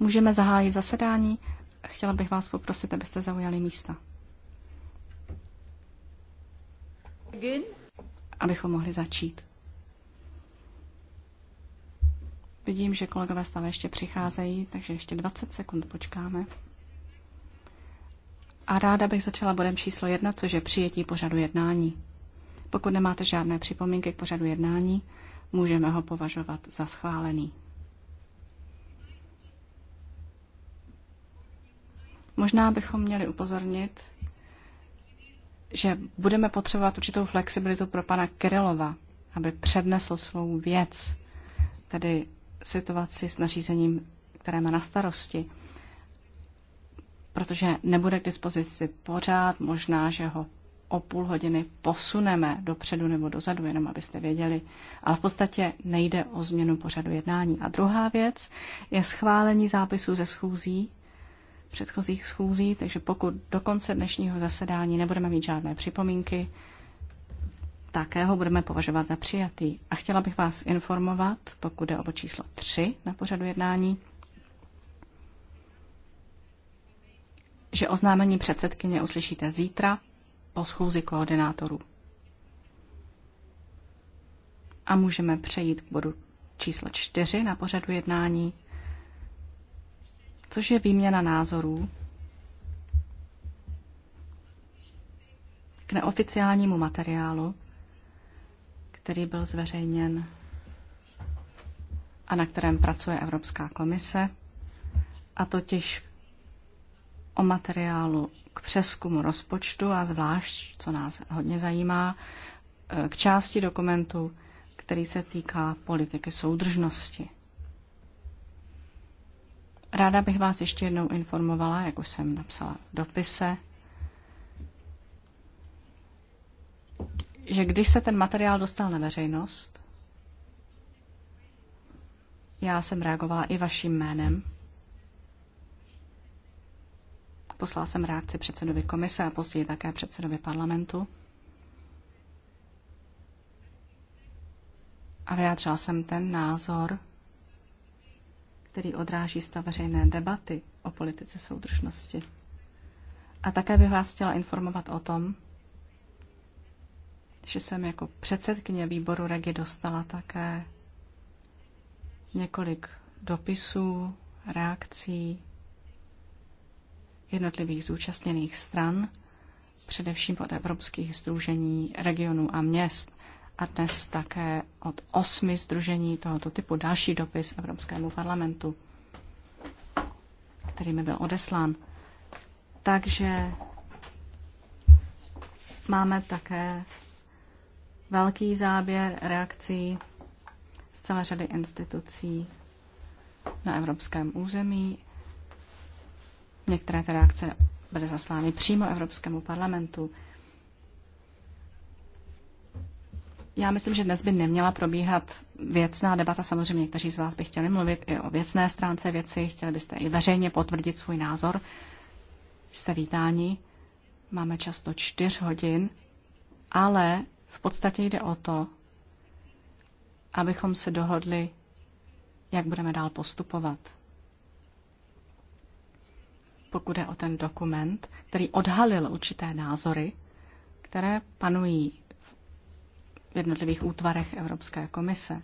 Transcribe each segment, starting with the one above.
Můžeme zahájit zasedání. Chtěla bych vás poprosit, abyste zaujali místa. Abychom mohli začít. Vidím, že kolegové stále ještě přicházejí, takže ještě 20 sekund počkáme. A ráda bych začala bodem číslo jedna, což je přijetí pořadu jednání. Pokud nemáte žádné připomínky k pořadu jednání, můžeme ho považovat za schválený. Možná bychom měli upozornit, že budeme potřebovat určitou flexibilitu pro pana Kirilova, aby přednesl svou věc, tedy situaci s nařízením, které má na starosti, protože nebude k dispozici pořád, možná, že ho o půl hodiny posuneme dopředu nebo dozadu, jenom abyste věděli. Ale v podstatě nejde o změnu pořadu jednání. A druhá věc je schválení zápisů ze schůzí předchozích schůzí, takže pokud do konce dnešního zasedání nebudeme mít žádné připomínky, také ho budeme považovat za přijatý. A chtěla bych vás informovat, pokud jde o číslo 3 na pořadu jednání, že oznámení předsedkyně uslyšíte zítra po schůzi koordinátorů. A můžeme přejít k bodu číslo 4 na pořadu jednání, což je výměna názorů k neoficiálnímu materiálu, který byl zveřejněn a na kterém pracuje Evropská komise, a totiž o materiálu k přeskumu rozpočtu a zvlášť, co nás hodně zajímá, e, k části dokumentu, který se týká politiky soudržnosti. Ráda bych vás ještě jednou informovala, jak už jsem napsala v dopise, že když se ten materiál dostal na veřejnost, já jsem reagovala i vaším jménem. Poslala jsem reakci předsedovi komise a později také předsedovi parlamentu. A vyjádřila jsem ten názor, který odráží stav veřejné debaty o politice soudržnosti. A také bych vás chtěla informovat o tom, že jsem jako předsedkyně výboru Regi dostala také několik dopisů, reakcí jednotlivých zúčastněných stran, především od evropských združení regionů a měst a dnes také od osmi združení tohoto typu další dopis Evropskému parlamentu, který mi byl odeslán. Takže máme také velký záběr reakcí z celé řady institucí na evropském území. Některé ty reakce byly zaslány přímo Evropskému parlamentu. Já myslím, že dnes by neměla probíhat věcná debata. Samozřejmě někteří z vás by chtěli mluvit i o věcné stránce věci, chtěli byste i veřejně potvrdit svůj názor. Jste vítáni, máme čas do čtyř hodin, ale v podstatě jde o to, abychom se dohodli, jak budeme dál postupovat. Pokud je o ten dokument, který odhalil určité názory, které panují v jednotlivých útvarech Evropské komise.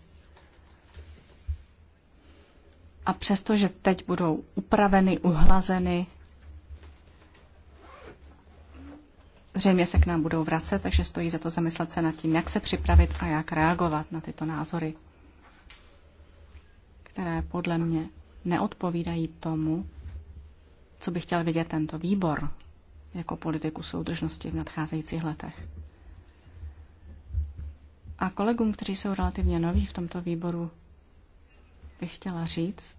A přestože teď budou upraveny, uhlazeny, zřejmě se k nám budou vracet, takže stojí za to zamyslet se nad tím, jak se připravit a jak reagovat na tyto názory, které podle mě neodpovídají tomu, co by chtěl vidět tento výbor jako politiku soudržnosti v nadcházejících letech. A kolegům, kteří jsou relativně noví v tomto výboru, bych chtěla říct,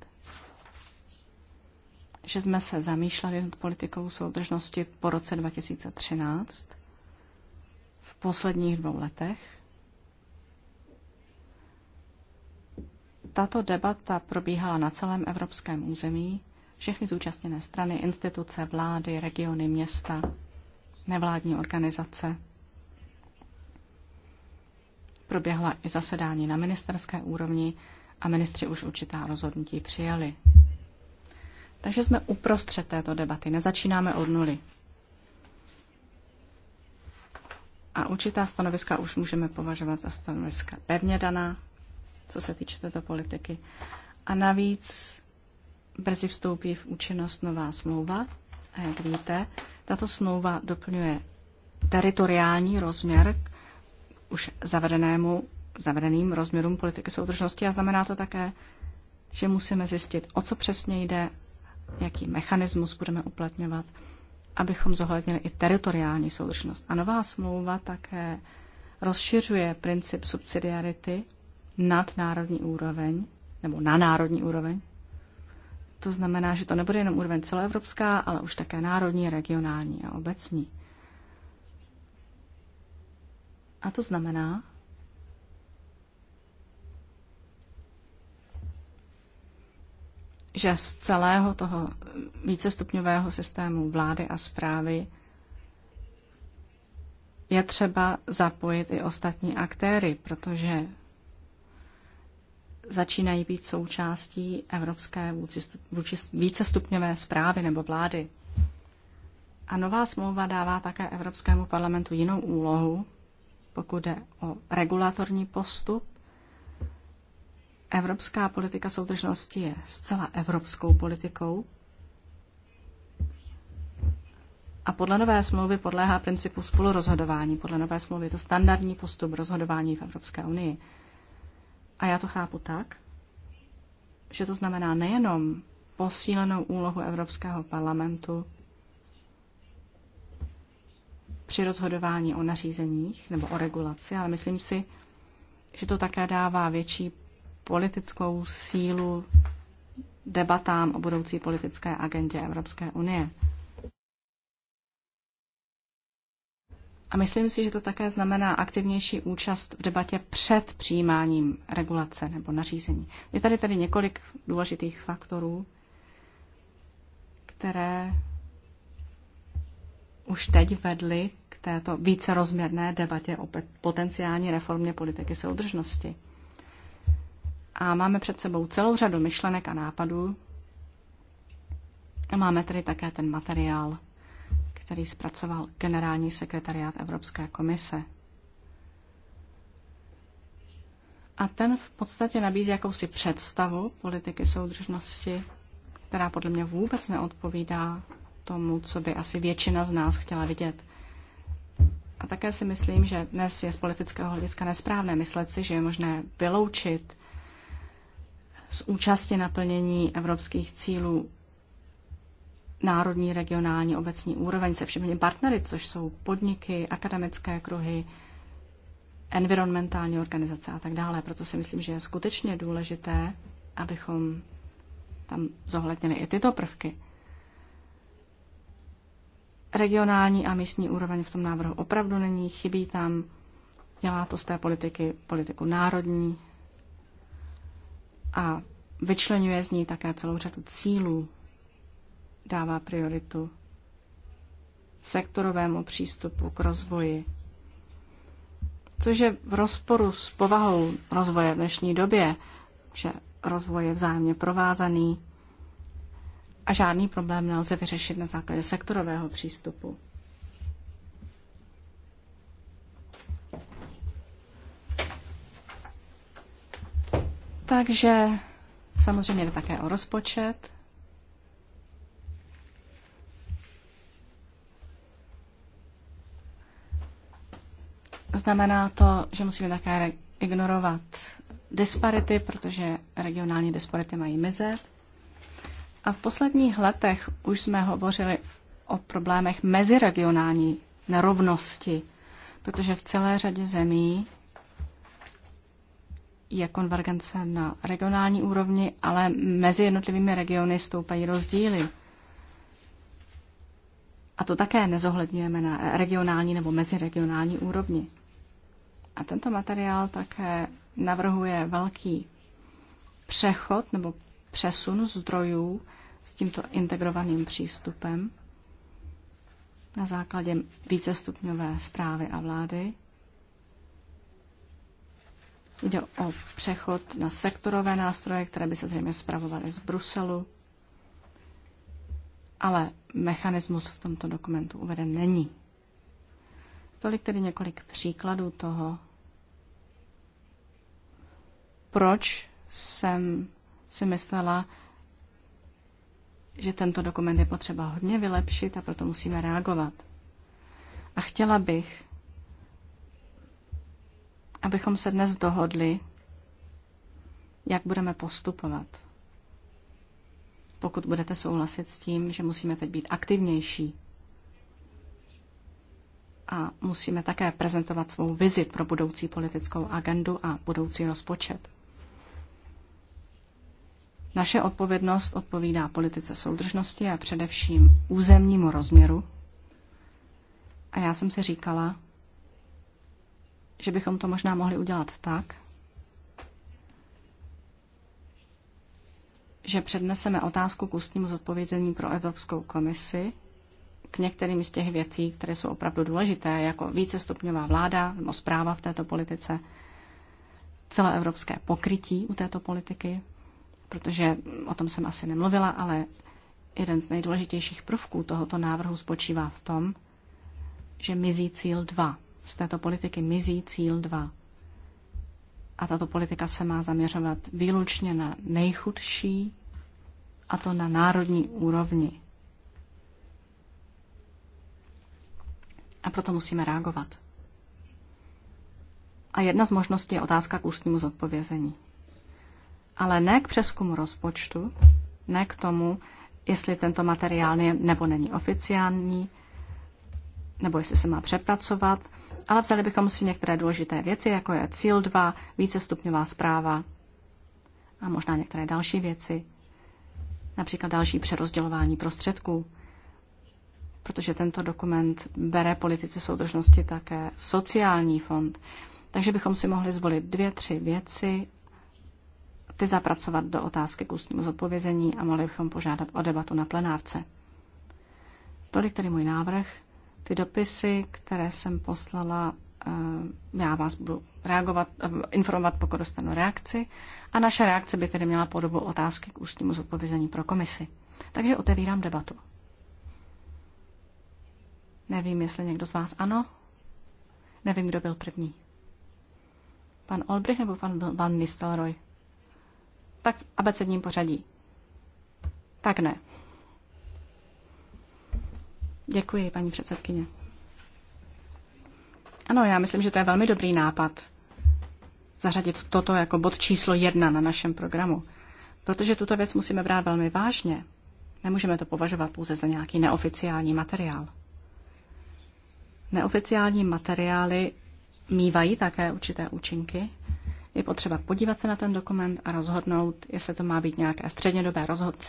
že jsme se zamýšleli nad politikou soudržnosti po roce 2013, v posledních dvou letech. Tato debata probíhala na celém evropském území. Všechny zúčastněné strany, instituce, vlády, regiony, města, nevládní organizace – proběhla i zasedání na ministerské úrovni a ministři už určitá rozhodnutí přijali. Takže jsme uprostřed této debaty, nezačínáme od nuly. A určitá stanoviska už můžeme považovat za stanoviska pevně daná, co se týče této politiky. A navíc brzy vstoupí v účinnost nová smlouva. A jak víte, tato smlouva doplňuje teritoriální rozměr, už zavedenému, zavedeným rozměrům politiky soudržnosti a znamená to také, že musíme zjistit, o co přesně jde, jaký mechanismus budeme uplatňovat, abychom zohlednili i teritoriální soudržnost. A nová smlouva také rozšiřuje princip subsidiarity nad národní úroveň, nebo na národní úroveň. To znamená, že to nebude jenom úroveň celoevropská, ale už také národní, regionální a obecní. A to znamená, že z celého toho vícestupňového systému vlády a zprávy je třeba zapojit i ostatní aktéry, protože začínají být součástí evropské vícestupňové zprávy nebo vlády. A nová smlouva dává také Evropskému parlamentu jinou úlohu, pokud jde o regulatorní postup. Evropská politika soudržnosti je zcela evropskou politikou a podle nové smlouvy podléhá principu spolurozhodování. Podle nové smlouvy je to standardní postup rozhodování v Evropské unii. A já to chápu tak, že to znamená nejenom posílenou úlohu Evropského parlamentu při rozhodování o nařízeních nebo o regulaci, ale myslím si, že to také dává větší politickou sílu debatám o budoucí politické agendě Evropské unie. A myslím si, že to také znamená aktivnější účast v debatě před přijímáním regulace nebo nařízení. Je tady tedy několik důležitých faktorů, které už teď vedly této vícerozměrné debatě o potenciální reformě politiky soudržnosti. A máme před sebou celou řadu myšlenek a nápadů. A máme tady také ten materiál, který zpracoval generální sekretariát Evropské komise. A ten v podstatě nabízí jakousi představu politiky soudržnosti, která podle mě vůbec neodpovídá tomu, co by asi většina z nás chtěla vidět. A také si myslím, že dnes je z politického hlediska nesprávné myslet si, že je možné vyloučit z účasti naplnění evropských cílů národní, regionální, obecní úroveň se všemi partnery, což jsou podniky, akademické kruhy, environmentální organizace a tak dále. Proto si myslím, že je skutečně důležité, abychom tam zohlednili i tyto prvky regionální a místní úroveň v tom návrhu opravdu není, chybí tam, dělá to z té politiky politiku národní a vyčlenuje z ní také celou řadu cílů, dává prioritu sektorovému přístupu k rozvoji, což je v rozporu s povahou rozvoje v dnešní době, že rozvoj je vzájemně provázaný a žádný problém nelze vyřešit na základě sektorového přístupu. Takže samozřejmě jde také o rozpočet. Znamená to, že musíme také ignorovat disparity, protože regionální disparity mají mizet. A v posledních letech už jsme hovořili o problémech meziregionální nerovnosti, protože v celé řadě zemí je konvergence na regionální úrovni, ale mezi jednotlivými regiony stoupají rozdíly. A to také nezohledňujeme na regionální nebo meziregionální úrovni. A tento materiál také navrhuje velký přechod nebo přesun zdrojů s tímto integrovaným přístupem na základě vícestupňové zprávy a vlády. Jde o přechod na sektorové nástroje, které by se zřejmě zpravovaly z Bruselu, ale mechanismus v tomto dokumentu uveden není. Tolik tedy několik příkladů toho, proč jsem si myslela, že tento dokument je potřeba hodně vylepšit a proto musíme reagovat. A chtěla bych, abychom se dnes dohodli, jak budeme postupovat. Pokud budete souhlasit s tím, že musíme teď být aktivnější a musíme také prezentovat svou vizi pro budoucí politickou agendu a budoucí rozpočet. Naše odpovědnost odpovídá politice soudržnosti a především územnímu rozměru. A já jsem si říkala, že bychom to možná mohli udělat tak, že předneseme otázku k ústnímu zodpovězení pro Evropskou komisi k některým z těch věcí, které jsou opravdu důležité, jako vícestupňová vláda nebo zpráva v této politice, celoevropské pokrytí u této politiky, protože o tom jsem asi nemluvila, ale jeden z nejdůležitějších prvků tohoto návrhu spočívá v tom, že mizí cíl 2. Z této politiky mizí cíl 2. A tato politika se má zaměřovat výlučně na nejchudší, a to na národní úrovni. A proto musíme reagovat. A jedna z možností je otázka k ústnímu zodpovězení ale ne k přeskumu rozpočtu, ne k tomu, jestli tento materiál je nebo není oficiální, nebo jestli se má přepracovat, ale vzali bychom si některé důležité věci, jako je cíl 2, vícestupňová zpráva a možná některé další věci, například další přerozdělování prostředků, protože tento dokument bere politice soudržnosti také sociální fond. Takže bychom si mohli zvolit dvě, tři věci ty zapracovat do otázky k ústnímu zodpovězení a mohli bychom požádat o debatu na plenárce. Tolik tedy můj návrh. Ty dopisy, které jsem poslala, eh, já vás budu reagovat, eh, informovat, pokud dostanu reakci. A naše reakce by tedy měla podobu otázky k ústnímu zodpovězení pro komisi. Takže otevírám debatu. Nevím, jestli někdo z vás ano. Nevím, kdo byl první. Pan Olbrich nebo pan, Van Nistelrooy? tak v abecedním pořadí. Tak ne. Děkuji, paní předsedkyně. Ano, já myslím, že to je velmi dobrý nápad zařadit toto jako bod číslo jedna na našem programu, protože tuto věc musíme brát velmi vážně. Nemůžeme to považovat pouze za nějaký neoficiální materiál. Neoficiální materiály mývají také určité účinky je potřeba podívat se na ten dokument a rozhodnout, jestli to má být nějaké střednědobé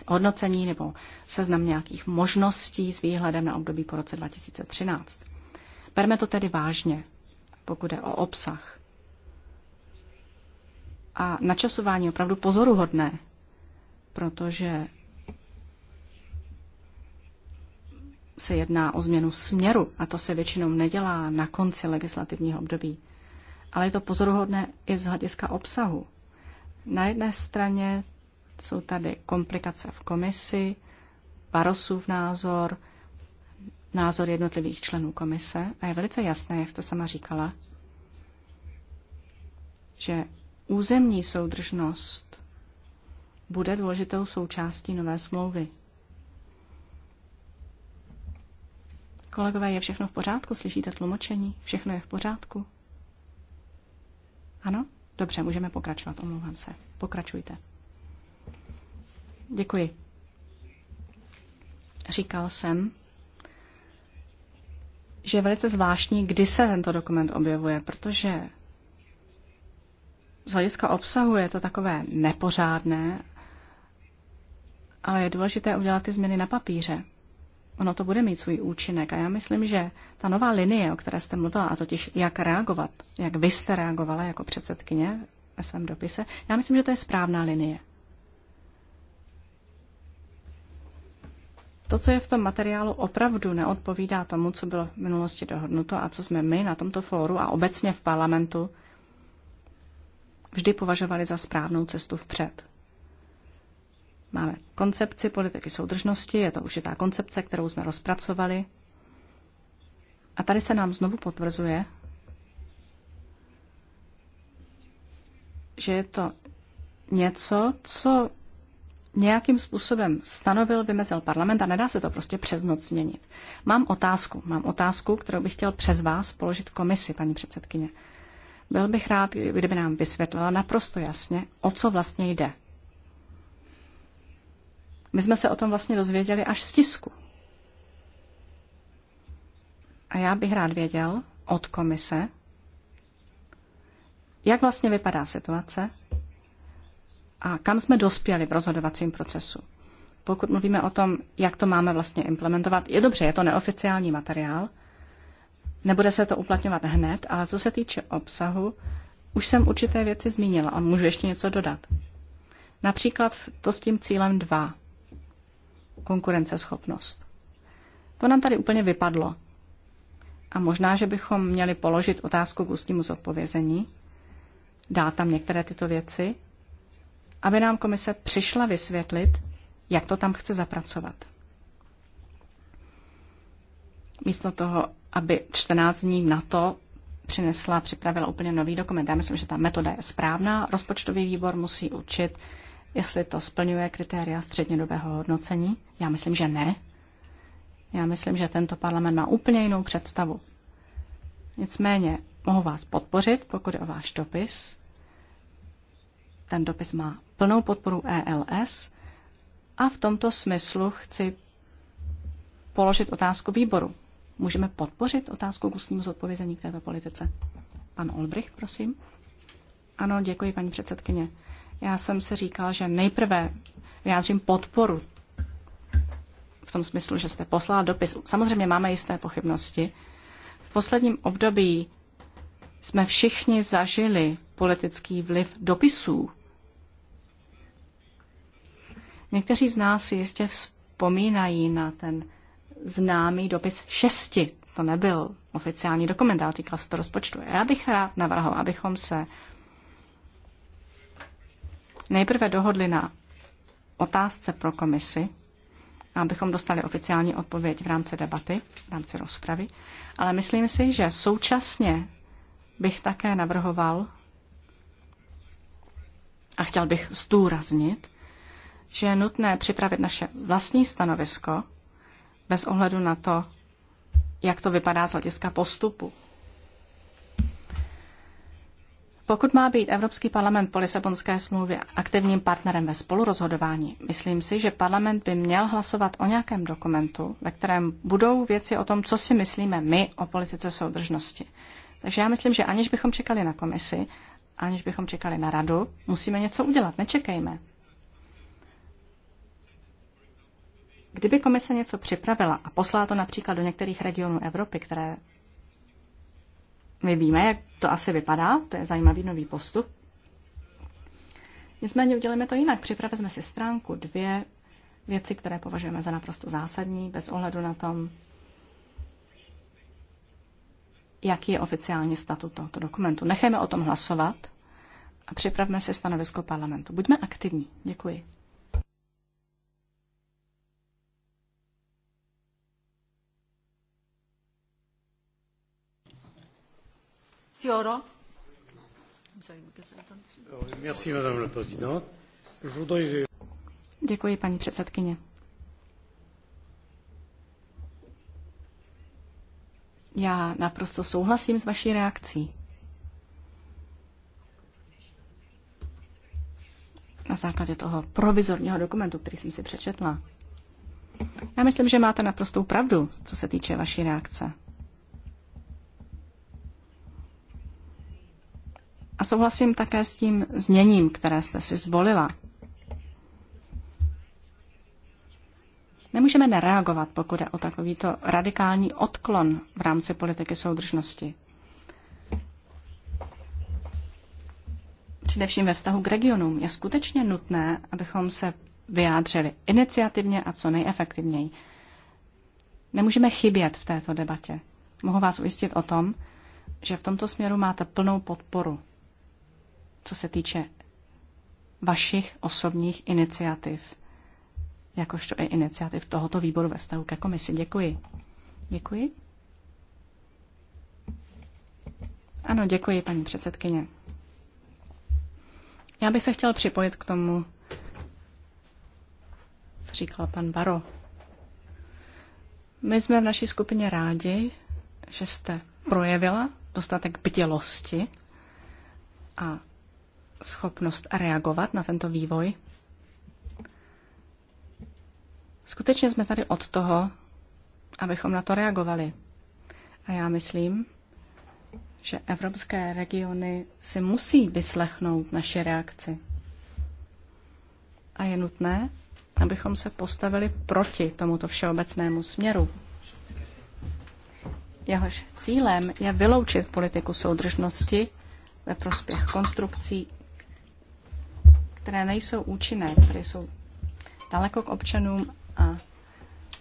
hodnocení nebo seznam nějakých možností s výhledem na období po roce 2013. Berme to tedy vážně, pokud je o obsah. A načasování je opravdu pozoruhodné, protože se jedná o změnu směru a to se většinou nedělá na konci legislativního období ale je to pozoruhodné i z hlediska obsahu. Na jedné straně jsou tady komplikace v komisi, Barosův názor, názor jednotlivých členů komise a je velice jasné, jak jste sama říkala, že územní soudržnost bude důležitou součástí nové smlouvy. Kolegové, je všechno v pořádku? Slyšíte tlumočení? Všechno je v pořádku? Ano? Dobře, můžeme pokračovat, omlouvám se. Pokračujte. Děkuji. Říkal jsem, že je velice zvláštní, kdy se tento dokument objevuje, protože z hlediska obsahu je to takové nepořádné, ale je důležité udělat ty změny na papíře ono to bude mít svůj účinek. A já myslím, že ta nová linie, o které jste mluvila, a totiž jak reagovat, jak vy jste reagovala jako předsedkyně ve svém dopise, já myslím, že to je správná linie. To, co je v tom materiálu, opravdu neodpovídá tomu, co bylo v minulosti dohodnuto a co jsme my na tomto fóru a obecně v parlamentu vždy považovali za správnou cestu vpřed. Máme koncepci politiky soudržnosti, je to užitá koncepce, kterou jsme rozpracovali. A tady se nám znovu potvrzuje, že je to něco, co nějakým způsobem stanovil, vymezil parlament a nedá se to prostě přes noc změnit. Mám otázku, mám otázku, kterou bych chtěl přes vás položit komisi, paní předsedkyně. Byl bych rád, kdyby nám vysvětlila naprosto jasně, o co vlastně jde. My jsme se o tom vlastně dozvěděli až z tisku. A já bych rád věděl od komise, jak vlastně vypadá situace a kam jsme dospěli v rozhodovacím procesu. Pokud mluvíme o tom, jak to máme vlastně implementovat, je dobře, je to neoficiální materiál, nebude se to uplatňovat hned, ale co se týče obsahu, už jsem určité věci zmínila a můžu ještě něco dodat. Například to s tím cílem 2 konkurenceschopnost. To nám tady úplně vypadlo. A možná, že bychom měli položit otázku k ústnímu zodpovězení, dát tam některé tyto věci, aby nám komise přišla vysvětlit, jak to tam chce zapracovat. Místo toho, aby 14 dní na to přinesla, připravila úplně nový dokument. Já myslím, že ta metoda je správná. Rozpočtový výbor musí učit jestli to splňuje kritéria střednědobého hodnocení. Já myslím, že ne. Já myslím, že tento parlament má úplně jinou představu. Nicméně mohu vás podpořit, pokud je o váš dopis. Ten dopis má plnou podporu ELS a v tomto smyslu chci položit otázku výboru. Můžeme podpořit otázku k ústnímu zodpovězení k této politice? Pan Olbricht, prosím. Ano, děkuji, paní předsedkyně. Já jsem si říkal, že nejprve vyjádřím podporu v tom smyslu, že jste poslal dopis. Samozřejmě máme jisté pochybnosti. V posledním období jsme všichni zažili politický vliv dopisů. Někteří z nás si jistě vzpomínají na ten známý dopis šesti. To nebyl oficiální dokument, ale týkal se to rozpočtu. Já bych rád navrhl, abychom se nejprve dohodli na otázce pro komisi, abychom dostali oficiální odpověď v rámci debaty, v rámci rozpravy, ale myslím si, že současně bych také navrhoval a chtěl bych zdůraznit, že je nutné připravit naše vlastní stanovisko bez ohledu na to, jak to vypadá z hlediska postupu pokud má být Evropský parlament po Lisabonské smlouvě aktivním partnerem ve spolurozhodování, myslím si, že parlament by měl hlasovat o nějakém dokumentu, ve kterém budou věci o tom, co si myslíme my o politice soudržnosti. Takže já myslím, že aniž bychom čekali na komisi, aniž bychom čekali na radu, musíme něco udělat, nečekejme. Kdyby komise něco připravila a poslala to například do některých regionů Evropy, které my víme, jak to asi vypadá, to je zajímavý nový postup. Nicméně uděláme to jinak. Připravíme si stránku dvě věci, které považujeme za naprosto zásadní, bez ohledu na tom, jaký je oficiální statut tohoto dokumentu. Nechejme o tom hlasovat a připravme si stanovisko parlamentu. Buďme aktivní. Děkuji. Děkuji, paní předsedkyně. Já naprosto souhlasím s vaší reakcí. Na základě toho provizorního dokumentu, který jsem si přečetla. Já myslím, že máte naprostou pravdu, co se týče vaší reakce. A souhlasím také s tím zněním, které jste si zvolila. Nemůžeme nereagovat, pokud je o takovýto radikální odklon v rámci politiky soudržnosti. Především ve vztahu k regionům je skutečně nutné, abychom se vyjádřili iniciativně a co nejefektivněji. Nemůžeme chybět v této debatě. Mohu vás ujistit o tom, že v tomto směru máte plnou podporu co se týče vašich osobních iniciativ, jakožto i iniciativ tohoto výboru ve vztahu ke komisi. Děkuji. Děkuji. Ano, děkuji, paní předsedkyně. Já bych se chtěl připojit k tomu, co říkal pan Baro. My jsme v naší skupině rádi, že jste projevila dostatek bdělosti a schopnost reagovat na tento vývoj? Skutečně jsme tady od toho, abychom na to reagovali. A já myslím, že evropské regiony si musí vyslechnout naše reakci. A je nutné, abychom se postavili proti tomuto všeobecnému směru. Jehož cílem je vyloučit politiku soudržnosti ve prospěch konstrukcí které nejsou účinné, které jsou daleko k občanům a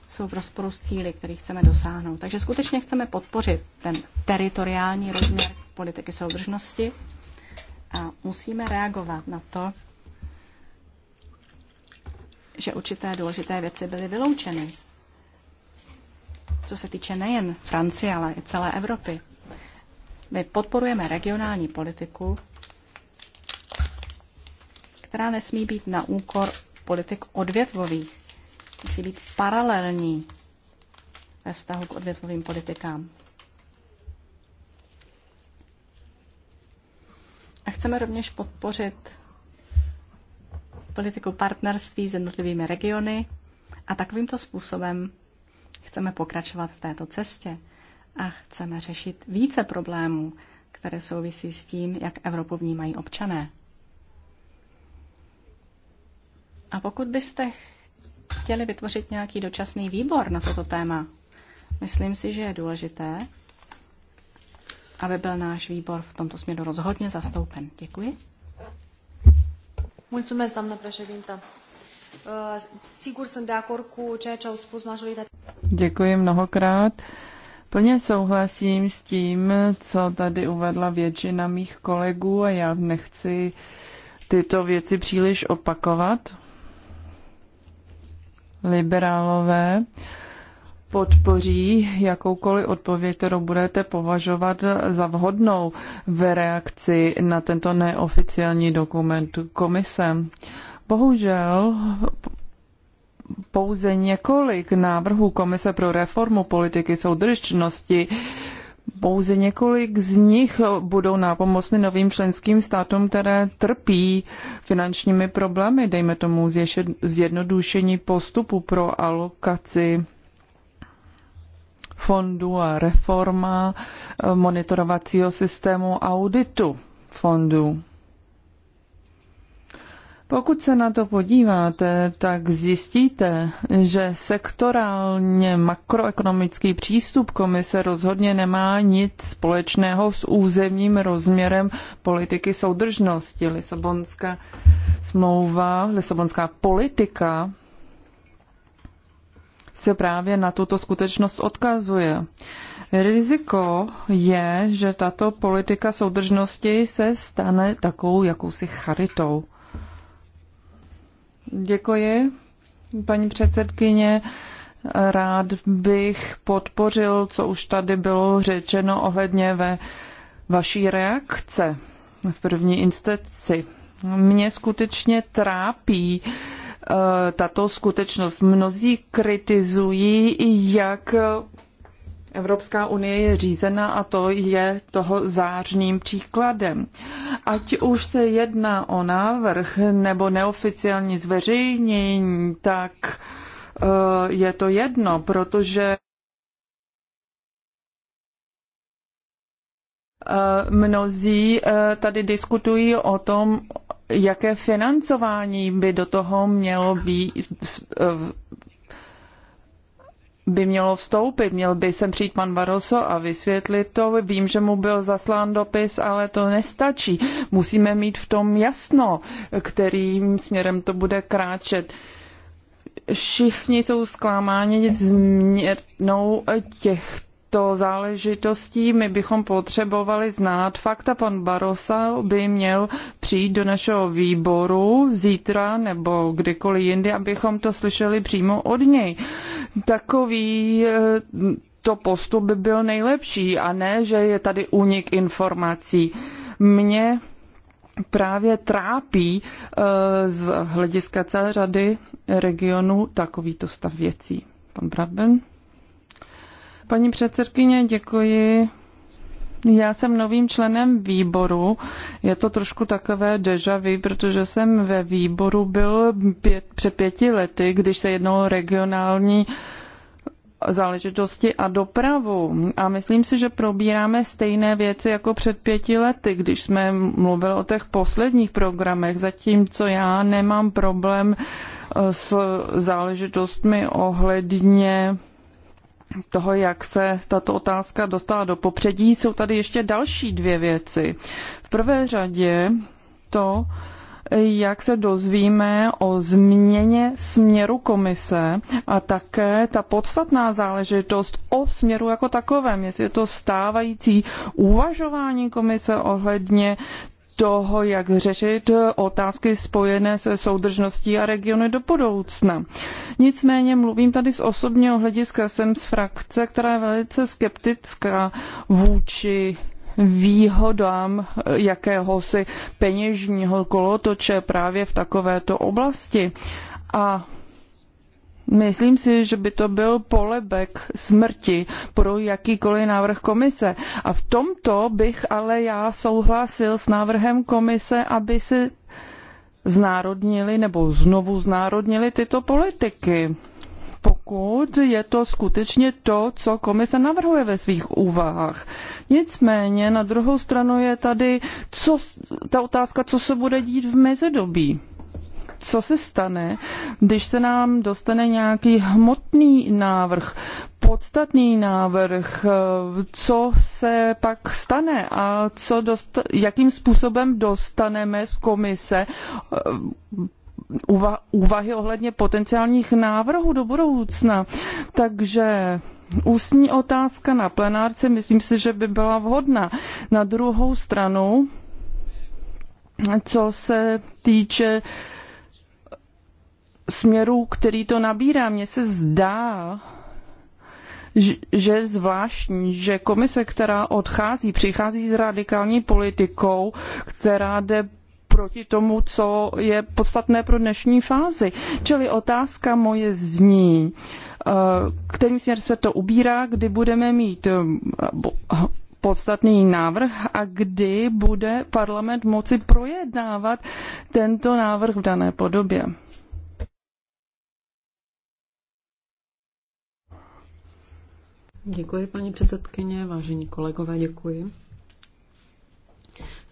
jsou v rozporu s cíly, které chceme dosáhnout. Takže skutečně chceme podpořit ten teritoriální rozměr politiky soudržnosti a musíme reagovat na to, že určité důležité věci byly vyloučeny. Co se týče nejen Francie, ale i celé Evropy. My podporujeme regionální politiku, která nesmí být na úkor politik odvětvových. Musí být paralelní ve vztahu k odvětvovým politikám. A chceme rovněž podpořit politiku partnerství s jednotlivými regiony a takovýmto způsobem chceme pokračovat v této cestě a chceme řešit více problémů, které souvisí s tím, jak Evropu vnímají občané. A pokud byste chtěli vytvořit nějaký dočasný výbor na toto téma, myslím si, že je důležité, aby byl náš výbor v tomto směru rozhodně zastoupen. Děkuji. Mulțumesc, doamnă președintă. Uh, sigur sunt de acord cu ceea ce au spus majoritatea. Děkuji mnohokrát. Plně souhlasím s tím, co tady uvedla většina mých kolegů a já nechci tyto věci příliš opakovat liberálové podpoří jakoukoliv odpověď, kterou budete považovat za vhodnou v reakci na tento neoficiální dokument komise. Bohužel pouze několik návrhů Komise pro reformu politiky soudržnosti pouze několik z nich budou nápomocny novým členským státům, které trpí finančními problémy, dejme tomu zjednodušení postupu pro alokaci fondů a reforma eh, monitorovacího systému auditu fondů. Pokud se na to podíváte, tak zjistíte, že sektorálně makroekonomický přístup komise rozhodně nemá nic společného s územním rozměrem politiky soudržnosti. Lisabonská smlouva, Lisabonská politika se právě na tuto skutečnost odkazuje. Riziko je, že tato politika soudržnosti se stane takovou jakousi charitou. Děkuji, paní předsedkyně. Rád bych podpořil, co už tady bylo řečeno ohledně ve vaší reakce v první instanci. Mě skutečně trápí eh, tato skutečnost. Mnozí kritizují, jak Evropská unie je řízena a to je toho zářným příkladem. Ať už se jedná o návrh nebo neoficiální zveřejnění, tak eh, je to jedno, protože eh, mnozí eh, tady diskutují o tom, jaké financování by do toho mělo být by mělo vstoupit. Měl by sem přijít pan Barroso a vysvětlit to. Vím, že mu byl zaslán dopis, ale to nestačí. Musíme mít v tom jasno, kterým směrem to bude kráčet všichni jsou zklamáni změrnou těchto touto záležitostí. My bychom potřebovali znát fakta. Pan Barosa by měl přijít do našeho výboru zítra nebo kdykoliv jindy, abychom to slyšeli přímo od něj. Takový eh, to postup by byl nejlepší a ne, že je tady únik informací. Mně právě trápí eh, z hlediska celé řady regionů takovýto stav věcí. Pan Bradben? Paní předsedkyně, děkuji. Já jsem novým členem výboru. Je to trošku takové deja vu, protože jsem ve výboru byl pět, před pěti lety, když se jednalo o regionální záležitosti a dopravu. A myslím si, že probíráme stejné věci jako před pěti lety, když jsme mluvili o těch posledních programech, zatímco já nemám problém s záležitostmi ohledně toho, jak se tato otázka dostala do popředí, jsou tady ještě další dvě věci. V prvé řadě to, jak se dozvíme o změně směru komise a také ta podstatná záležitost o směru jako takovém, jestli je to stávající uvažování komise ohledně toho, jak řešit otázky spojené se soudržností a regiony do budoucna. Nicméně mluvím tady z osobního hlediska, jsem z frakce, která je velice skeptická vůči výhodám jakéhosi peněžního kolotoče právě v takovéto oblasti. A Myslím si, že by to byl polebek smrti pro jakýkoliv návrh komise. A v tomto bych ale já souhlasil s návrhem komise, aby se znárodnili nebo znovu znárodnili tyto politiky pokud je to skutečně to, co komise navrhuje ve svých úvahách. Nicméně na druhou stranu je tady co, ta otázka, co se bude dít v mezidobí co se stane, když se nám dostane nějaký hmotný návrh, podstatný návrh, eh, co se pak stane a co dost, jakým způsobem dostaneme z komise eh, úvahy ohledně potenciálních návrhů do budoucna. Takže ústní otázka na plenárce, myslím si, že by byla vhodná. Na druhou stranu, co se týče směru, který to nabírá. Mně se zdá, že je zvláštní, že komise, která odchází, přichází s radikální politikou, která jde proti tomu, co je podstatné pro dnešní fázi. Čili otázka moje zní, eh, kterým směr se to ubírá, kdy budeme mít eh, podstatný návrh a kdy bude parlament moci projednávat tento návrh v dané podobě. Děkuji, paní předsedkyně, vážení kolegové, děkuji.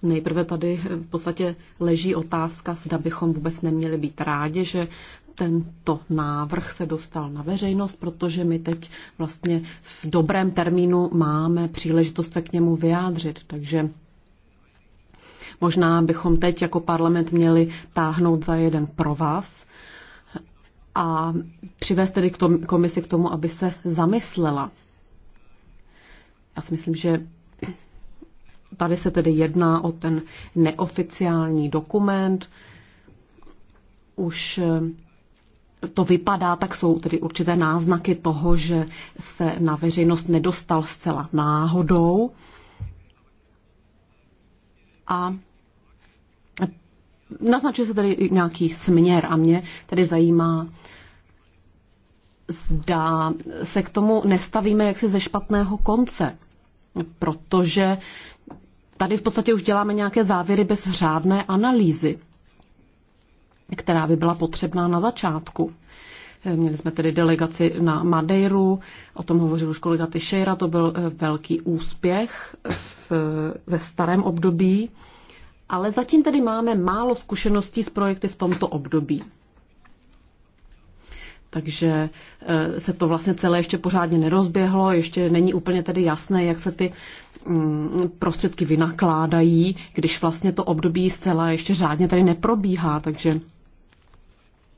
Nejprve tady v podstatě leží otázka, zda bychom vůbec neměli být rádi, že tento návrh se dostal na veřejnost, protože my teď vlastně v dobrém termínu máme příležitost se k němu vyjádřit. Takže možná bychom teď jako parlament měli táhnout za jeden pro vás a přivést tedy k tom, komisi k tomu, aby se zamyslela já si myslím, že tady se tedy jedná o ten neoficiální dokument. Už eh, to vypadá, tak jsou tedy určité náznaky toho, že se na veřejnost nedostal zcela náhodou. A naznačuje se tady nějaký směr a mě tedy zajímá, zda se k tomu nestavíme jaksi ze špatného konce, protože tady v podstatě už děláme nějaké závěry bez řádné analýzy, která by byla potřebná na začátku. Měli jsme tedy delegaci na Madeiru, o tom hovořil už kolega Teixeira, to byl eh, velký úspěch v, ve starém období, ale zatím tedy máme málo zkušeností s projekty v tomto období. Takže eh, se to vlastně celé ještě pořádně nerozběhlo, ještě není úplně tedy jasné, jak se ty mm, prostředky vynakládají, když vlastně to období zcela ještě řádně tady neprobíhá. Takže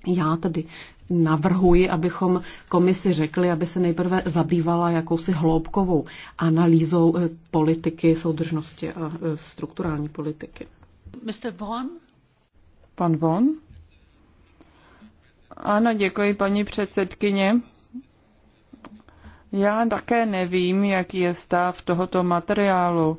já tedy navrhuji, abychom komisi řekli, aby se nejprve zabývala jakousi hloubkovou analýzou eh, politiky soudržnosti a eh, strukturální politiky. Mr. Vaughan? Pan Vaughan? Ano, děkuji paní předsedkyně. Já také nevím, jaký je stav tohoto materiálu,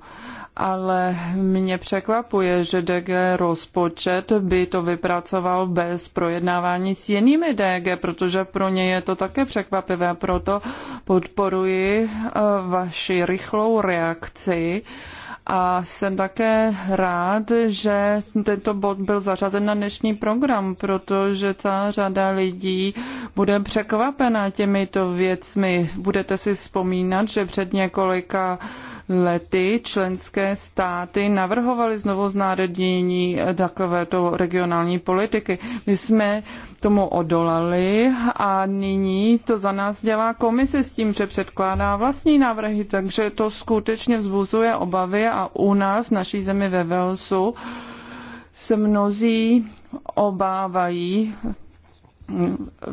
ale mě překvapuje, že DG rozpočet by to vypracoval bez projednávání s jinými DG, protože pro ně je to také překvapivé. Proto podporuji eh, vaši rychlou reakci. A jsem také rád, že tento bod byl zařazen na dnešní program, protože celá řada lidí bude překvapena těmito věcmi. Budete si vzpomínat, že před několika lety členské státy navrhovaly znovu znárodnění takovéto regionální politiky. My jsme tomu odolali a nyní to za nás dělá komise s tím, že předkládá vlastní návrhy, takže to skutečně vzbuzuje obavy a u nás, naší zemi ve Velsu, se mnozí obávají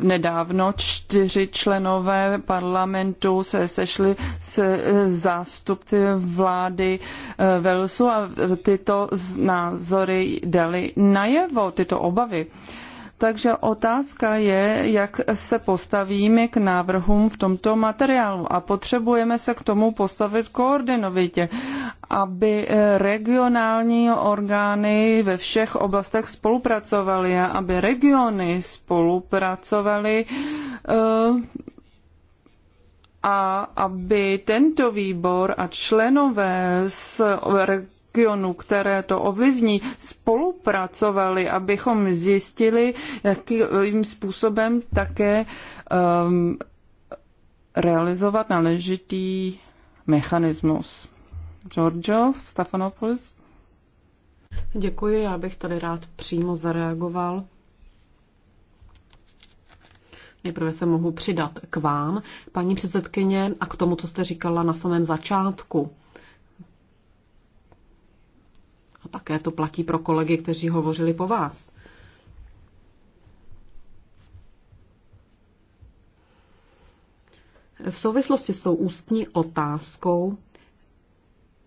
nedávno čtyři členové parlamentu se sešli se zástupci vlády Velsu a tyto názory dali najevo, tyto obavy. Takže otázka je, jak se postavíme k návrhům v tomto materiálu. A potřebujeme se k tomu postavit koordinovitě, aby regionální orgány ve všech oblastech spolupracovaly a aby regiony spolupracovaly eh, a aby tento výbor a členové z regionů, které to ovlivní, spolupracovali, abychom zjistili, jakým způsobem také um, realizovat náležitý mechanismus. Giorgio Stefanopoulos. Děkuji, já bych tady rád přímo zareagoval. Nejprve se mohu přidat k vám, paní předsedkyně, a k tomu, co jste říkala na samém začátku. Také to platí pro kolegy, kteří hovořili po vás. V souvislosti s tou ústní otázkou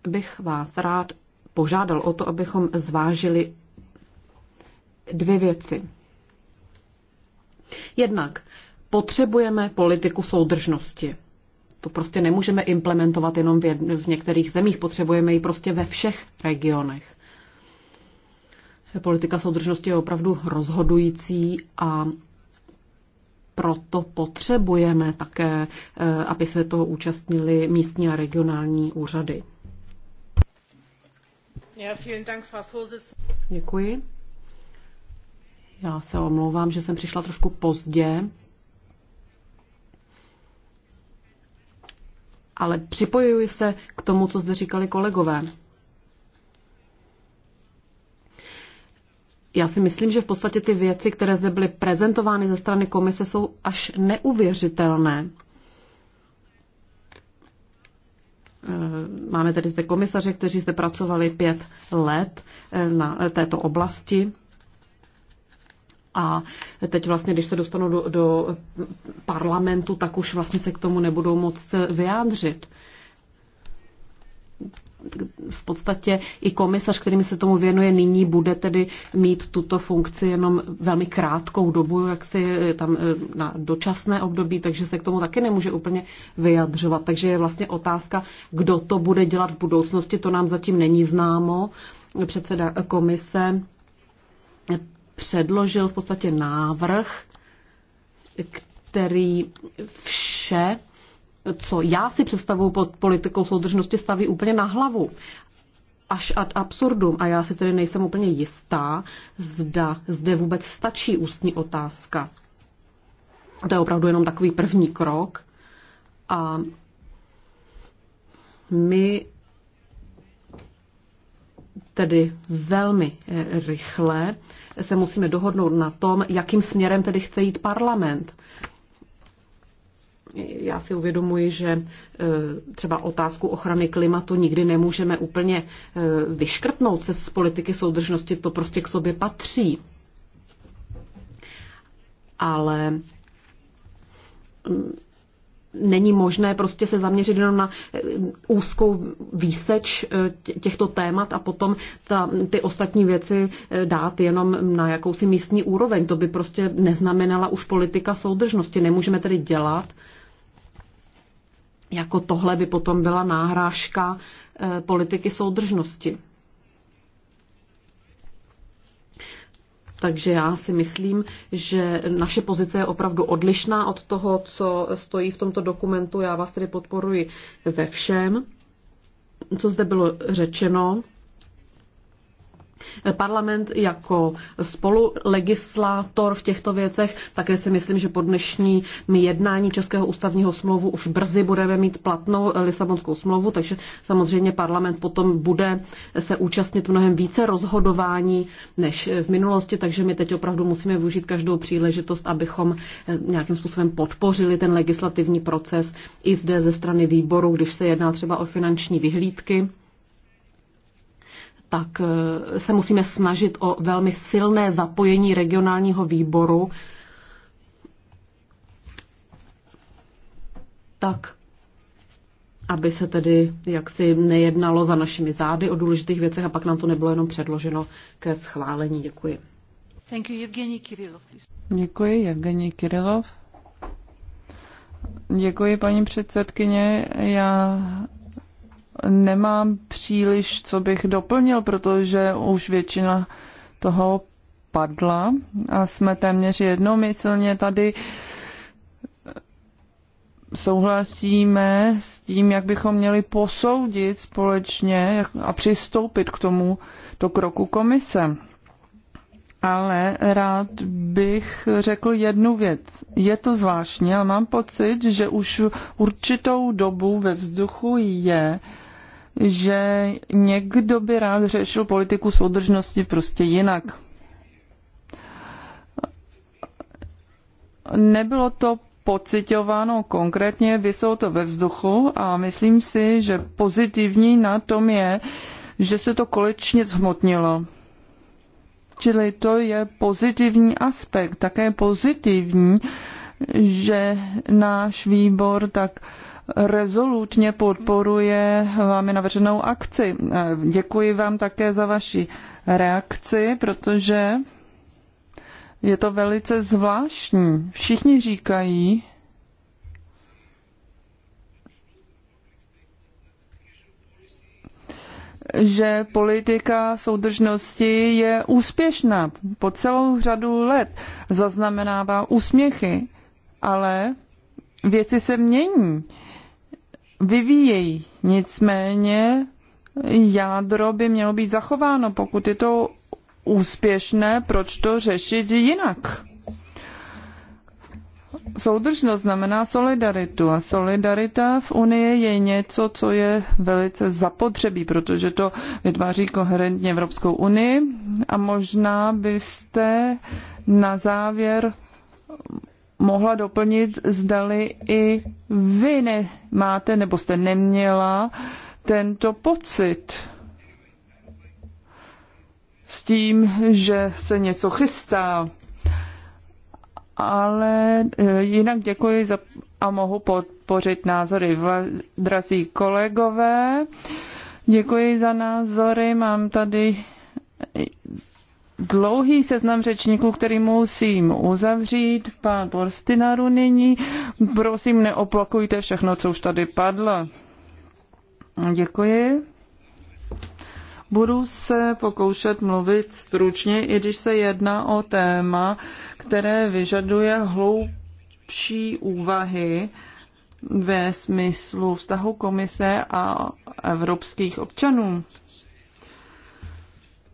bych vás rád požádal o to, abychom zvážili dvě věci. Jednak potřebujeme politiku soudržnosti. To prostě nemůžeme implementovat jenom v, jedn- v některých zemích, potřebujeme ji prostě ve všech regionech. Politika soudržnosti je opravdu rozhodující a proto potřebujeme také, eh, aby se toho účastnili místní a regionální úřady. Děkuji. Já se omlouvám, že jsem přišla trošku pozdě. Ale připojuji se k tomu, co zde říkali kolegové. já si myslím, že v podstatě ty věci, které zde byly prezentovány ze strany komise, jsou až neuvěřitelné. Eh, máme tedy zde komisaře, kteří zde pracovali pět let eh, na této oblasti. A teď vlastně, když se dostanou do, do parlamentu, tak už vlastně se k tomu nebudou moc vyjádřit v podstatě i komisař, kterými se tomu věnuje nyní, bude tedy mít tuto funkci jenom velmi krátkou dobu, jak si tam eh, na dočasné období, takže se k tomu taky nemůže úplně vyjadřovat. Takže je vlastně otázka, kdo to bude dělat v budoucnosti, to nám zatím není známo. Předseda komise předložil v podstatě návrh, který vše co já si představuji pod politikou soudržnosti, staví úplně na hlavu. Až ad absurdum. A já si tedy nejsem úplně jistá, zda zde vůbec stačí ústní otázka. To je opravdu jenom takový první krok. A my tedy velmi rychle se musíme dohodnout na tom, jakým směrem tedy chce jít parlament já si uvědomuji, že e, třeba otázku ochrany klimatu nikdy nemůžeme úplně e, vyškrtnout se z politiky soudržnosti, to prostě k sobě patří. Ale mm, není možné prostě se zaměřit jenom na e, úzkou výseč těchto témat a potom ta, ty ostatní věci dát jenom na jakousi místní úroveň. To by prostě neznamenala už politika soudržnosti. Nemůžeme tedy dělat jako tohle by potom byla náhrážka eh, politiky soudržnosti. Takže já si myslím, že naše pozice je opravdu odlišná od toho, co stojí v tomto dokumentu. Já vás tedy podporuji ve všem, co zde bylo řečeno. Parlament jako spolulegislátor v těchto věcech, také si myslím, že po dnešním jednání Českého ústavního smlouvu už brzy budeme mít platnou Lisabonskou smlouvu, takže samozřejmě parlament potom bude se účastnit mnohem více rozhodování než v minulosti, takže my teď opravdu musíme využít každou příležitost, abychom eh, nějakým způsobem podpořili ten legislativní proces i zde ze strany výboru, když se jedná třeba o finanční vyhlídky tak eh, se musíme snažit o velmi silné zapojení regionálního výboru, tak aby se tedy jaksi nejednalo za našimi zády o důležitých věcech a pak nám to nebylo jenom předloženo ke schválení. Děkuji. Thank you, Evgenie Kirilov. Děkuji, Evgenie Kirilov. Děkuji, paní předsedkyně. Já nemám příliš, co bych doplnil, protože už většina toho padla a jsme téměř jednomyslně tady souhlasíme s tím, jak bychom měli posoudit společně a přistoupit k tomu do kroku komise. Ale rád bych řekl jednu věc. Je to zvláštní, ale mám pocit, že už určitou dobu ve vzduchu je uh, že někdo by rád řešil politiku soudržnosti prostě jinak. Nebylo to pocitováno konkrétně, vysou to ve vzduchu a myslím si, že pozitivní na tom je, že se to kolečně zhmotnilo. Čili to je pozitivní aspekt, také pozitivní, že náš výbor tak uh, rezolutně podporuje vámi navrženou akci. Děkuji vám také za vaši reakci, protože je to velice zvláštní. Všichni říkají, že politika soudržnosti je úspěšná po celou řadu let, zaznamenává úspěchy, ale věci se mění vyvíjejí. Nicméně jádro by mělo být zachováno. Pokud je to úspěšné, proč to řešit jinak? Soudržnost znamená solidaritu a solidarita v Unii je něco, co je velice zapotřebí, protože to vytváří koherentně Evropskou unii a možná byste na závěr mohla doplnit, zdali i vy máte nebo jste neměla tento pocit s tím, že se něco chystá. Ale e, jinak děkuji za, a mohu podpořit názory, drazí kolegové. Děkuji za názory. Mám tady dlouhý seznam řečníků, který musím uzavřít. Pan Borstinaru nyní. Prosím, neoplakujte všechno, co už tady padlo. Děkuji. Budu se pokoušet mluvit stručně, i když se jedná o téma, které vyžaduje hloubší úvahy ve smyslu vztahu komise a evropských občanů.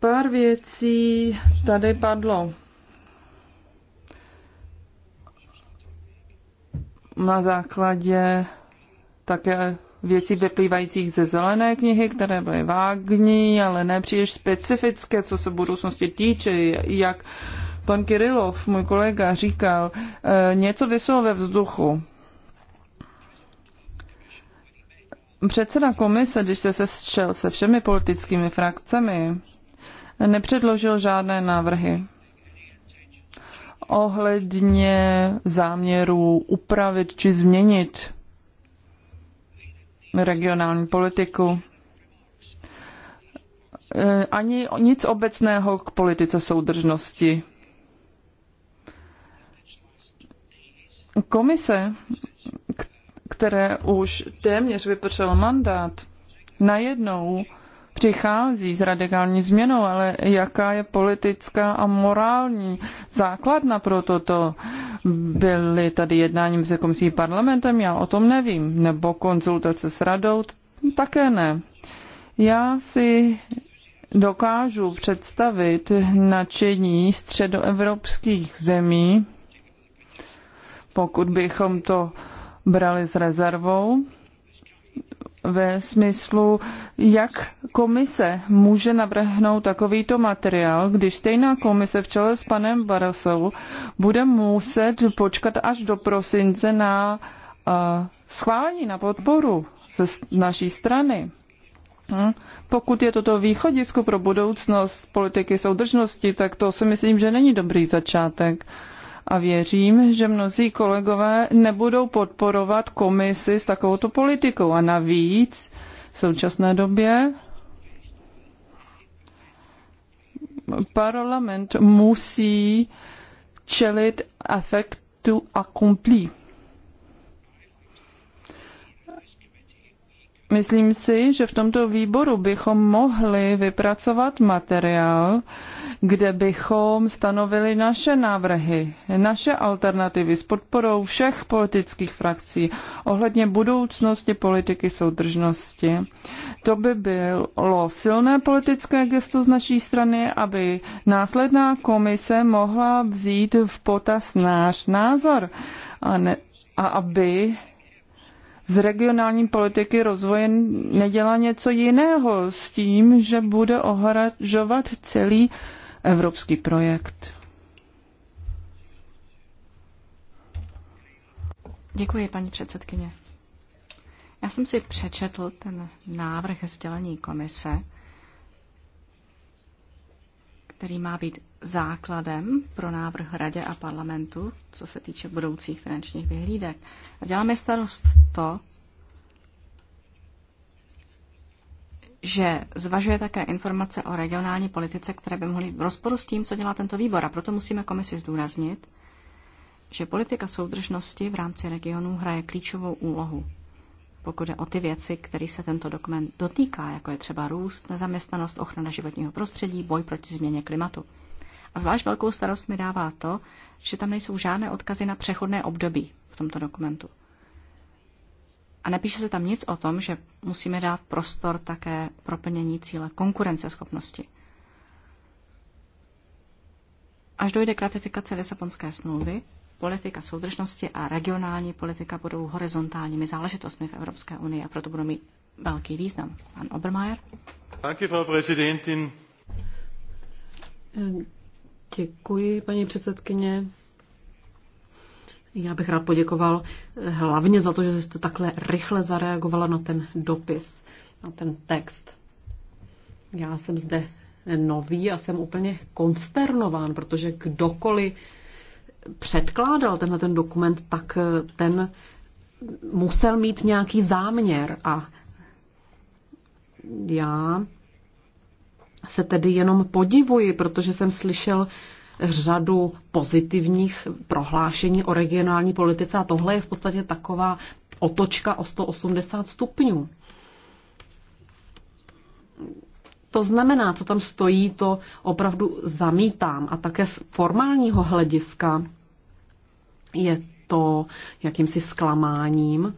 Pár věcí tady padlo. Na základě také věcí vyplývajících ze zelené knihy, které byly vágní, ale ne příliš specifické, co se budoucnosti týče, jak pan Kirilov, můj kolega, říkal, eh, něco vysilo ve vzduchu. Předseda komise, když se sešel se všemi politickými frakcemi, nepředložil žádné návrhy ohledně záměru upravit či změnit regionální politiku. E, ani nic obecného k politice soudržnosti. Komise, které už téměř vypršel mandát, najednou přichází s radikální změnou, ale jaká je politická a morální základna pro toto? Byly tady jednání mezi komisí parlamentem? Já o tom nevím. Nebo konzultace s radou? Také ne. Já si dokážu představit nadšení středoevropských zemí, pokud bychom to brali s rezervou, ve smyslu, jak komise může navrhnout takovýto materiál, když stejná komise v čele s panem Barasou bude muset počkat až do prosince na uh, schválení, na podporu ze naší strany. Hm? Pokud je toto východisko pro budoucnost politiky soudržnosti, tak to si myslím, že není dobrý začátek. Uh, a věřím, že mnozí kolegové nebudou podporovat komisi s takovouto politikou. A navíc v současné době parlament musí čelit efektu accompli. Myslím si, že v tomto výboru bychom mohli vypracovat materiál, kde bychom stanovili naše návrhy, naše alternativy s podporou všech politických frakcí ohledně budoucnosti politiky soudržnosti. To by bylo silné politické gesto z naší strany, aby následná komise mohla vzít v potaz náš názor a, ne, a aby z regionální politiky rozvoje nedělá něco jiného s tím, že bude ohražovat celý evropský projekt. Děkuji, paní předsedkyně. Já jsem si přečetl ten návrh sdělení komise který má být základem pro návrh radě a parlamentu, co se týče budoucích finančních vyhlídek. A děláme starost to, že zvažuje také informace o regionální politice, které by mohly v rozporu s tím, co dělá tento výbor. A proto musíme komisi zdůraznit, že politika soudržnosti v rámci regionů hraje klíčovou úlohu pokud je o ty věci, které se tento dokument dotýká, jako je třeba růst, nezaměstnanost, ochrana životního prostředí, boj proti změně klimatu. A zvlášť velkou starost mi dává to, že tam nejsou žádné odkazy na přechodné období v tomto dokumentu. A nepíše se tam nic o tom, že musíme dát prostor také pro plnění cíle konkurenceschopnosti. Až dojde k ratifikaci Lisabonské smlouvy, politika soudržnosti a regionální politika budou horizontálními záležitostmi v Evropské unii a proto budou mít velký význam. Pan Obermeier. Děkuji, paní předsedkyně. Já bych rád poděkoval eh, hlavně za to, že jste takhle rychle zareagovala na ten dopis, na ten text. Já jsem zde nový a jsem úplně konsternován, protože kdokoliv předkládal tenhle ten dokument, tak eh, ten musel mít nějaký záměr a já se tedy jenom podivuji, protože jsem slyšel řadu pozitivních prohlášení o regionální politice a tohle je v podstatě taková otočka o 180 stupňů. to znamená, co tam stojí, to opravdu zamítám. A také z formálního hlediska je to jakýmsi zklamáním,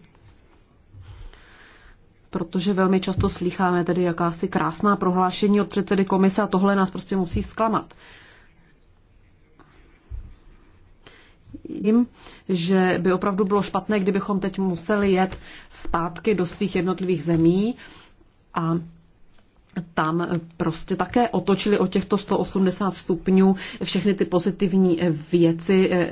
protože velmi často slycháme tedy jakási krásná prohlášení od předsedy komise a tohle nás prostě musí zklamat. Jim, že by opravdu bylo špatné, kdybychom teď museli jet zpátky do svých jednotlivých zemí a tam eh, prostě také otočili o těchto 180 stupňů všechny ty pozitivní eh, věci eh,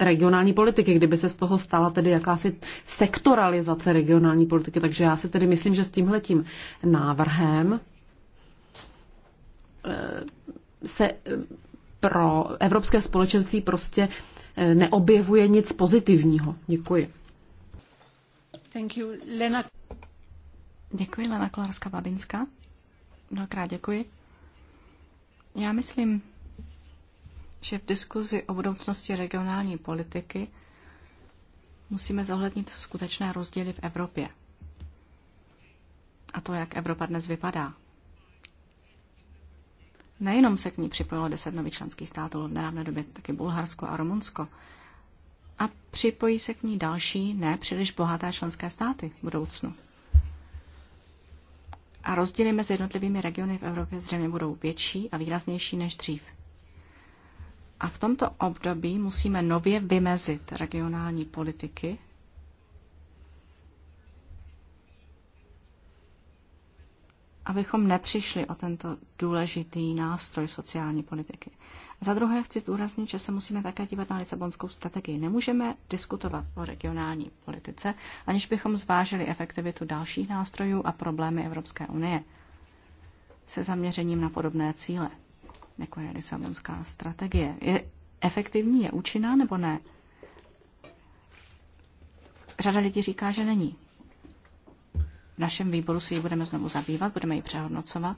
regionální politiky, kdyby se z toho stala tedy jakási sektoralizace regionální politiky. Takže já si tedy myslím, že s tímhletím návrhem se pro evropské společenství prostě neobjevuje nic pozitivního. Děkuji. Thank you. Lena. Děkuji, Lena Kolárska Babinská. Mnohokrát děkuji. Já myslím, že v diskuzi o budoucnosti regionální politiky musíme zohlednit skutečné rozdíly v Evropě. A to, jak Evropa dnes vypadá. Nejenom se k ní připojilo deset nových členských států, v nedávné době taky Bulharsko a Rumunsko, a připojí se k ní další, ne příliš bohaté členské státy v budoucnu a rozdíly mezi jednotlivými regiony v Evropě zřejmě budou větší a výraznější než dřív. A v tomto období musíme nově vymezit regionální politiky, abychom nepřišli o tento důležitý nástroj sociální politiky. Za druhé chci zdůraznit, že se musíme také dívat na Lisabonskou strategii. Nemůžeme diskutovat o regionální politice, aniž bychom zvážili efektivitu dalších nástrojů a problémy Evropské unie se zaměřením na podobné cíle, jako je Lisabonská strategie. Je efektivní, je účinná nebo ne? Řada lidí říká, že není. V našem výboru si ji budeme znovu zabývat, budeme ji přehodnocovat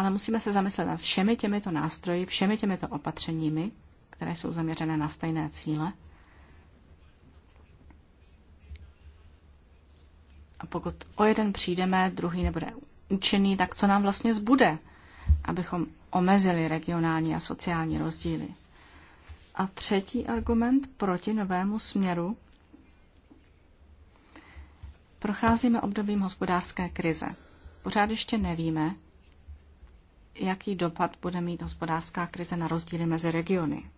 ale musíme se zamyslet nad všemi těmito nástroji, všemi těmito opatřeními, které jsou zaměřené na stejné cíle. A pokud o jeden přijdeme, druhý nebude účinný, tak co nám vlastně zbude, abychom omezili regionální a sociální rozdíly. A třetí argument proti novému směru. Procházíme obdobím hospodářské krize. Pořád ještě nevíme, jaký dopad bude mít hospodářská krize na rozdíly mezi regiony.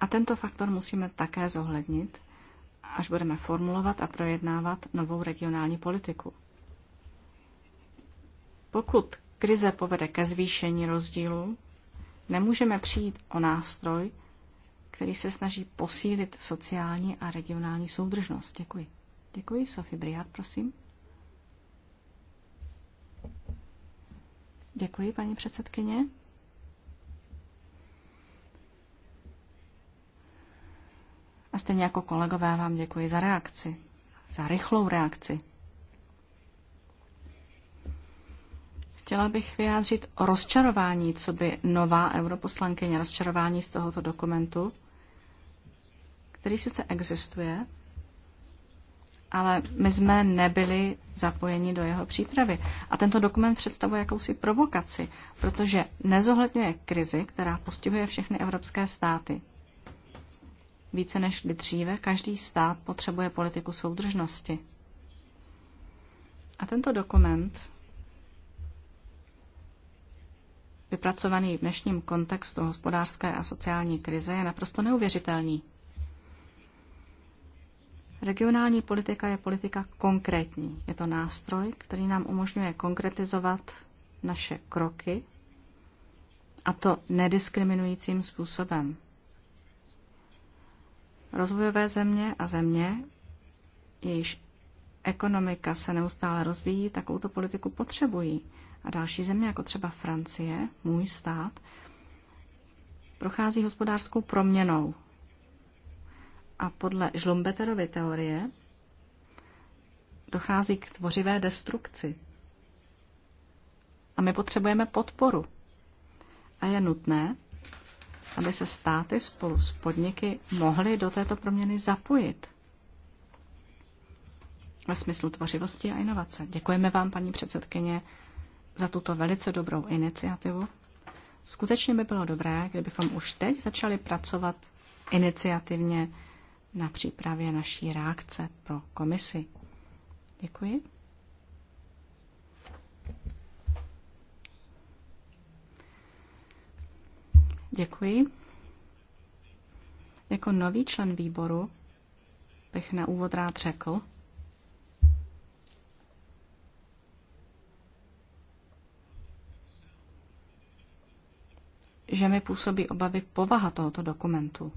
A tento faktor musíme také zohlednit, až budeme formulovat a projednávat novou regionální politiku. Pokud krize povede ke zvýšení rozdílu, nemůžeme přijít o nástroj, který se snaží posílit sociální a regionální soudržnost. Děkuji. Děkuji, Sofie Briard, prosím. Děkuji, paní předsedkyně. A stejně jako kolegové vám děkuji za reakci, za rychlou reakci. Chtěla bych vyjádřit rozčarování, co by nová europoslankyně, rozčarování z tohoto dokumentu, který sice existuje, ale my jsme nebyli zapojeni do jeho přípravy. A tento dokument představuje jakousi provokaci, protože nezohledňuje krizi, která postihuje všechny evropské státy. Více než kdy dříve každý stát potřebuje politiku soudržnosti. A tento dokument, vypracovaný v dnešním kontextu hospodářské a sociální krize, je naprosto neuvěřitelný. Regionální politika je politika konkrétní. Je to nástroj, který nám umožňuje konkretizovat naše kroky a to nediskriminujícím způsobem. Rozvojové země a země, jejíž ekonomika se neustále rozvíjí, takovouto politiku potřebují. A další země, jako třeba Francie, můj stát, prochází hospodářskou proměnou. A podle Žlumbeterovy teorie dochází k tvořivé destrukci. A my potřebujeme podporu. A je nutné, aby se státy spolu s podniky mohly do této proměny zapojit. Ve smyslu tvořivosti a inovace. Děkujeme vám, paní předsedkyně, za tuto velice dobrou iniciativu. Skutečně by bylo dobré, kdybychom už teď začali pracovat iniciativně na přípravě naší reakce pro komisi. Děkuji. Děkuji. Jako nový člen výboru bych na úvod rád řekl, že mi působí obavy povaha tohoto dokumentu.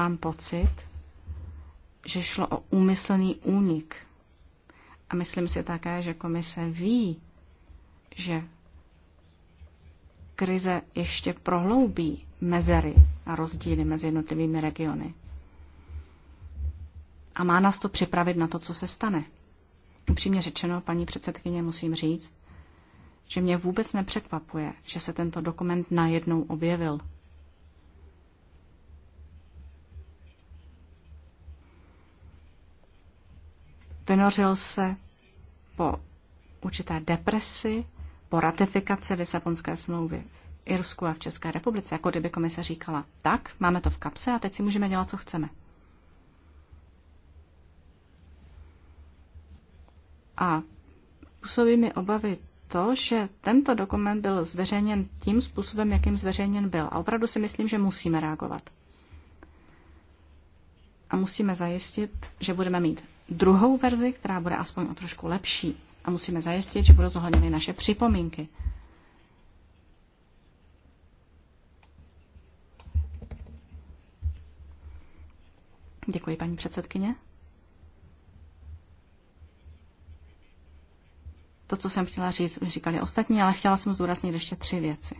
Mám pocit, že šlo o úmyslný únik. A myslím si také, že komise ví, že krize ještě prohloubí mezery a rozdíly mezi jednotlivými regiony. A má nás to připravit na to, co se stane. Upřímně řečeno, paní předsedkyně, musím říct, že mě vůbec nepřekvapuje, že se tento dokument najednou objevil – vynořil se po určité depresi, po ratifikaci Lisabonské smlouvy v Irsku a v České republice, jako kdyby komise říkala, tak, máme to v kapse a teď si můžeme dělat, co chceme. A působí mi obavy to, že tento dokument byl zveřejněn tím způsobem, jakým zveřejněn byl. A opravdu si myslím, že musíme reagovat. A musíme zajistit, že budeme mít druhou verzi, která bude aspoň o trošku lepší. A musíme zajistit, že budou zohledněny naše připomínky. Děkuji, paní předsedkyně. To, co jsem chtěla říct, už říkali ostatní, ale chtěla jsem zdůraznit ještě tři věci.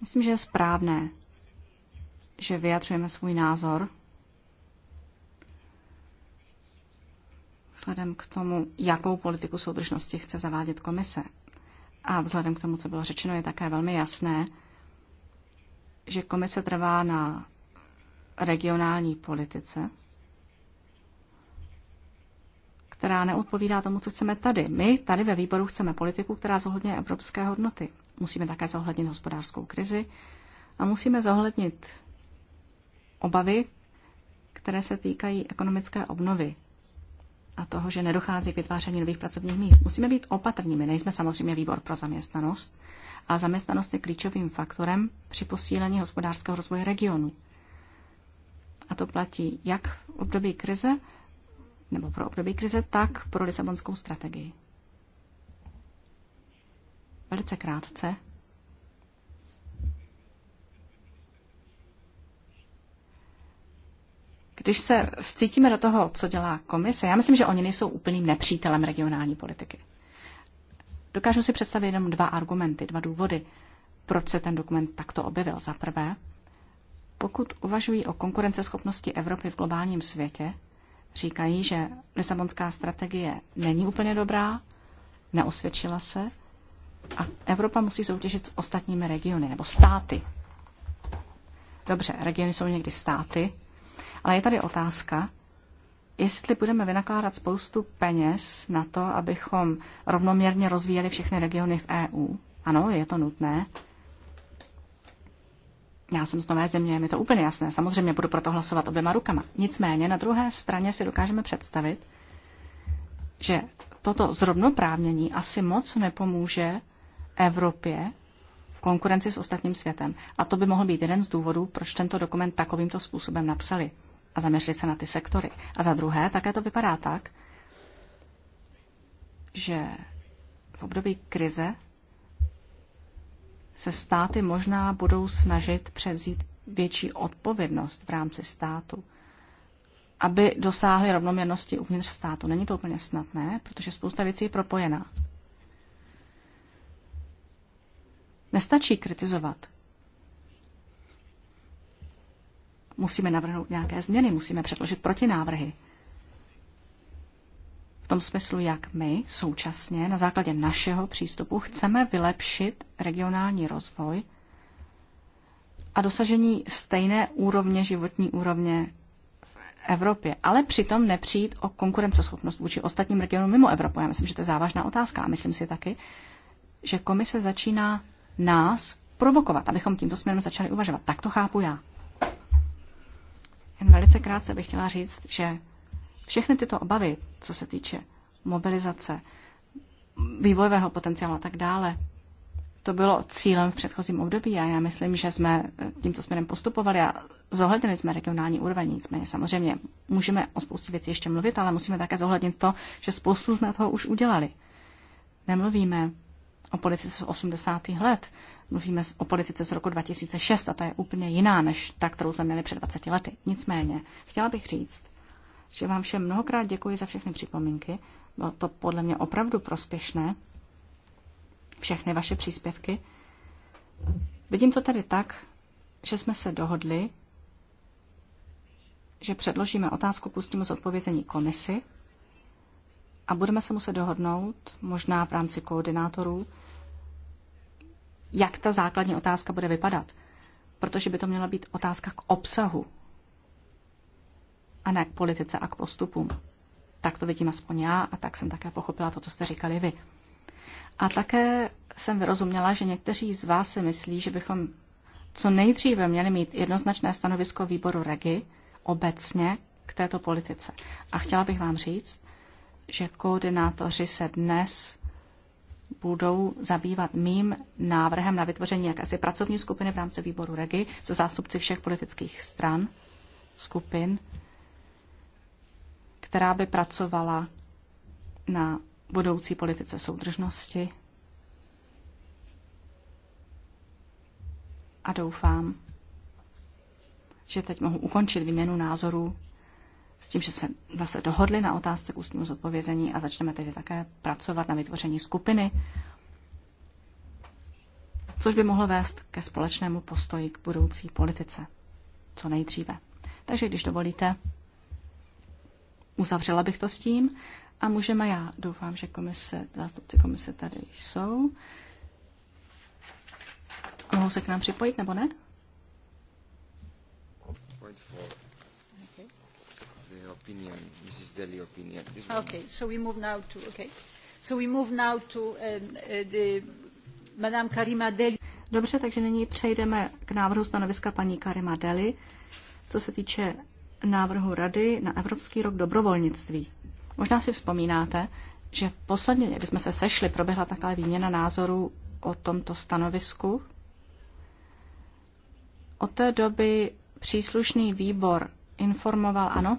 Myslím, že je správné, že vyjadřujeme svůj názor vzhledem k tomu, jakou politiku soudržnosti chce zavádět komise. A vzhledem k tomu, co bylo řečeno, je také velmi jasné, že komise trvá na regionální politice, která neodpovídá tomu, co chceme tady. My tady ve výboru chceme politiku, která zohledňuje evropské hodnoty. Musíme také zohlednit hospodářskou krizi a musíme zohlednit obavy, které se týkají ekonomické obnovy a toho, že nedochází k vytváření nových pracovních míst. Musíme být opatrní. My nejsme samozřejmě výbor pro zaměstnanost, a zaměstnanost je klíčovým faktorem při posílení hospodářského rozvoje regionu. A to platí jak v období krize, nebo pro období krize, tak pro Lisabonskou strategii. Velice krátce Když se vcítíme do toho, co dělá komise, já myslím, že oni nejsou úplným nepřítelem regionální politiky. Dokážu si představit jenom dva argumenty, dva důvody, proč se ten dokument takto objevil. Za prvé, pokud uvažují o konkurenceschopnosti Evropy v globálním světě, říkají, že Lisabonská strategie není úplně dobrá, neosvědčila se a Evropa musí soutěžit s ostatními regiony nebo státy. Dobře, regiony jsou někdy státy, ale je tady otázka, jestli budeme vynakládat spoustu peněz na to, abychom rovnoměrně rozvíjeli všechny regiony v EU. Ano, je to nutné. Já jsem z nové země, je mi to úplně jasné. Samozřejmě budu proto hlasovat oběma rukama. Nicméně na druhé straně si dokážeme představit, že toto zrovnoprávnění asi moc nepomůže Evropě konkurenci s ostatním světem. A to by mohl být jeden z důvodů, proč tento dokument takovýmto způsobem napsali a zaměřit se na ty sektory. A za druhé, také to vypadá tak, že v období krize se státy možná budou snažit převzít větší odpovědnost v rámci státu, aby dosáhly rovnoměrnosti uvnitř státu. Není to úplně snadné, protože spousta věcí je propojená. Nestačí kritizovat. Musíme navrhnout nějaké změny, musíme předložit protinávrhy. V tom smyslu, jak my současně na základě našeho přístupu chceme vylepšit regionální rozvoj a dosažení stejné úrovně životní úrovně v Evropě, ale přitom nepřijít o konkurenceschopnost vůči ostatním regionům mimo Evropu. Já myslím, že to je závažná otázka a myslím si taky, že komise začíná nás provokovat, abychom tímto směrem začali uvažovat. Tak to chápu já. Jen velice krátce bych chtěla říct, že všechny tyto obavy, co se týče mobilizace, vývojového potenciálu a tak dále, to bylo cílem v předchozím období a já myslím, že jsme eh, tímto směrem postupovali a zohlednili jsme regionální úroveň. Nicméně samozřejmě můžeme o spoustě věcí ještě mluvit, ale musíme také zohlednit to, že spoustu jsme toho už udělali. Nemluvíme o politice z 80. let. Mluvíme o politice z roku 2006 a ta je úplně jiná než ta, kterou jsme měli před 20 lety. Nicméně, chtěla bych říct, že vám všem mnohokrát děkuji za všechny připomínky. Bylo to podle mě opravdu prospěšné. Všechny vaše příspěvky. Vidím to tady tak, že jsme se dohodli, že předložíme otázku k ústnímu zodpovězení komisi a budeme se muset dohodnout, možná v rámci koordinátorů, jak ta základní otázka bude vypadat. Protože by to měla být otázka k obsahu a ne k politice a k postupům. Tak to vidím aspoň já a tak jsem také pochopila to, co jste říkali vy. A také jsem vyrozuměla, že někteří z vás si myslí, že bychom co nejdříve měli mít jednoznačné stanovisko výboru REGI obecně k této politice. A chtěla bych vám říct, že koordinátoři se dnes budou zabývat mým návrhem na vytvoření jakési pracovní skupiny v rámci výboru REGI se zástupci všech politických stran, skupin, která by pracovala na budoucí politice soudržnosti. A doufám, že teď mohu ukončit výměnu názorů s tím, že se vlastně dohodli na otázce k ústnímu zodpovězení a začneme tedy také pracovat na vytvoření skupiny, což by mohlo vést ke společnému postoji k budoucí politice co nejdříve. Takže když dovolíte, uzavřela bych to s tím a můžeme, já doufám, že komise, zástupci komise tady jsou, mohou se k nám připojit nebo ne? Point four opinion, Mrs. Deli opinion. This okay, one. so we move now to, okay. So we move now to um, uh, the, Madame Karima Deli. Dobře, takže nyní přejdeme k návrhu stanoviska paní Karima Deli, co se týče návrhu Rady na Evropský rok dobrovolnictví. Možná si vzpomínáte, že posledně, když jsme se sešli, proběhla taková výměna názorů o tomto stanovisku. Od té doby příslušný výbor informoval, ano,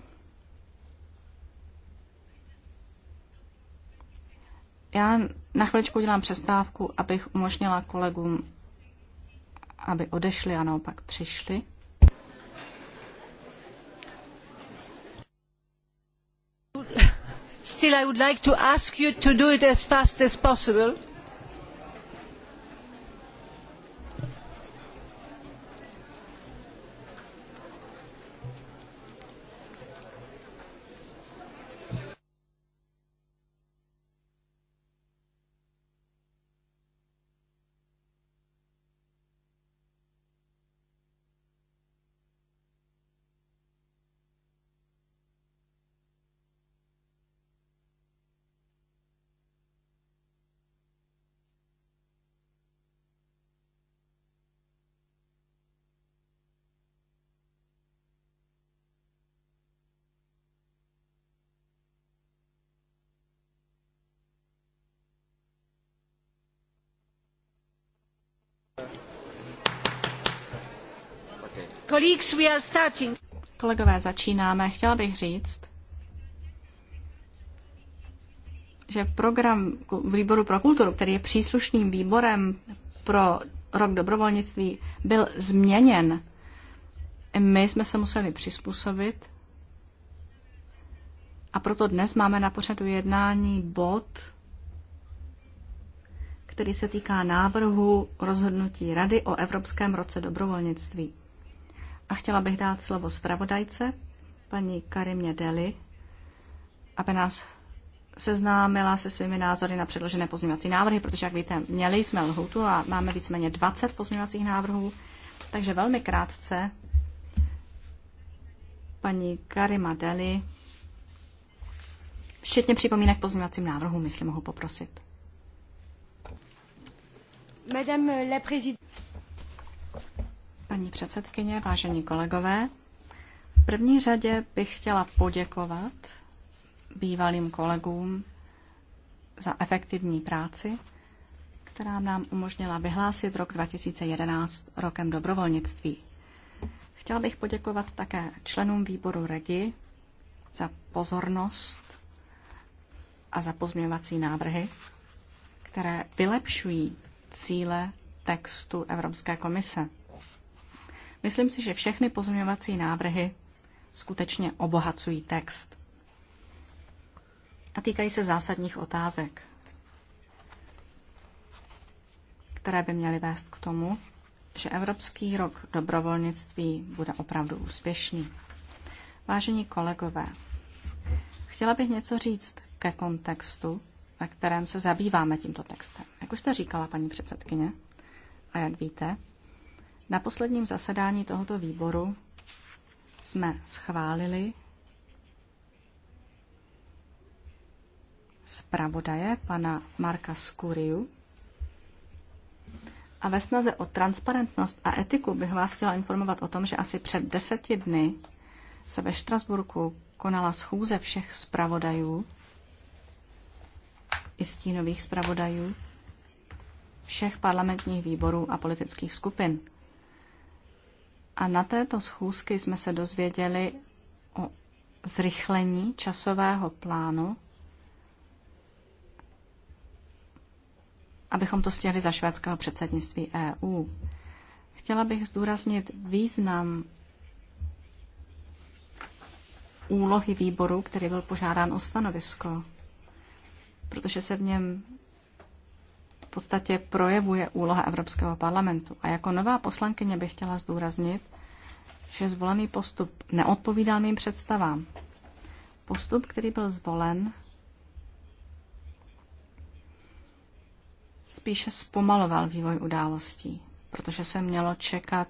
Já na chviličku udělám přestávku, abych umožnila kolegům, aby odešli a naopak přišli. Still, I would like to ask you to do it as fast as possible. Colleagues, we are starting. Kolegové, začínáme. Chtěla bych říct, že program výboru pro kulturu, který je příslušným výborem pro rok dobrovolnictví, byl změněn. My jsme se museli přizpůsobit a proto dnes máme na pořadu jednání bod, který se týká návrhu rozhodnutí Rady o Evropském roce dobrovolnictví. A chtěla bych dát slovo zpravodajce, paní Karimě Deli, aby nás seznámila se svými názory na předložené pozměňovací návrhy, protože, jak víte, měli jsme lhutu a máme víceméně 20 pozměňovacích návrhů, takže velmi krátce paní Karima Deli, všetně připomínek pozměňovacím návrhům, myslím, mohu poprosit. Madame la présidente paní předsedkyně, vážení kolegové. V první řadě bych chtěla poděkovat bývalým kolegům za efektivní práci, která nám umožnila vyhlásit rok 2011 rokem dobrovolnictví. Chtěla bych poděkovat také členům výboru REGI za pozornost a za pozměňovací návrhy, které vylepšují cíle textu Evropské komise. Myslím si, že všechny pozměňovací návrhy skutečně obohacují text a týkají se zásadních otázek, které by měly vést k tomu, že Evropský rok dobrovolnictví bude opravdu úspěšný. Vážení kolegové, chtěla bych něco říct ke kontextu, ve kterém se zabýváme tímto textem. Jak už jste říkala, paní předsedkyně, a jak víte, na posledním zasedání tohoto výboru jsme schválili zpravodaje pana Marka Skuriu. A ve snaze o transparentnost a etiku bych vás chtěla informovat o tom, že asi před deseti dny se ve Štrasburku konala schůze všech zpravodajů i stínových zpravodajů všech parlamentních výborů a politických skupin. A na této schůzky jsme se dozvěděli o zrychlení časového plánu, abychom to stihli za švédského předsednictví EU. Chtěla bych zdůraznit význam úlohy výboru, který byl požádán o stanovisko, protože se v něm podstatě projevuje úloha Evropského parlamentu. A jako nová poslankyně bych chtěla zdůraznit, že zvolený postup neodpovídal mým představám. Postup, který byl zvolen, spíše zpomaloval vývoj událostí, protože se mělo čekat,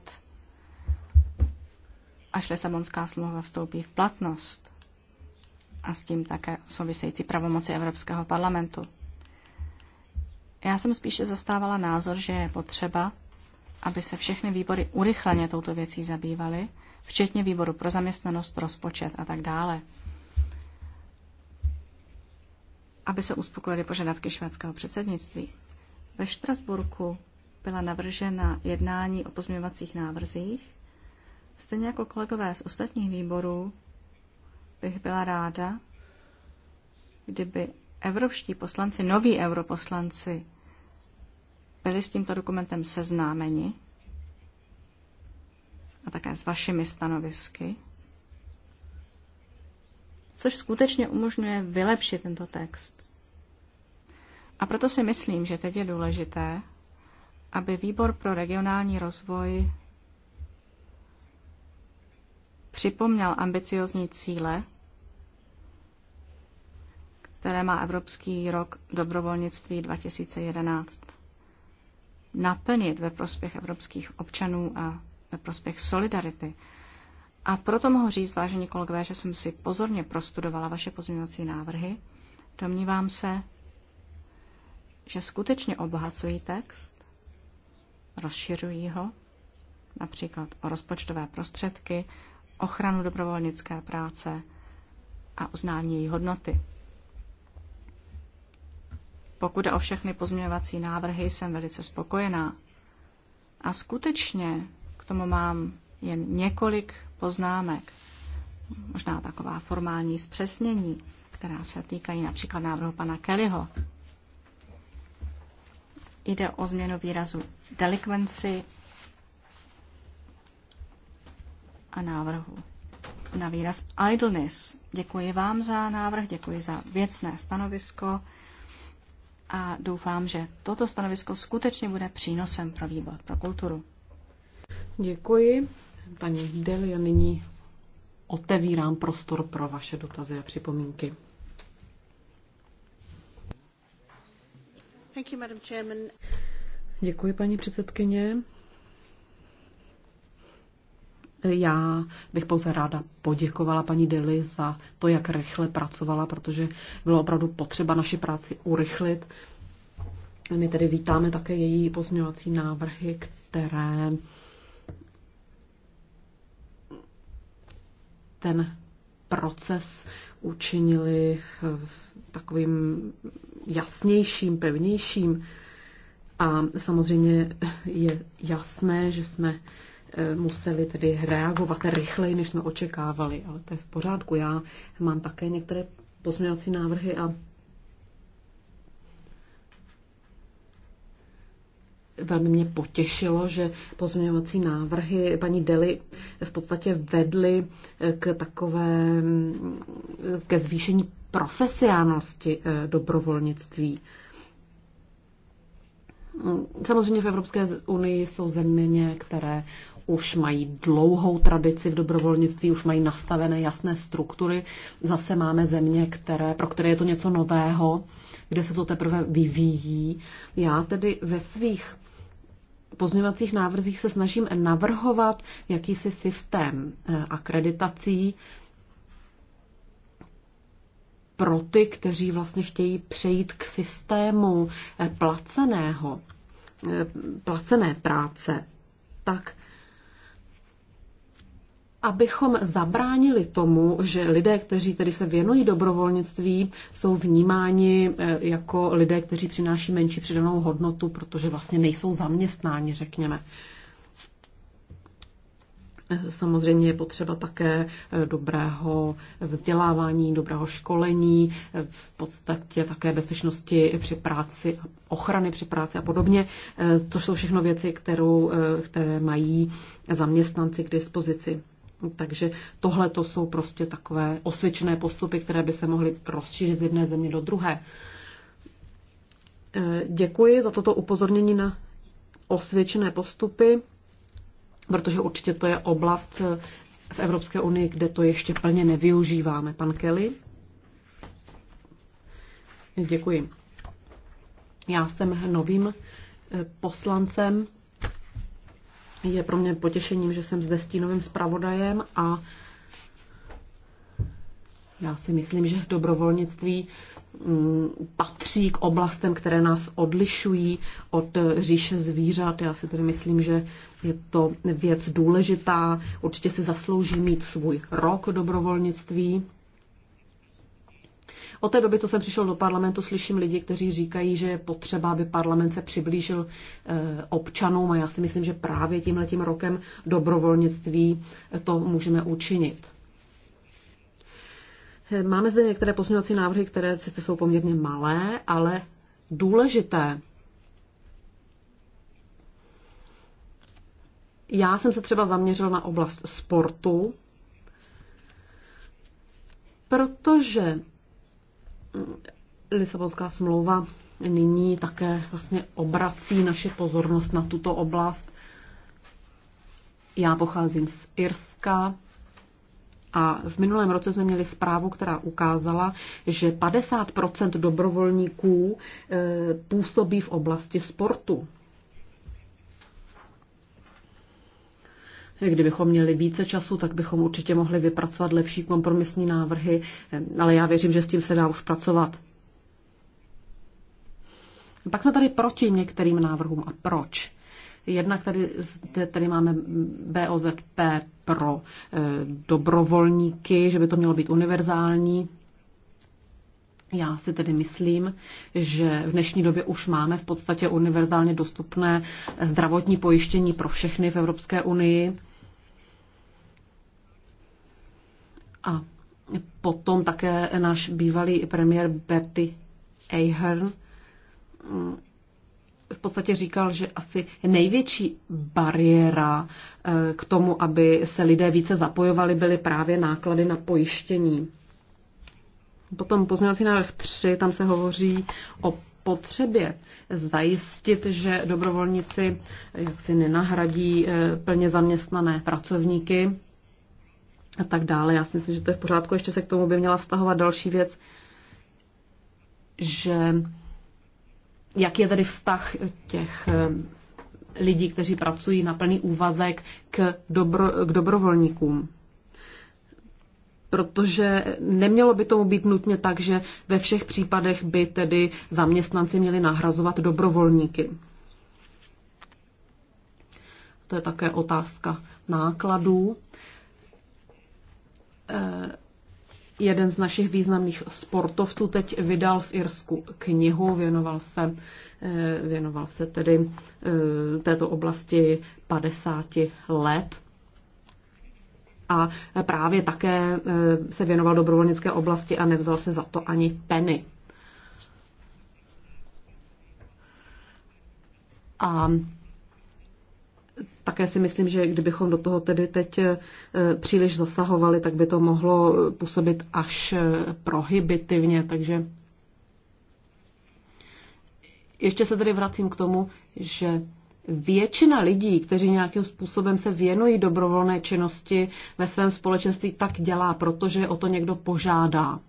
až Lisabonská smlouva vstoupí v platnost a s tím také související pravomoci Evropského parlamentu. Já jsem spíše zastávala názor, že je potřeba, aby se všechny výbory urychleně touto věcí zabývaly, včetně výboru pro zaměstnanost, rozpočet a tak dále. Aby se uspokojily požadavky švédského předsednictví. Ve Štrasburku byla navržena jednání o pozměňovacích návrzích. Stejně jako kolegové z ostatních výborů bych byla ráda, kdyby evropští poslanci, noví europoslanci, byli s tímto dokumentem seznámeni a také s vašimi stanovisky, což skutečně umožňuje vylepšit tento text. A proto si myslím, že teď je důležité, aby Výbor pro regionální rozvoj připomněl ambiciozní cíle, které má Evropský rok dobrovolnictví 2011 naplnit ve prospěch evropských občanů a ve prospěch solidarity. A proto mohu říct, vážení kolegové, že jsem si pozorně prostudovala vaše pozměňovací návrhy. Domnívám se, že skutečně obohacují text, rozšiřují ho, například o rozpočtové prostředky, ochranu dobrovolnické práce a uznání její hodnoty. Pokud jde o všechny pozměňovací návrhy, jsem velice spokojená. A skutečně k tomu mám jen několik poznámek, možná taková formální zpřesnění, která se týkají například návrhu pana Kellyho. Jde o změnu výrazu delikvenci a návrhu na výraz idleness. Děkuji vám za návrh, děkuji za věcné stanovisko a doufám, že toto stanovisko skutečně bude přínosem pro výbor pro kulturu. Děkuji. Paní Delio, nyní otevírám prostor pro vaše dotazy a připomínky. Děkuji, paní předsedkyně. Já bych pouze ráda poděkovala paní Deli za to, jak rychle pracovala, protože bylo opravdu potřeba naši práci urychlit. My tedy vítáme také její pozměňovací návrhy, které ten proces učinili takovým jasnějším, pevnějším. A samozřejmě je jasné, že jsme Eh, museli tedy reagovat rychleji, než jsme očekávali. Ale to je v pořádku. Já mám také některé pozměňovací návrhy a velmi mě potěšilo, že pozměňovací návrhy paní Deli v podstatě vedly eh, k takové, mm, ke zvýšení profesionálnosti eh, dobrovolnictví. Mm, samozřejmě v Evropské unii jsou země, které už mají dlouhou tradici v dobrovolnictví, už mají nastavené jasné struktury. Zase máme země, které, pro které je to něco nového, kde se to teprve vyvíjí. Já tedy ve svých pozměňovacích návrzích se snažím navrhovat jakýsi systém eh, akreditací pro ty, kteří vlastně chtějí přejít k systému eh, placeného, eh, placené práce, tak abychom zabránili tomu, že lidé, kteří tedy se věnují dobrovolnictví, jsou vnímáni eh, jako lidé, kteří přináší menší přidanou hodnotu, protože vlastně nejsou zaměstnáni, řekněme. Eh, samozřejmě je potřeba také eh, dobrého vzdělávání, dobrého školení, v podstatě také bezpečnosti při práci, ochrany při práci a podobně. To jsou všechno věci, kterou, které mají zaměstnanci k dispozici. Takže tohle to jsou prostě takové osvědčené postupy, které by se mohly rozšířit z jedné země do druhé. Eh, děkuji za toto upozornění na osvědčené postupy, protože určitě to je oblast eh, v Evropské unii, kde to ještě plně nevyužíváme. Pan Kelly? Děkuji. Já jsem novým eh, poslancem je pro mě potěšením, že jsem zde stínovým zpravodajem a já si myslím, že dobrovolnictví mm, patří k oblastem, které nás odlišují od říše zvířat. Já si tedy myslím, že je to věc důležitá. Určitě si zaslouží mít svůj rok dobrovolnictví. Od té doby, co jsem přišel do parlamentu, slyším lidi, kteří říkají, že je potřeba, aby parlament se přiblížil eh, občanům a já si myslím, že právě tímhletím rokem dobrovolnictví eh, to můžeme učinit. Eh, máme zde některé pozměňovací návrhy, které sice jsou poměrně malé, ale důležité. Já jsem se třeba zaměřil na oblast sportu, protože Lisabonská smlouva nyní také vlastně obrací naši pozornost na tuto oblast. Já pocházím z Irska a v minulém roce jsme měli zprávu, která ukázala, že 50 dobrovolníků eh, působí v oblasti sportu. Kdybychom měli více času, tak bychom určitě mohli vypracovat lepší kompromisní návrhy, ale já věřím, že s tím se dá už pracovat. Pak jsme tady proti některým návrhům. A proč? Jednak tady, zde tady máme BOZP pro e, dobrovolníky, že by to mělo být univerzální. Já si tedy myslím, že v dnešní době už máme v podstatě univerzálně dostupné zdravotní pojištění pro všechny v Evropské unii. A potom také náš bývalý premiér Bertie Ahern mm, v podstatě říkal, že asi největší bariéra eh, k tomu, aby se lidé více zapojovali, byly právě náklady na pojištění. Potom pozměňovací návrh 3, tam se hovoří o potřebě zajistit, že dobrovolníci jaksi nenahradí eh, plně zaměstnané pracovníky a tak dále. Já si myslím, že to je v pořádku. Ještě se k tomu by měla vztahovat další věc, že jak je tedy vztah těch eh, lidí, kteří pracují na plný úvazek k, dobro, k dobrovolníkům. Protože nemělo by tomu být nutně tak, že ve všech případech by tedy zaměstnanci měli nahrazovat dobrovolníky. To je také otázka nákladů. Eh, jeden z našich významných sportovců teď vydal v Irsku knihu, věnoval se, eh, věnoval se tedy eh, této oblasti 50 let. A právě také se věnoval dobrovolnické oblasti a nevzal se za to ani peny. A také si myslím, že kdybychom do toho tedy teď eh, příliš zasahovali, tak by to mohlo působit až eh, prohibitivně, takže ještě se tedy vracím k tomu, že většina lidí, kteří nějakým způsobem se věnují dobrovolné činnosti ve svém společenství, tak dělá, protože o to někdo požádá.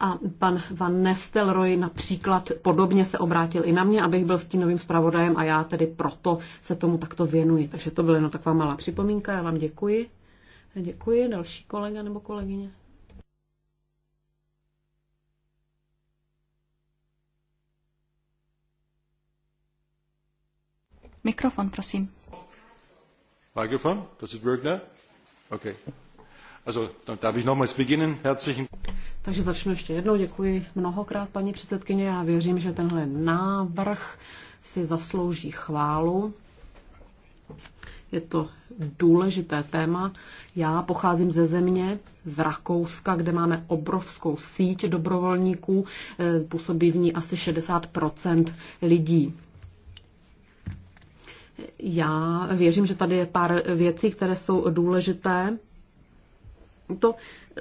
A pan Van Nestelrooy například podobně se obrátil i na mě, abych byl s tím novým zpravodajem a já tedy proto se tomu takto věnuji. Takže to byla jenom taková malá připomínka, já vám děkuji. Děkuji, další kolega nebo kolegyně. Mikrofon, prosím. Mikrofon? Das ist Wörgner? Okay. Also, dann darf ich nochmals beginnen. Herzlichen takže začnu ještě jednou. Děkuji mnohokrát, paní předsedkyně. Já věřím, že tenhle návrh si zaslouží chválu. Je to důležité téma. Já pocházím ze země, z Rakouska, kde máme obrovskou síť dobrovolníků. Eh, působí v ní asi 60 lidí. Já věřím, že tady je pár věcí, které jsou důležité. To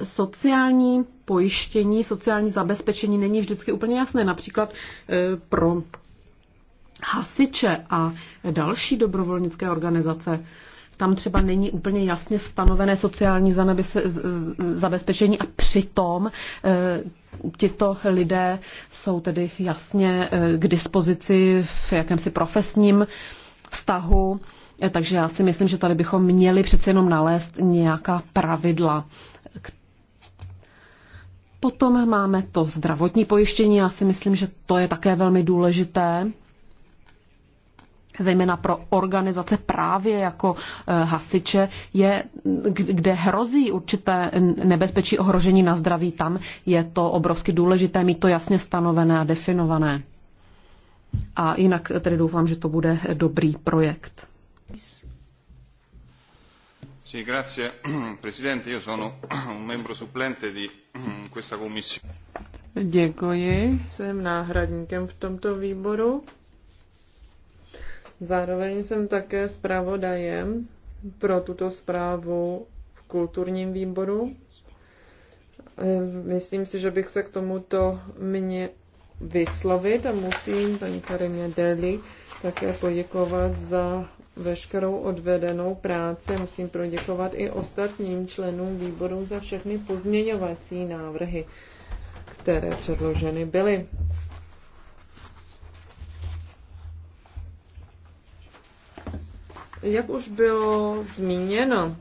sociální pojištění, sociální zabezpečení není vždycky úplně jasné. Například e, pro hasiče a další dobrovolnické organizace tam třeba není úplně jasně stanovené sociální zabezpečení a přitom e, tito lidé jsou tedy jasně e, k dispozici v jakémsi profesním vztahu. Takže já si myslím, že tady bychom měli přeci jenom nalézt nějaká pravidla Potom máme to zdravotní pojištění, já si myslím, že to je také velmi důležité, zejména pro organizace právě jako eh, hasiče, je, kde hrozí určité nebezpečí ohrožení na zdraví, tam je to obrovsky důležité mít to jasně stanovené a definované. A jinak eh, tedy doufám, že to bude eh, dobrý projekt. Sì, grazie Presidente. Io sono un membro supplente di Mm, questa commissione. Děkuji, jsem náhradníkem v tomto výboru. Zároveň jsem také zpravodajem pro tuto zprávu v kulturním výboru. Ehm, myslím si, že bych se k tomuto mě vyslovit a musím paní Karimě Deli také poděkovat za veškerou odvedenou práci. Musím proděkovat i ostatním členům výboru za všechny pozměňovací návrhy, které předloženy byly. Jak už bylo zmíněno,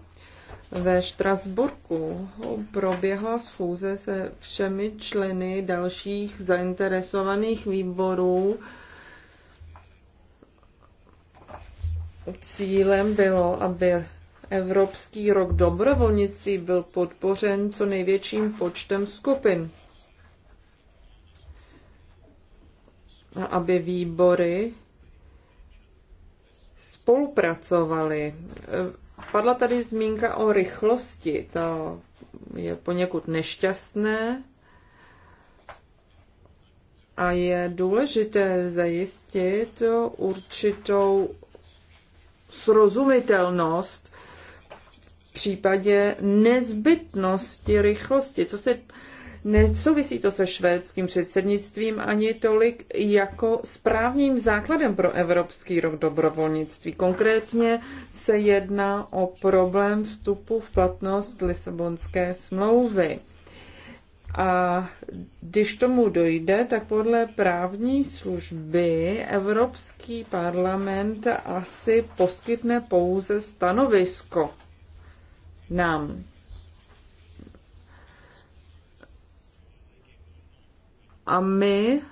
ve Štrasburku proběhla schůze se všemi členy dalších zainteresovaných výborů, Cílem bylo, aby Evropský rok dobrovolnictví byl podpořen co největším počtem skupin. A aby výbory spolupracovaly. Padla tady zmínka o rychlosti. To je poněkud nešťastné a je důležité zajistit určitou srozumitelnost v případě nezbytnosti rychlosti. Co se nesouvisí to se švédským předsednictvím ani tolik jako správným základem pro Evropský rok dobrovolnictví. Konkrétně se jedná o problém vstupu v platnost Lisabonské smlouvy. A když tomu dojde, tak podle právní služby Evropský parlament asi poskytne pouze stanovisko nám. A my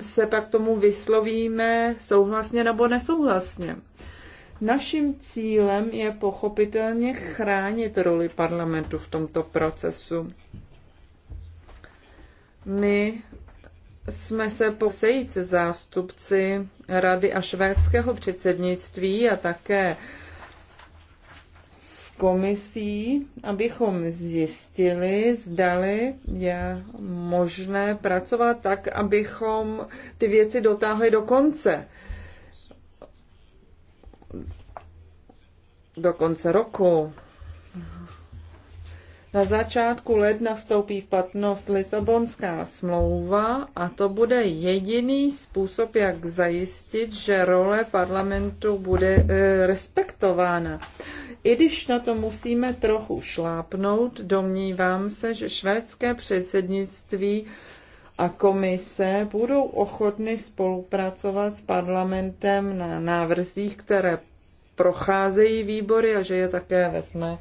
se pak tomu vyslovíme souhlasně nebo nesouhlasně. Naším cílem je pochopitelně chránit roli parlamentu v tomto procesu. My jsme se posejít se zástupci Rady a švédského předsednictví a také s komisí, abychom zjistili, zdali je možné pracovat tak, abychom ty věci dotáhli do konce. Do konce roku. Na začátku ledna vstoupí v platnost Lisabonská smlouva a to bude jediný způsob, jak zajistit, že role parlamentu bude e, respektována. I když na to musíme trochu šlápnout, domnívám se, že švédské předsednictví a komise budou ochotny spolupracovat s parlamentem na návrzích, které procházejí výbory a že je také vezme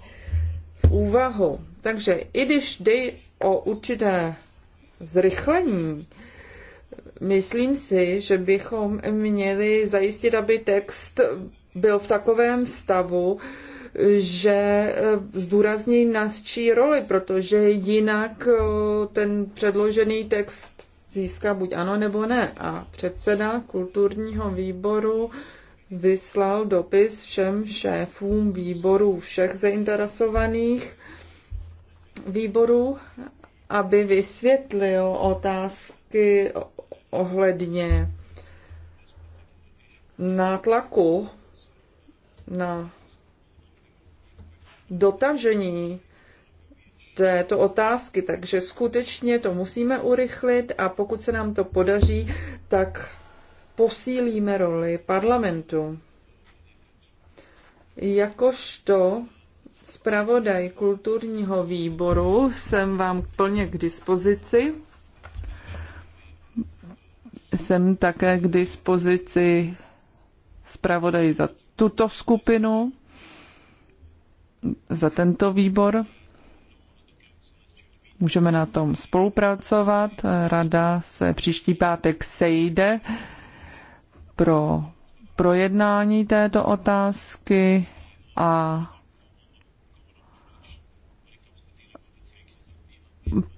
v úvahu. Takže i když jde o určité zrychlení, myslím si, že bychom měli zajistit, aby text byl v takovém stavu, že eh, zdůrazní naší roli, protože jinak eh, ten předložený text získá buď ano nebo ne. A předseda kulturního výboru vyslal dopis všem šéfům výborů všech zainteresovaných výboru, aby vysvětlil otázky ohledně nátlaku na dotažení této otázky, takže skutečně to musíme urychlit a pokud se nám to podaří, tak posílíme roli parlamentu. Jakožto zpravodaj kulturního výboru, jsem vám plně k dispozici. Jsem také k dispozici zpravodaj za tuto skupinu, za tento výbor. Můžeme na tom spolupracovat. Rada se příští pátek sejde pro projednání této otázky a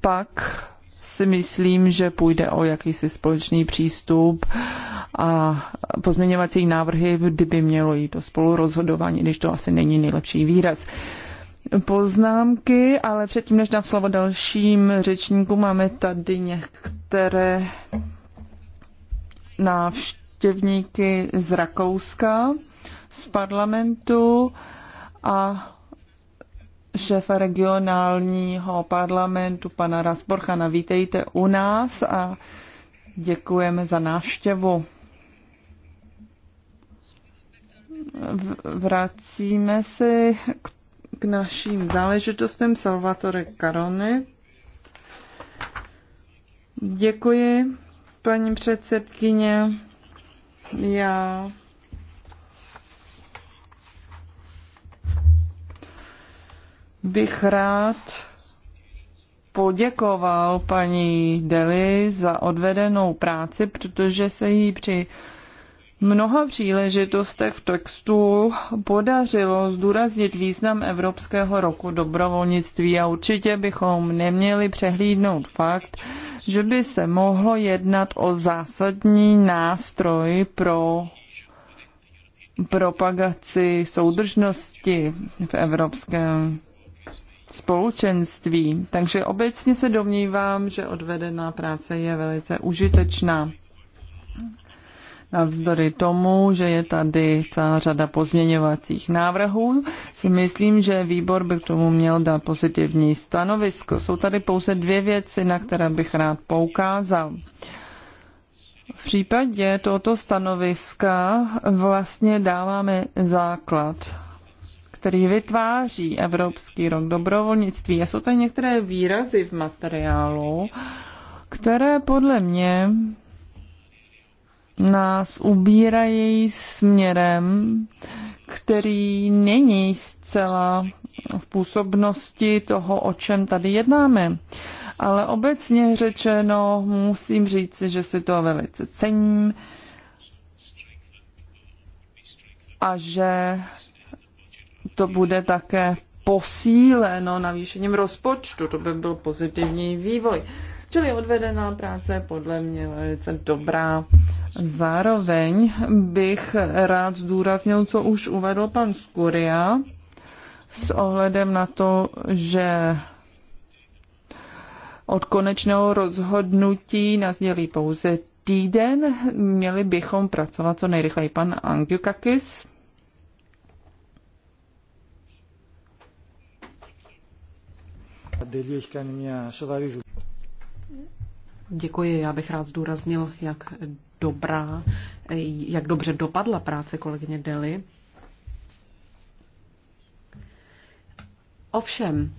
pak si myslím, že půjde o jakýsi společný přístup a pozměňovací návrhy, kdyby mělo jít o spolurozhodování, když to asi není nejlepší výraz poznámky, ale předtím, než dám slovo dalším řečníkům, máme tady některé návštěvníky z Rakouska, z parlamentu a šéfa regionálního parlamentu, pana Rasborchana. Vítejte u nás a děkujeme za návštěvu. Vracíme se k, k našim záležitostem Salvatore Carone. Děkuji, paní předsedkyně. Já bych rád poděkoval paní Deli za odvedenou práci, protože se jí při mnoha příležitostech v textu podařilo zdůraznit význam Evropského roku dobrovolnictví a určitě bychom neměli přehlídnout fakt, že by se mohlo jednat o zásadní nástroj pro propagaci soudržnosti v Evropském společenství. Takže obecně se domnívám, že odvedená práce je velice užitečná. Navzdory tomu, že je tady celá řada pozměňovacích návrhů, si myslím, že výbor by k tomu měl dát pozitivní stanovisko. Jsou tady pouze dvě věci, na které bych rád poukázal. V případě tohoto stanoviska vlastně dáváme základ který vytváří Evropský rok dobrovolnictví. A jsou tady některé výrazy v materiálu, které podle mě nás ubírají směrem, který není zcela v působnosti toho, o čem tady jednáme. Ale obecně řečeno, musím říct, že si to velice cením a že to bude také posíleno navýšením rozpočtu. To by byl pozitivní vývoj. Čili odvedená práce je podle mě velice dobrá. Zároveň bych rád zdůraznil, co už uvedl pan Skuria, s ohledem na to, že od konečného rozhodnutí nás dělí pouze týden. Měli bychom pracovat co nejrychleji. Pan Angiukakis. Děkuji, já bych rád zdůraznil, jak dobrá, jak dobře dopadla práce kolegyně Deli. Ovšem,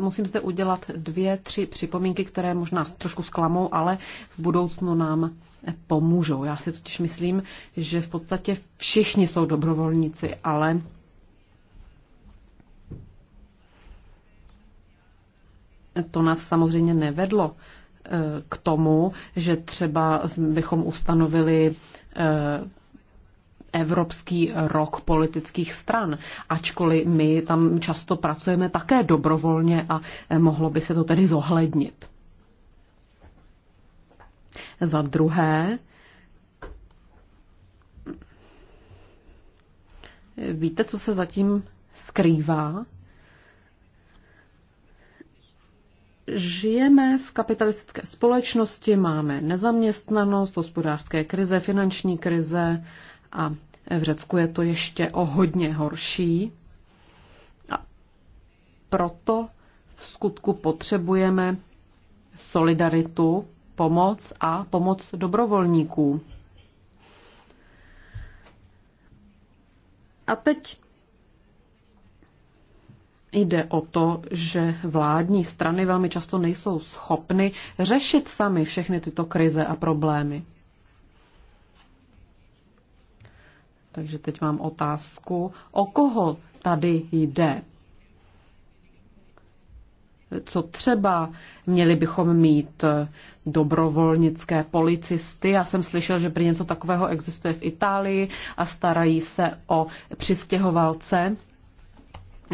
musím zde udělat dvě, tři připomínky, které možná trošku zklamou, ale v budoucnu nám pomůžou. Já si totiž myslím, že v podstatě všichni jsou dobrovolníci, ale to nás samozřejmě nevedlo eh, k tomu, že třeba bychom ustanovili eh, Evropský rok politických stran, ačkoliv my tam často pracujeme také dobrovolně a eh, mohlo by se to tedy zohlednit. Za druhé, víte, co se zatím skrývá Žijeme v kapitalistické společnosti, máme nezaměstnanost, hospodářské krize, finanční krize a v Řecku je to ještě o hodně horší. A proto v skutku potřebujeme solidaritu, pomoc a pomoc dobrovolníků. A teď Jde o to, že vládní strany velmi často nejsou schopny řešit sami všechny tyto krize a problémy. Takže teď mám otázku, o koho tady jde? Co třeba měli bychom mít dobrovolnické policisty? Já jsem slyšel, že prý něco takového existuje v Itálii a starají se o přistěhovalce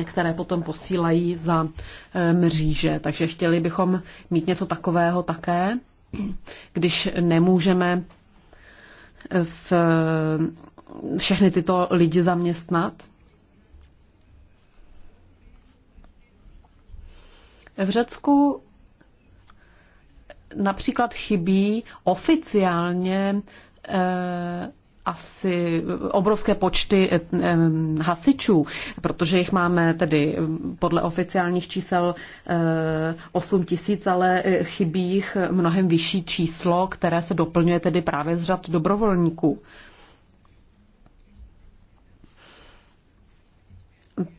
které potom posílají za eh, mříže. Takže chtěli bychom mít něco takového také, když nemůžeme eh, v všechny tyto lidi zaměstnat. V Řecku například chybí oficiálně eh, asi obrovské počty eh, eh, hasičů, protože jich máme tedy eh, podle oficiálních čísel 8 tisíc, ale chybí jich mnohem vyšší číslo, které se doplňuje tedy právě z řad dobrovolníků.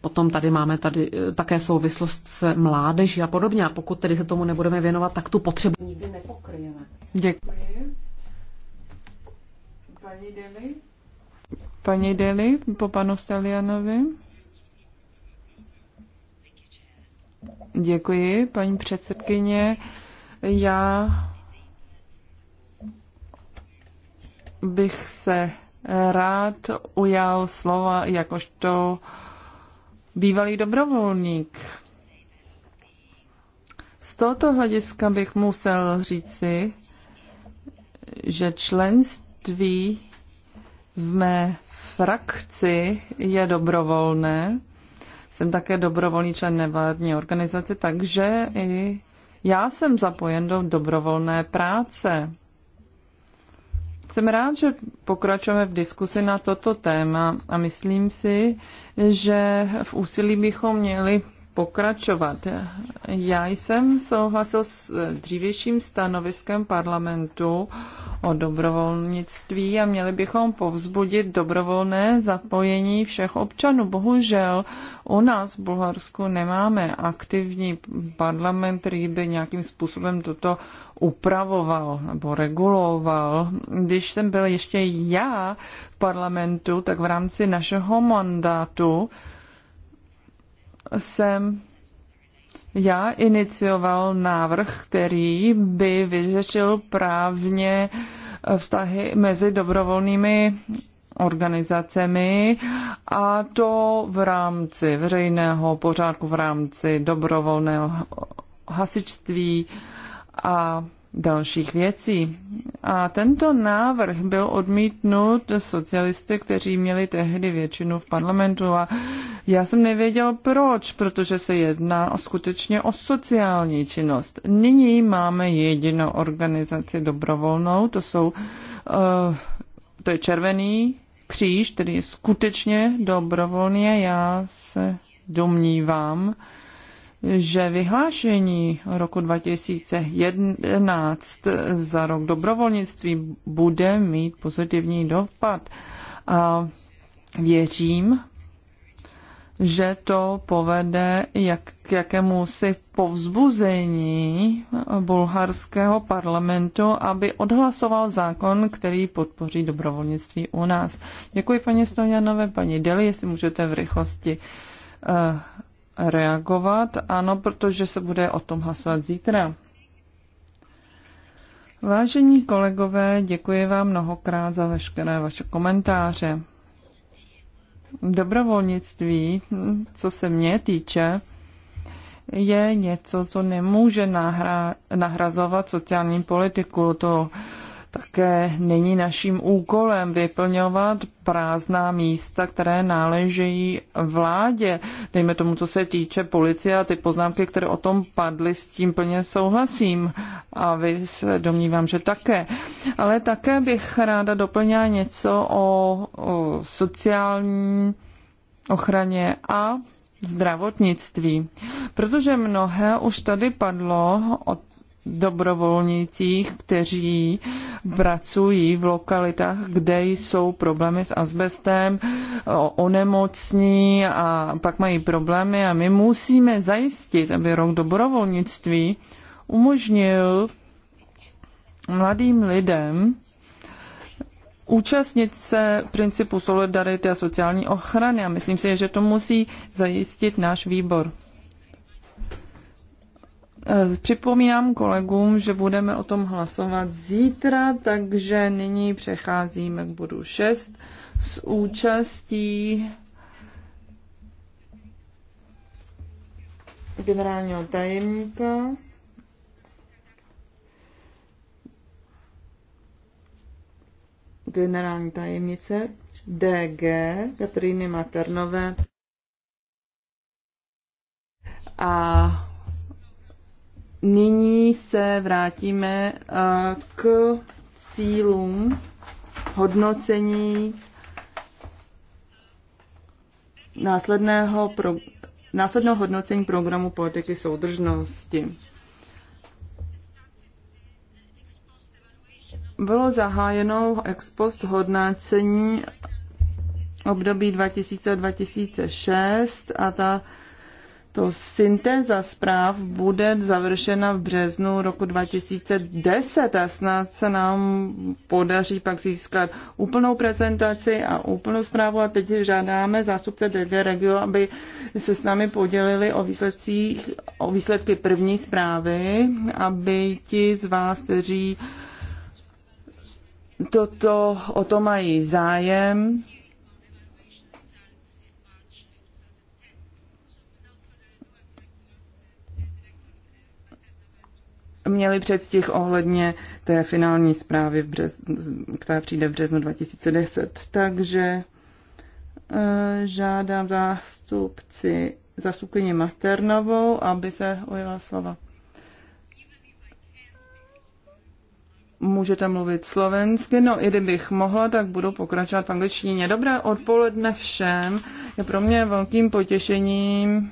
Potom tady máme tady také souvislost s mládeží a podobně. A pokud tedy se tomu nebudeme věnovat, tak tu potřebu nikdy nepokryjeme. Děkuji. Paní Deli? Paní Deli, po panu Stelianovi. Děkuji, paní předsedkyně. Já bych se rád ujal slova jakožto bývalý dobrovolník. Z tohoto hlediska bych musel říci, že členství členství v mé frakci je dobrovolné. Jsem také dobrovolný člen nevládní organizace, takže i já jsem zapojen do dobrovolné práce. Jsem rád, že pokračujeme v diskusi na toto téma a myslím si, že v úsilí bychom měli pokračovat. Já jsem souhlasil s eh, dřívějším stanoviskem parlamentu o dobrovolnictví a měli bychom povzbudit dobrovolné zapojení všech občanů. Bohužel u nás v Bulharsku nemáme aktivní parlament, který by nějakým způsobem toto upravoval nebo reguloval. Když jsem byl ještě já v parlamentu, tak v rámci našeho mandátu jsem já inicioval návrh, který by vyřešil právně vztahy mezi dobrovolnými organizacemi a to v rámci veřejného pořádku, v rámci dobrovolného hasičství a dalších věcí. A tento návrh byl odmítnut socialisty, kteří měli tehdy většinu v parlamentu a já jsem nevěděl proč, protože se jedná o skutečně o sociální činnost. Nyní máme jedinou organizaci dobrovolnou, to jsou, uh, to je Červený kříž, který je skutečně dobrovolný já se domnívám, že vyhlášení roku 2011 za rok dobrovolnictví bude mít pozitivní dopad. A věřím, že to povede jak, k jakémusi povzbuzení bulharského parlamentu, aby odhlasoval zákon, který podpoří dobrovolnictví u nás. Děkuji paní Stojanové, paní Deli, jestli můžete v rychlosti uh, reagovat. Ano, protože se bude o tom hlasovat zítra. Vážení kolegové, děkuji vám mnohokrát za veškeré vaše komentáře dobrovolnictví, co se mě týče, je něco, co nemůže nahra- nahrazovat sociální politiku. To také není naším úkolem vyplňovat prázdná místa, které náležejí vládě. Dejme tomu, co se týče policie a ty poznámky, které o tom padly, s tím plně souhlasím. A vy se domnívám, že také. Ale také bych ráda doplnila něco o, o sociální ochraně a zdravotnictví. Protože mnohé už tady padlo od dobrovolnících, kteří pracují v lokalitách, kde jsou problémy s asbestem, onemocní a pak mají problémy a my musíme zajistit, aby rok dobrovolnictví umožnil mladým lidem účastnit se principu solidarity a sociální ochrany a myslím si, že to musí zajistit náš výbor. Eh, připomínám kolegům, že budeme o tom hlasovat zítra, takže nyní přecházíme k bodu 6 s účastí generálního tajemníka. generální tajemnice DG Katriny Maternové a Nyní se vrátíme eh, k cílům hodnocení následného, pro, následného hodnocení programu politiky soudržnosti. Bylo zahájeno ex post hodnocení období 2000-2006 a ta to syntéza zpráv bude završena v březnu roku 2010 a snad se nám podaří pak získat úplnou prezentaci a úplnou zprávu a teď žádáme zástupce DG Regio, aby se s námi podělili o, výsledcích, o výsledky první zprávy, aby ti z vás, kteří toto o to mají zájem, měli předstih ohledně té finální zprávy, v břez, která přijde v březnu 2010. Takže eh, žádám zástupci, sukyně Maternovou, aby se ujela slova. Můžete mluvit slovensky, no i kdybych mohla, tak budu pokračovat v angličtině. Dobré odpoledne všem. Je pro mě velkým potěšením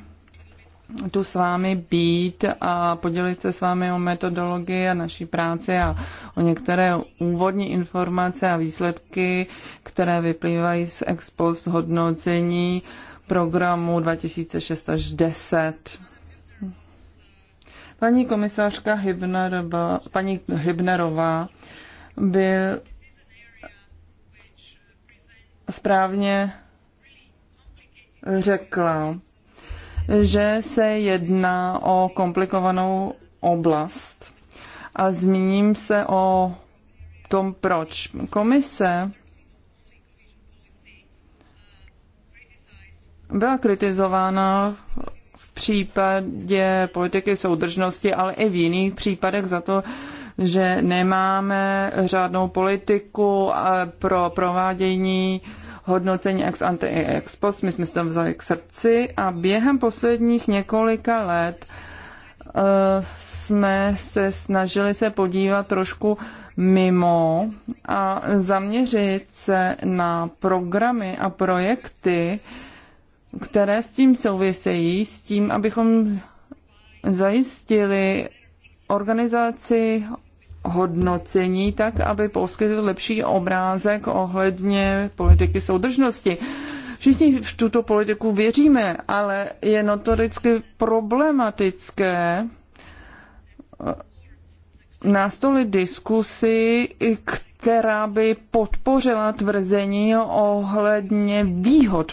tu s vámi být a podělit se s vámi o metodologii a naší práci a o některé úvodní informace a výsledky, které vyplývají z ex post hodnocení programu 2006 až 10. Paní komisářka Hybnerová, paní Hybnerová byl správně řekla, že se jedná o komplikovanou oblast. A zmíním se o tom, proč. Komise byla kritizována v případě politiky soudržnosti, ale i v jiných případech za to, že nemáme řádnou politiku eh, pro provádění uh, hodnocení ex ante i ex post. My jsme se tam vzali k srdci a během posledních několika let eh, jsme se snažili se podívat trošku mimo a zaměřit se na programy a projekty, které s tím souvisejí, s tím, abychom zajistili organizaci hodnocení, tak aby poskytl lepší obrázek ohledně politiky soudržnosti. Všichni v tuto politiku věříme, ale je notoricky problematické eh, nastolit diskusy, která by podpořila tvrzení ohledně výhod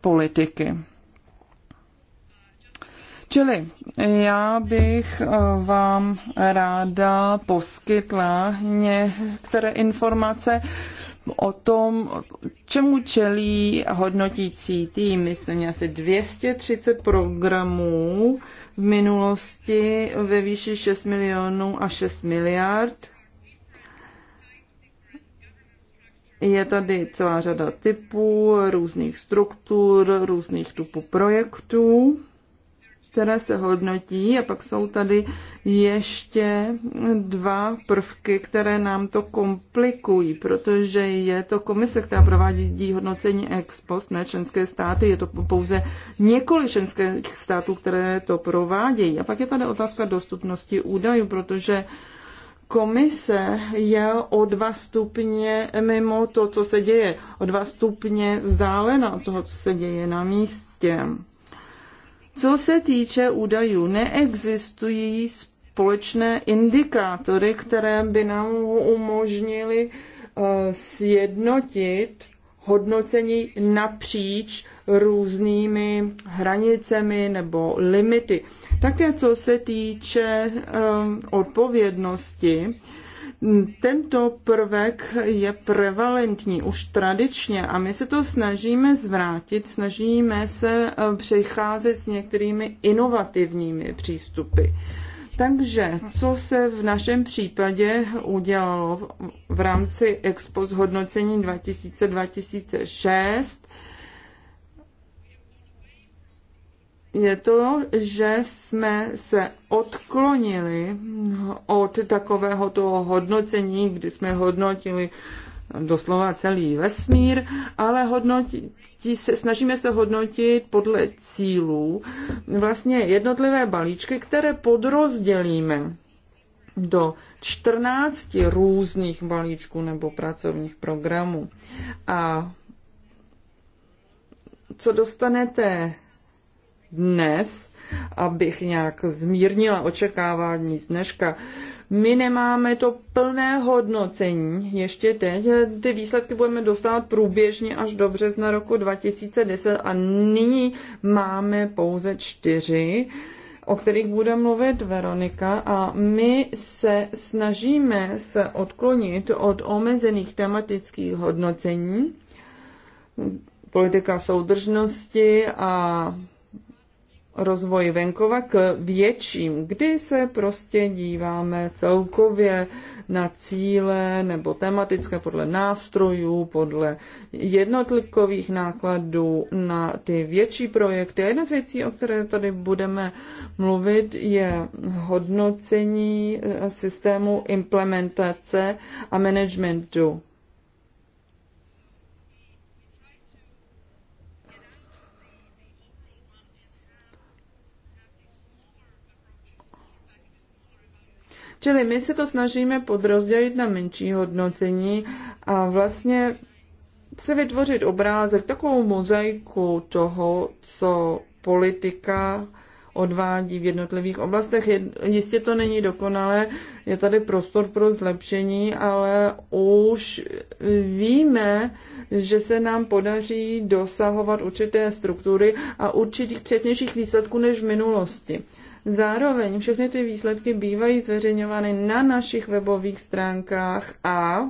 politiky. Čili já bych eh, vám ráda poskytla některé informace o tom, čemu čelí hodnotící tým. My jsme měli asi 230 programů v minulosti ve výši 6 milionů a 6 miliard. Je tady celá řada typů, různých struktur, různých typů projektů které se hodnotí a pak jsou tady ještě dva prvky, které nám to komplikují, protože je to komise, která provádí hodnocení ex post, ne členské státy, je to pouze několik členských států, které to provádějí. A pak je tady otázka dostupnosti údajů, protože komise je o dva stupně mimo to, co se děje, o dva stupně vzdálena od toho, co se děje na místě. Co se týče údajů, neexistují společné indikátory, které by nám umožnily eh, sjednotit hodnocení napříč různými hranicemi nebo limity. Také co se týče eh, odpovědnosti, tento prvek je prevalentní už tradičně a my se to snažíme zvrátit, snažíme se eh, přecházet s některými inovativními přístupy. Takže co se v našem případě udělalo v rámci Expo zhodnocení 2000-2006? je to, že jsme se odklonili od takového toho hodnocení, kdy jsme hodnotili doslova celý vesmír, ale hodnotí, se, snažíme se hodnotit podle cílů vlastně jednotlivé balíčky, které podrozdělíme do 14 různých balíčků nebo pracovních programů. A co dostanete dnes, abych nějak zmírnila očekávání z dneška. My nemáme to plné hodnocení ještě teď. Ty výsledky budeme dostávat průběžně až do března roku 2010 a nyní máme pouze čtyři o kterých bude mluvit Veronika a my se snažíme se odklonit od omezených tematických hodnocení, politika soudržnosti a rozvoji venkova k větším, kdy se prostě díváme celkově na cíle nebo tematické podle nástrojů, podle jednotlivkových nákladů na ty větší projekty. A jedna z věcí, o které tady budeme mluvit, je hodnocení eh, systému implementace a managementu Čili my se to snažíme podrozdělit na menší hodnocení a vlastně se vytvořit obrázek, takovou mozaiku toho, co politika odvádí v jednotlivých oblastech. Jistě to není dokonalé, je tady prostor pro zlepšení, ale už víme, že se nám podaří dosahovat určité struktury a určitých přesnějších výsledků než v minulosti. Zároveň všechny ty výsledky bývají zveřejňovány na našich webových stránkách a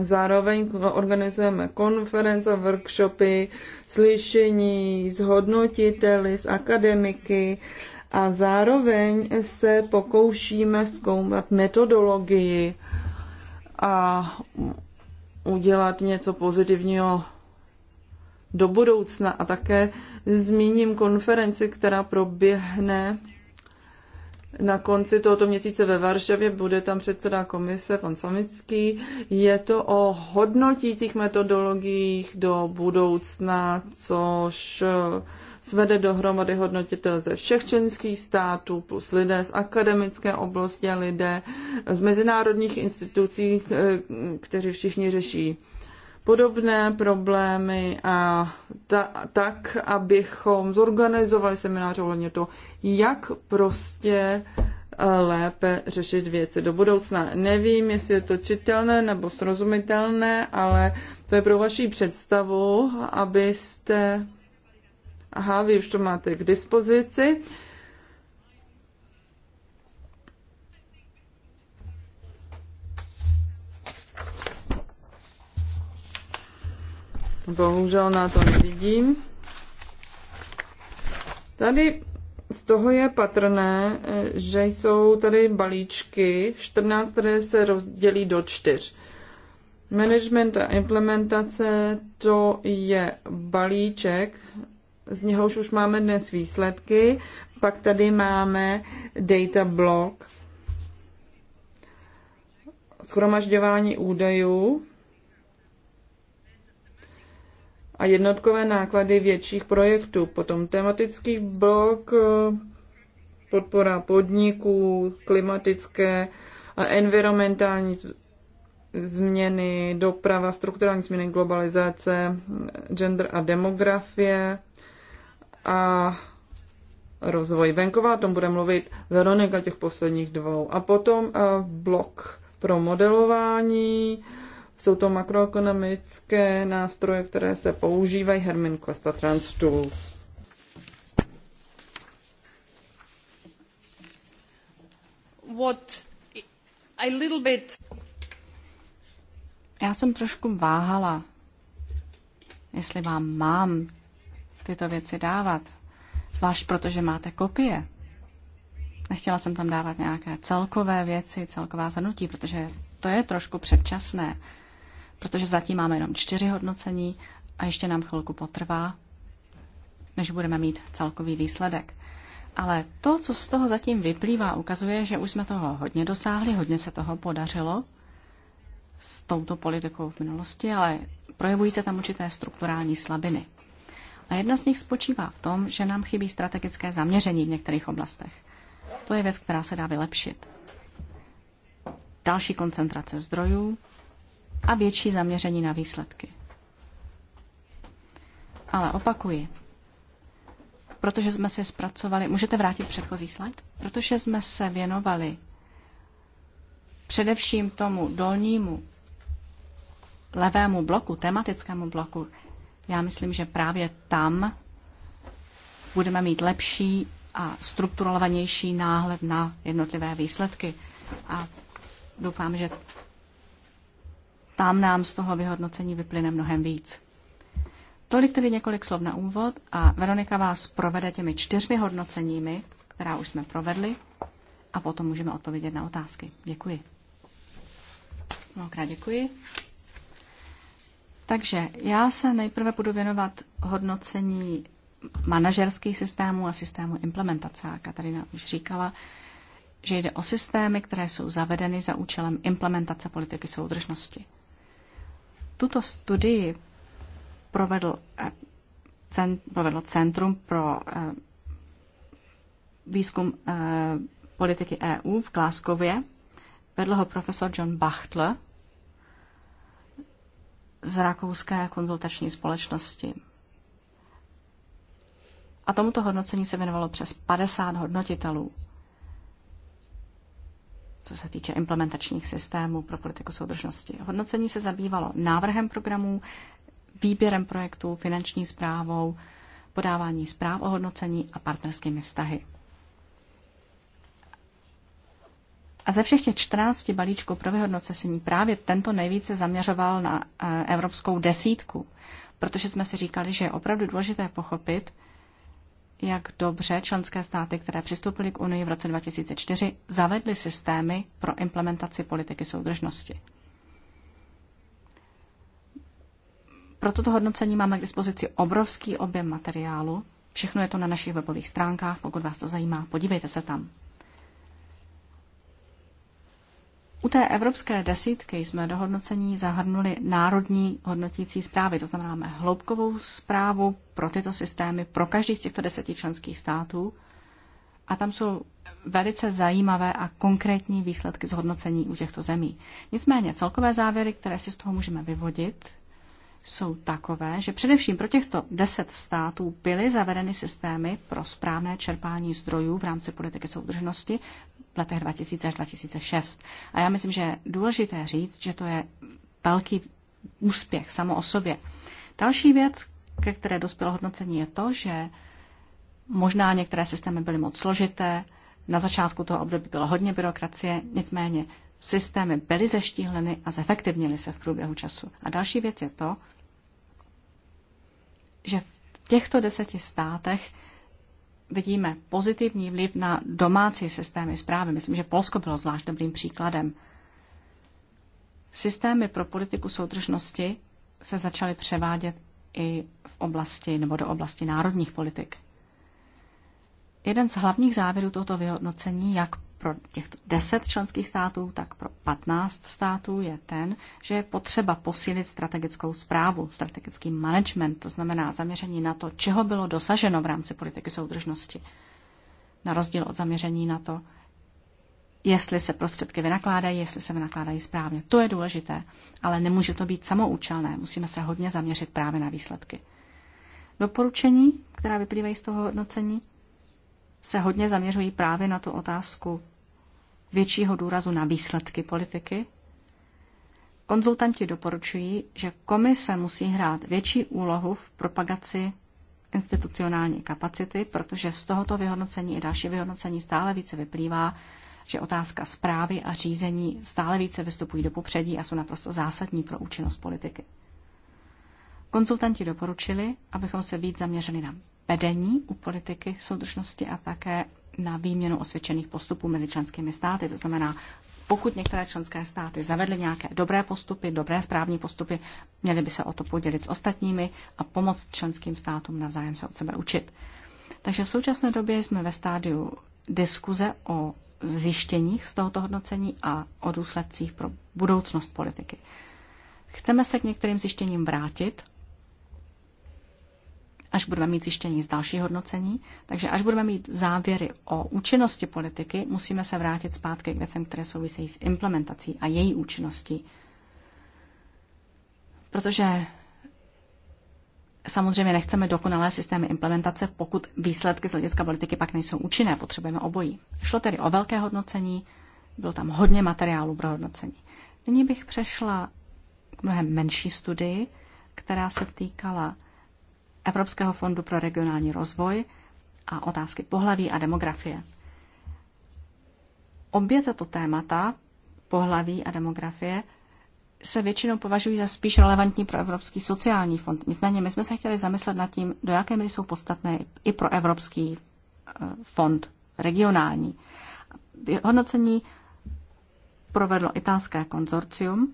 Zároveň organizujeme konference, workshopy, slyšení s hodnotiteli, s akademiky a zároveň se pokoušíme zkoumat metodologii a udělat něco pozitivního do budoucna. A také zmíním konferenci, která proběhne na konci tohoto měsíce ve Varšavě, bude tam předseda komise, pan Samický. Je to o hodnotících metodologiích do budoucna, což eh, svede dohromady hodnotitel ze všech členských států, plus lidé z akademické oblasti a lidé z mezinárodních institucí, eh, kteří všichni řeší podobné problémy a ta, tak, abychom zorganizovali seminář ohledně toho, jak prostě eh, lépe řešit věci do budoucna. Nevím, jestli je to čitelné nebo srozumitelné, ale to je pro vaši představu, abyste... Aha, vy už to máte k dispozici. Bohužel na to nevidím. Tady z toho je patrné, eh, že jsou tady balíčky, 14, které se rozdělí do čtyř. Management a implementace to je balíček, z něhož už máme dnes výsledky, pak tady máme data block, schromažďování údajů, a jednotkové náklady větších projektů. Potom tematický blok, eh, podpora podniků, klimatické a environmentální změny, doprava, strukturální změny, globalizace, gender a demografie a rozvoj venkova, o tom bude mluvit Veronika těch posledních dvou. A potom eh, blok pro modelování, jsou to makroekonomické nástroje, které se používají Hermin Costa Trans Tools. What a little bit... Já jsem trošku váhala, jestli vám mám tyto věci dávat, zvlášť protože máte kopie. Nechtěla jsem tam dávat nějaké celkové věci, celková zanutí, protože to je trošku předčasné protože zatím máme jenom čtyři hodnocení a ještě nám chvilku potrvá, než budeme mít celkový výsledek. Ale to, co z toho zatím vyplývá, ukazuje, že už jsme toho hodně dosáhli, hodně se toho podařilo s touto politikou v minulosti, ale projevují se tam určité strukturální slabiny. A jedna z nich spočívá v tom, že nám chybí strategické zaměření v některých oblastech. To je věc, která se dá vylepšit. Další koncentrace zdrojů, a větší zaměření na výsledky. Ale opakuji, protože jsme se zpracovali, můžete vrátit předchozí slide? Protože jsme se věnovali především tomu dolnímu levému bloku, tematickému bloku, já myslím, že právě tam budeme mít lepší a strukturovanější náhled na jednotlivé výsledky. A doufám, že tam nám z toho vyhodnocení vyplyne mnohem víc. Tolik tedy několik slov na úvod a Veronika vás provede těmi čtyřmi hodnoceními, která už jsme provedli a potom můžeme odpovědět na otázky. Děkuji. Mnohokrát děkuji. Takže já se nejprve budu věnovat hodnocení manažerských systémů a systému implementace. A Katarina už říkala, že jde o systémy, které jsou zavedeny za účelem implementace politiky soudržnosti. Tuto studii provedl, eh, provedlo Centrum pro eh, výzkum eh, politiky EU v Glasgowě. Vedl ho profesor John Bachtl z Rakouské konzultační společnosti. A tomuto hodnocení se věnovalo přes 50 hodnotitelů co se týče implementačních systémů pro politiku soudržnosti. Hodnocení se zabývalo návrhem programů, výběrem projektů, finanční zprávou, podávání zpráv o hodnocení a partnerskými vztahy. A ze všech těch 14 balíčků pro vyhodnocení právě tento nejvíce zaměřoval na eh, evropskou desítku, protože jsme si říkali, že je opravdu důležité pochopit, jak dobře členské státy, které přistoupily k Unii v roce 2004, zavedly systémy pro implementaci politiky soudržnosti. Pro toto hodnocení máme k dispozici obrovský objem materiálu. Všechno je to na našich webových stránkách. Pokud vás to zajímá, podívejte se tam. U té evropské desítky jsme do hodnocení zahrnuli národní hodnotící zprávy, to znamená máme hloubkovou zprávu pro tyto systémy pro každý z těchto deseti členských států. A tam jsou velice zajímavé a konkrétní výsledky zhodnocení u těchto zemí. Nicméně celkové závěry, které si z toho můžeme vyvodit, jsou takové, že především pro těchto deset států byly zavedeny systémy pro správné čerpání zdrojů v rámci politiky soudržnosti v letech 2000 až 2006. A já myslím, že je důležité říct, že to je velký úspěch samo o sobě. Další věc, ke které dospělo hodnocení, je to, že možná některé systémy byly moc složité, na začátku toho období bylo hodně byrokracie, nicméně systémy byly zeštíhleny a zefektivnily se v průběhu času. A další věc je to, že v těchto deseti státech vidíme pozitivní vliv na domácí systémy zprávy. Myslím, že Polsko bylo zvlášť dobrým příkladem. Systémy pro politiku soudržnosti se začaly převádět i v oblasti nebo do oblasti národních politik. Jeden z hlavních závěrů tohoto vyhodnocení, jak pro těchto 10 členských států, tak pro 15 států je ten, že je potřeba posílit strategickou zprávu, strategický management, to znamená zaměření na to, čeho bylo dosaženo v rámci politiky soudržnosti. Na rozdíl od zaměření na to, jestli se prostředky vynakládají, jestli se vynakládají správně. To je důležité, ale nemůže to být samoučelné. Musíme se hodně zaměřit právě na výsledky. Doporučení, která vyplývají z toho hodnocení, se hodně zaměřují právě na tu otázku většího důrazu na výsledky politiky. Konzultanti doporučují, že komise musí hrát větší úlohu v propagaci institucionální kapacity, protože z tohoto vyhodnocení i další vyhodnocení stále více vyplývá, že otázka zprávy a řízení stále více vystupují do popředí a jsou naprosto zásadní pro účinnost politiky. Konzultanti doporučili, abychom se víc zaměřili na vedení u politiky soudržnosti a také na výměnu osvědčených postupů mezi členskými státy. To znamená, pokud některé členské státy zavedly nějaké dobré postupy, dobré správní postupy, měly by se o to podělit s ostatními a pomoct členským státům navzájem se od sebe učit. Takže v současné době jsme ve stádiu diskuze o zjištěních z tohoto hodnocení a o důsledcích pro budoucnost politiky. Chceme se k některým zjištěním vrátit, až budeme mít zjištění z další hodnocení. Takže až budeme mít závěry o účinnosti politiky, musíme se vrátit zpátky k věcem, které souvisejí s implementací a její účinností. Protože samozřejmě nechceme dokonalé systémy implementace, pokud výsledky z hlediska politiky pak nejsou účinné, potřebujeme obojí. Šlo tedy o velké hodnocení, bylo tam hodně materiálu pro hodnocení. Nyní bych přešla k mnohem menší studii, která se týkala Evropského fondu pro regionální rozvoj a otázky pohlaví a demografie. Obě tato témata, pohlaví a demografie, se většinou považují za spíš relevantní pro Evropský sociální fond. Nicméně my jsme se chtěli zamyslet nad tím, do jaké míry jsou podstatné i pro Evropský eh, fond regionální. Hodnocení provedlo italské konzorcium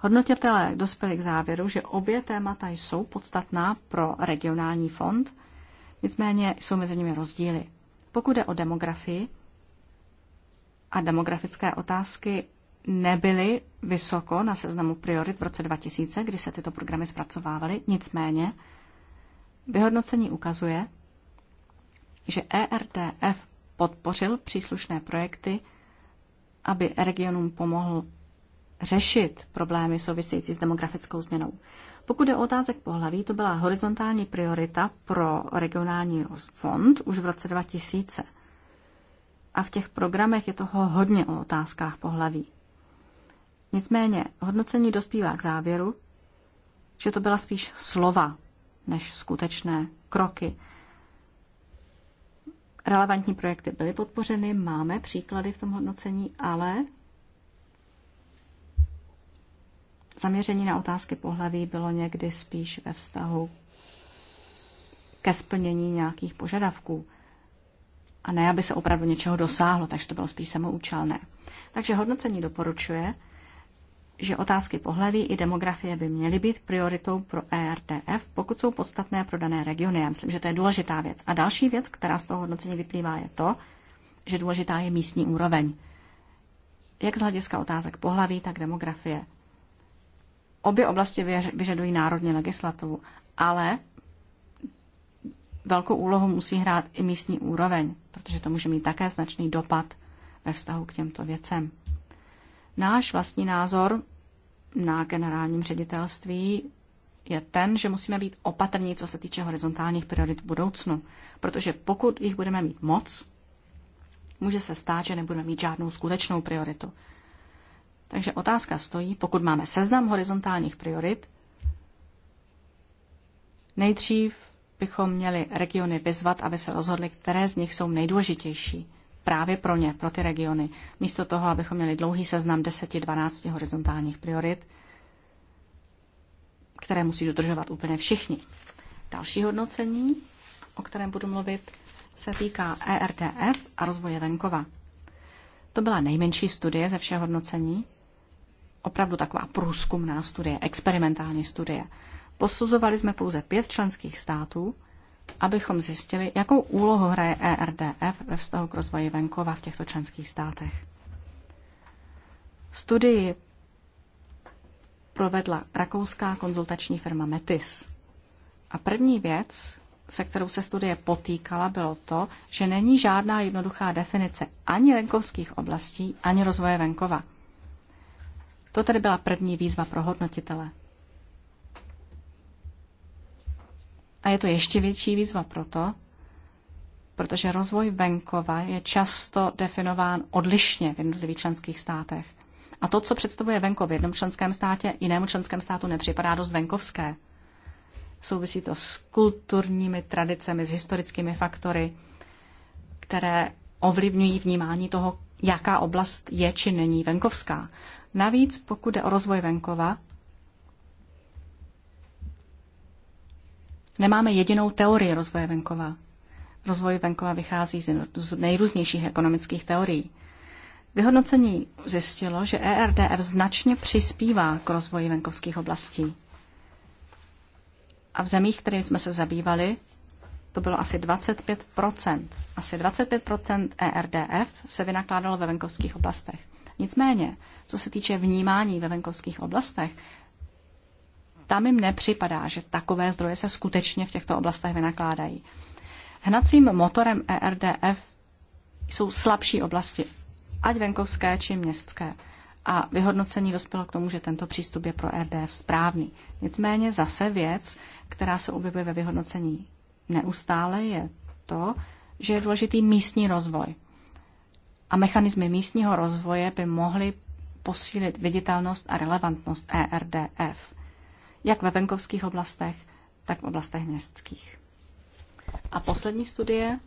Hodnotitelé dospěli k závěru, že obě témata jsou podstatná pro regionální fond, nicméně jsou mezi nimi rozdíly. Pokud je o demografii a demografické otázky nebyly vysoko na seznamu priorit v roce 2000, kdy se tyto programy zpracovávaly, nicméně vyhodnocení ukazuje, že ERTF podpořil příslušné projekty, aby regionům pomohl řešit problémy související s demografickou změnou. Pokud je o otázek pohlaví, to byla horizontální priorita pro regionální fond už v roce 2000. A v těch programech je toho hodně o otázkách pohlaví. Nicméně hodnocení dospívá k závěru, že to byla spíš slova než skutečné kroky. Relevantní projekty byly podpořeny, máme příklady v tom hodnocení, ale Zaměření na otázky pohlaví bylo někdy spíš ve vztahu ke splnění nějakých požadavků a ne, aby se opravdu něčeho dosáhlo, takže to bylo spíš samoučelné. Takže hodnocení doporučuje, že otázky pohlaví i demografie by měly být prioritou pro ERTF, pokud jsou podstatné pro dané regiony. Já myslím, že to je důležitá věc. A další věc, která z toho hodnocení vyplývá, je to, že důležitá je místní úroveň. Jak z hlediska otázek pohlaví, tak demografie. Obě oblasti vyžadují národní legislativu, ale velkou úlohu musí hrát i místní úroveň, protože to může mít také značný dopad ve vztahu k těmto věcem. Náš vlastní názor na generálním ředitelství je ten, že musíme být opatrní, co se týče horizontálních priorit v budoucnu, protože pokud jich budeme mít moc, může se stát, že nebudeme mít žádnou skutečnou prioritu. Takže otázka stojí, pokud máme seznam horizontálních priorit, nejdřív bychom měli regiony vyzvat, aby se rozhodli, které z nich jsou nejdůležitější právě pro ně, pro ty regiony, místo toho, abychom měli dlouhý seznam 10-12 horizontálních priorit, které musí dodržovat úplně všichni. Další hodnocení, o kterém budu mluvit, se týká ERDF a rozvoje venkova. To byla nejmenší studie ze všech hodnocení opravdu taková průzkumná studie, experimentální studie. Posuzovali jsme pouze pět členských států, abychom zjistili, jakou úlohu hraje ERDF ve vztahu k rozvoji venkova v těchto členských státech. Studii provedla rakouská konzultační firma Metis. A první věc, se kterou se studie potýkala, bylo to, že není žádná jednoduchá definice ani venkovských oblastí, ani rozvoje venkova. To tedy byla první výzva pro hodnotitele. A je to ještě větší výzva proto, protože rozvoj venkova je často definován odlišně v jednotlivých členských státech. A to, co představuje venkov v jednom členském státě, jinému členském státu nepřipadá dost venkovské. Souvisí to s kulturními tradicemi, s historickými faktory, které ovlivňují vnímání toho, jaká oblast je či není venkovská. Navíc, pokud jde o rozvoj venkova, nemáme jedinou teorii rozvoje venkova. Rozvoj venkova vychází z nejrůznějších ekonomických teorií. Vyhodnocení zjistilo, že ERDF značně přispívá k rozvoji venkovských oblastí. A v zemích, kterými jsme se zabývali, to bylo asi 25 Asi 25 ERDF se vynakládalo ve venkovských oblastech. Nicméně, co se týče vnímání ve venkovských oblastech, tam jim nepřipadá, že takové zdroje se skutečně v těchto oblastech vynakládají. Hnacím motorem ERDF jsou slabší oblasti, ať venkovské či městské. A vyhodnocení dospělo k tomu, že tento přístup je pro e RDF správný. Nicméně zase věc, která se objevuje ve vyhodnocení neustále, je to, že je důležitý místní rozvoj. A mechanismy místního rozvoje by mohly posílit viditelnost a relevantnost ERDF, jak ve venkovských oblastech, tak v oblastech městských. A poslední studie,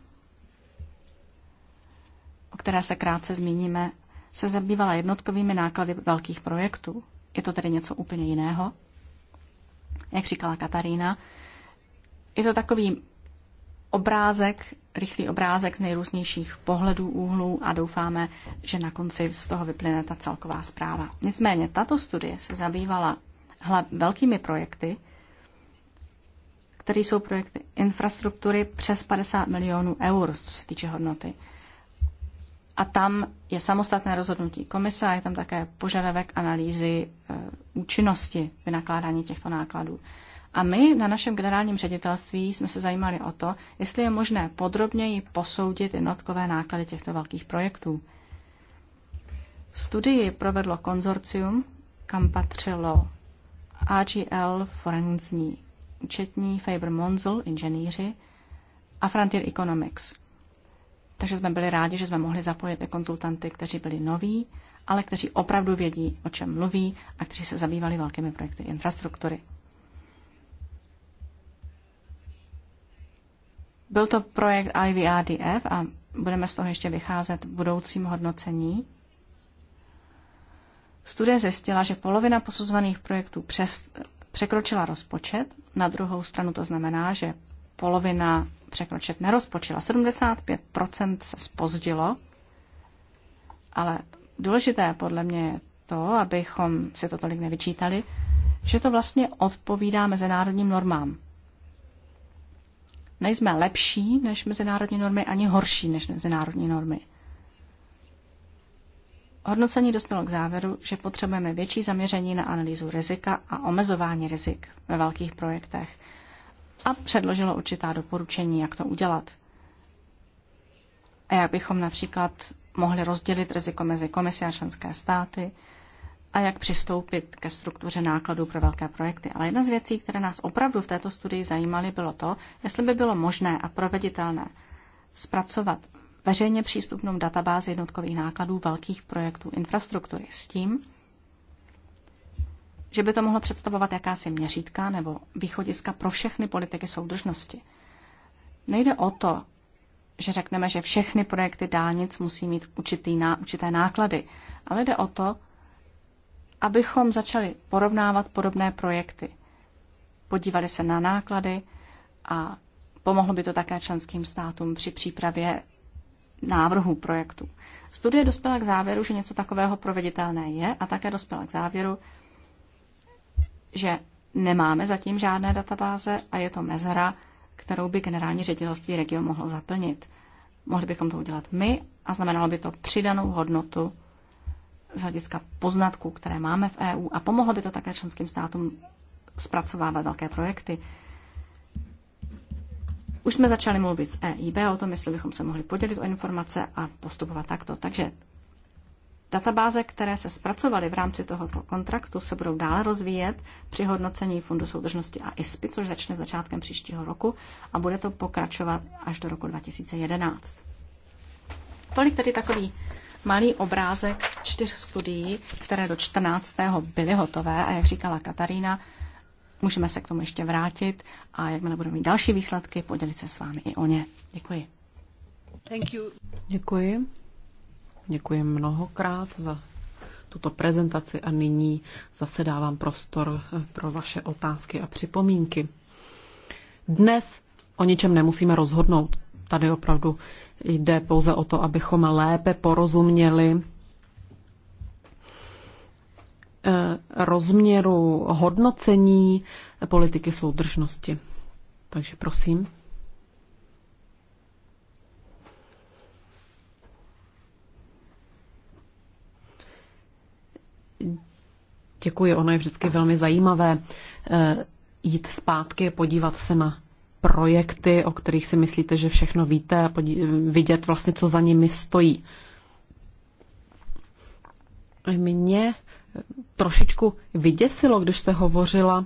o které se krátce zmíníme, se zabývala jednotkovými náklady velkých projektů. Je to tedy něco úplně jiného. Jak říkala Katarína, je to takový obrázek, rychlý obrázek z nejrůznějších pohledů, úhlů a doufáme, že na konci z toho vyplyne ta celková zpráva. Nicméně tato studie se zabývala hla, velkými projekty, které jsou projekty infrastruktury přes 50 milionů eur, co se týče hodnoty. A tam je samostatné rozhodnutí komise a je tam také požadavek analýzy e, účinnosti vynakládání těchto nákladů. A my na našem generálním ředitelství jsme se zajímali o to, jestli je možné podrobněji posoudit jednotkové náklady těchto velkých projektů. Studii provedlo konzorcium, kam patřilo AGL forenzní účetní, Faber Monzel, inženýři a Frontier Economics. Takže jsme byli rádi, že jsme mohli zapojit i konzultanty, kteří byli noví, ale kteří opravdu vědí, o čem mluví a kteří se zabývali velkými projekty infrastruktury. Byl to projekt IVRDF a budeme z toho ještě vycházet v budoucím hodnocení. Studie zjistila, že polovina posuzovaných projektů přes, překročila rozpočet. Na druhou stranu to znamená, že polovina překročit nerozpočila. 75 se spozdilo, ale důležité podle mě je to, abychom si to tolik nevyčítali, že to vlastně odpovídá mezinárodním normám. Nejsme lepší než mezinárodní normy, ani horší než mezinárodní normy. Hodnocení dospělo k závěru, že potřebujeme větší zaměření na analýzu rizika a omezování rizik ve velkých projektech a předložilo určitá doporučení, jak to udělat. A jak bychom například mohli rozdělit riziko mezi komisi a členské státy, a jak přistoupit ke struktuře nákladů pro velké projekty. Ale jedna z věcí, které nás opravdu v této studii zajímaly, bylo to, jestli by bylo možné a proveditelné zpracovat veřejně přístupnou databázi jednotkových nákladů velkých projektů infrastruktury s tím, že by to mohlo představovat jakási měřítka nebo východiska pro všechny politiky soudržnosti. Nejde o to, že řekneme, že všechny projekty dálnic musí mít určitý určité náklady, ale jde o to, abychom začali porovnávat podobné projekty. Podívali se na náklady a pomohlo by to také členským státům při přípravě návrhu projektu. Studie dospěla k závěru, že něco takového proveditelné je a také dospěla k závěru, že nemáme zatím žádné databáze a je to mezera, kterou by generální ředitelství region mohlo zaplnit. Mohli bychom to udělat my a znamenalo by to přidanou hodnotu z hlediska poznatků, které máme v EU a pomohlo by to také členským státům zpracovávat velké projekty. Už jsme začali mluvit s EIB o tom, jestli bychom se mohli podělit o informace a postupovat takto. Takže databáze, které se zpracovaly v rámci tohoto kontraktu, se budou dále rozvíjet při hodnocení Fondu soudržnosti a ISPI, což začne začátkem příštího roku a bude to pokračovat až do roku 2011. Tolik tedy takový malý obrázek čtyř studií, které do 14. byly hotové a jak říkala Katarína, můžeme se k tomu ještě vrátit a jakmile budeme mít další výsledky, podělit se s vámi i o ně. Děkuji. Thank you. Děkuji. Děkuji mnohokrát za tuto prezentaci a nyní zase dávám prostor eh, pro vaše otázky a připomínky. Dnes o ničem nemusíme rozhodnout. Tady opravdu jde pouze o to, abychom lépe porozuměli eh, rozměru hodnocení politiky soudržnosti. Takže prosím. Děkuji, ono je vždycky velmi zajímavé eh, jít zpátky a podívat se na projekty, o kterých si myslíte, že všechno víte a vidět vlastně, co za nimi stojí. Mě trošičku vyděsilo, když jste hovořila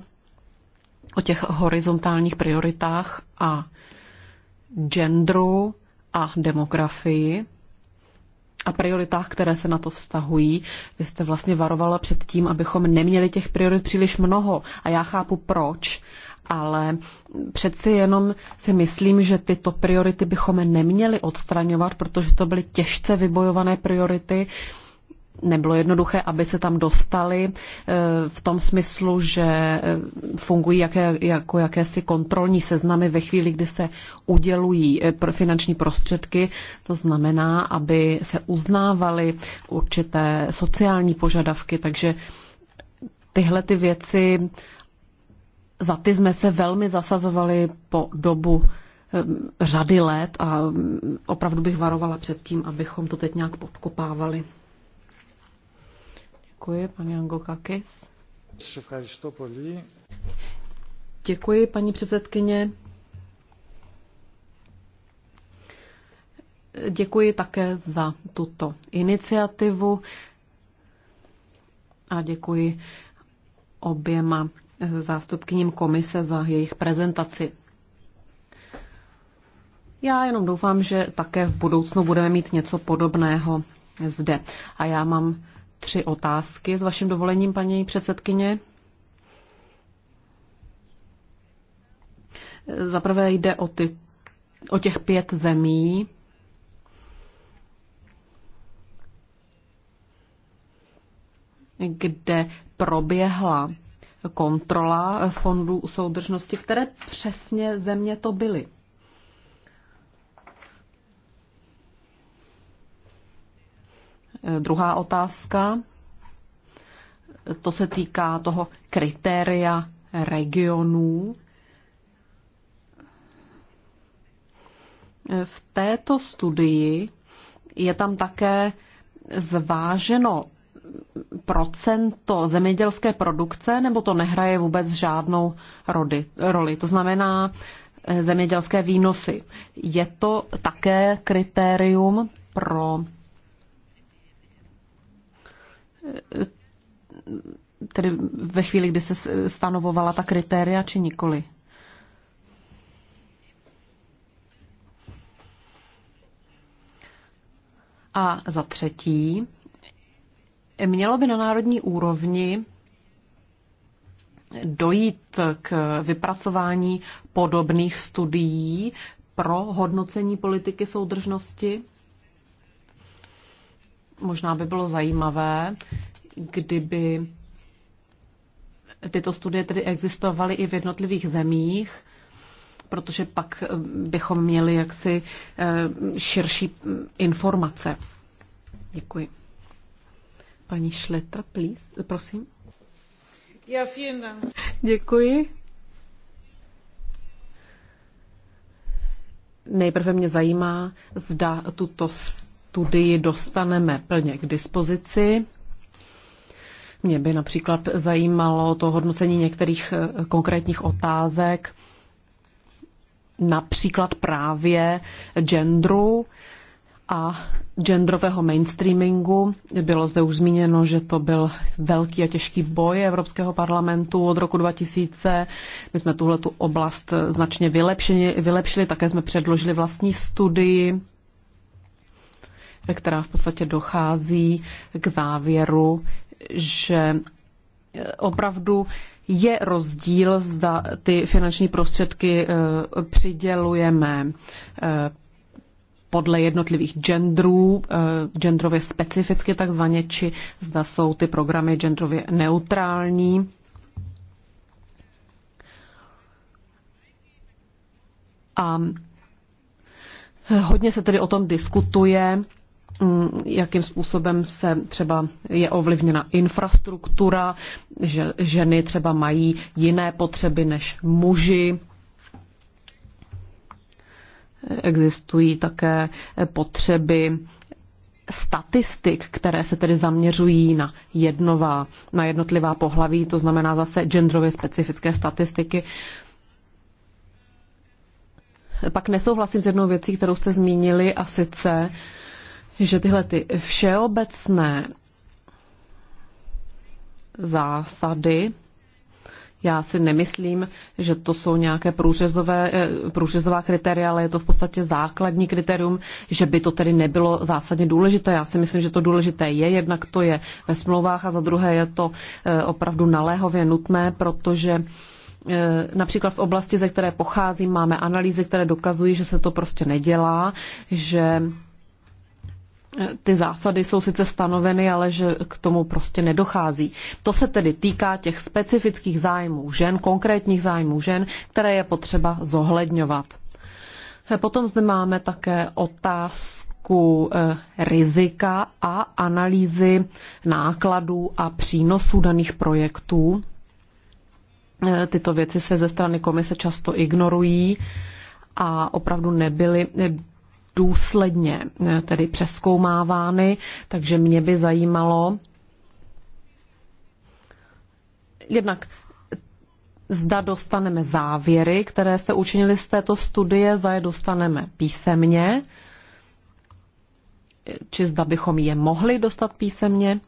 o těch horizontálních prioritách a genderu a demografii a prioritách, které se na to vztahují. Vy jste vlastně varovala před tím, abychom neměli těch priorit příliš mnoho a já chápu proč, ale přeci jenom si myslím, že tyto priority bychom neměli odstraňovat, protože to byly těžce vybojované priority. Nebylo jednoduché, aby se tam dostali eh, v tom smyslu, že eh, fungují jaké, jako jakési kontrolní seznamy ve chvíli, kdy se udělují eh, finanční prostředky. To znamená, aby se uznávaly určité sociální požadavky, takže tyhle ty věci za ty jsme se velmi zasazovali po dobu eh, řady let a mm, opravdu bych varovala před tím, abychom to teď nějak podkopávali. Děkuji, paní Angokakis. Děkuji, paní předsedkyně. Děkuji také za tuto iniciativu a děkuji oběma zástupkyním komise za jejich prezentaci. Já jenom doufám, že také v budoucnu budeme mít něco podobného zde. A já mám tři otázky s vaším dovolením, paní předsedkyně. Za prvé jde o, ty, o těch pět zemí, kde proběhla kontrola fondů soudržnosti, které přesně země to byly. Druhá otázka, to se týká toho kritéria regionů. V této studii je tam také zváženo procento zemědělské produkce, nebo to nehraje vůbec žádnou rody, roli. To znamená eh, zemědělské výnosy. Je to také kritérium pro eh, tedy ve chvíli, kdy se stanovovala ta kritéria, či nikoli? A za třetí, Mělo by na národní úrovni dojít k vypracování podobných studií pro hodnocení politiky soudržnosti? Možná by bylo zajímavé, kdyby tyto studie tedy existovaly i v jednotlivých zemích, protože pak bychom měli jaksi eh, širší informace. Děkuji. Paní Šletra, please, prosím. Já ja, Děkuji. Nejprve mě zajímá, zda tuto studii dostaneme plně k dispozici. Mě by například zajímalo to hodnocení některých eh, konkrétních otázek, například právě genderu, a genderového mainstreamingu. Bylo zde už zmíněno, že to byl velký a těžký boj Evropského parlamentu od roku 2000. My jsme tuhle tu oblast značně vylepšili, vylepšili, také jsme předložili vlastní studii, která v podstatě dochází k závěru, že opravdu je rozdíl, zda ty finanční prostředky eh, přidělujeme eh, podle jednotlivých genderů, eh, genderově specificky takzvaně, či zda jsou ty programy genderově neutrální. A eh, hodně se tedy o tom diskutuje, mm, jakým způsobem se třeba je ovlivněna infrastruktura, že ženy třeba mají jiné potřeby než muži, Existují také potřeby statistik, které se tedy zaměřují na jednová, na jednotlivá pohlaví, to znamená zase genderově specifické statistiky. Pak nesouhlasím s jednou věcí, kterou jste zmínili, a sice, že tyhle ty všeobecné zásady já si nemyslím, že to jsou nějaké průřezové, eh, průřezová kritéria, ale je to v podstatě základní kritérium, že by to tedy nebylo zásadně důležité. Já si myslím, že to důležité je, jednak to je ve smlouvách a za druhé je to eh, opravdu naléhově nutné, protože eh, například v oblasti, ze které pocházím, máme analýzy, které dokazují, že se to prostě nedělá, že ty zásady jsou sice stanoveny, ale že k tomu prostě nedochází. To se tedy týká těch specifických zájmů žen, konkrétních zájmů žen, které je potřeba zohledňovat. Potom zde máme také otázku e, rizika a analýzy nákladů a přínosů daných projektů. E, tyto věci se ze strany komise často ignorují a opravdu nebyly důsledně eh, tedy přeskoumávány, takže mě by zajímalo, jednak zda dostaneme závěry, které jste učinili z této studie, zda je dostaneme písemně, či zda bychom je mohli dostat písemně.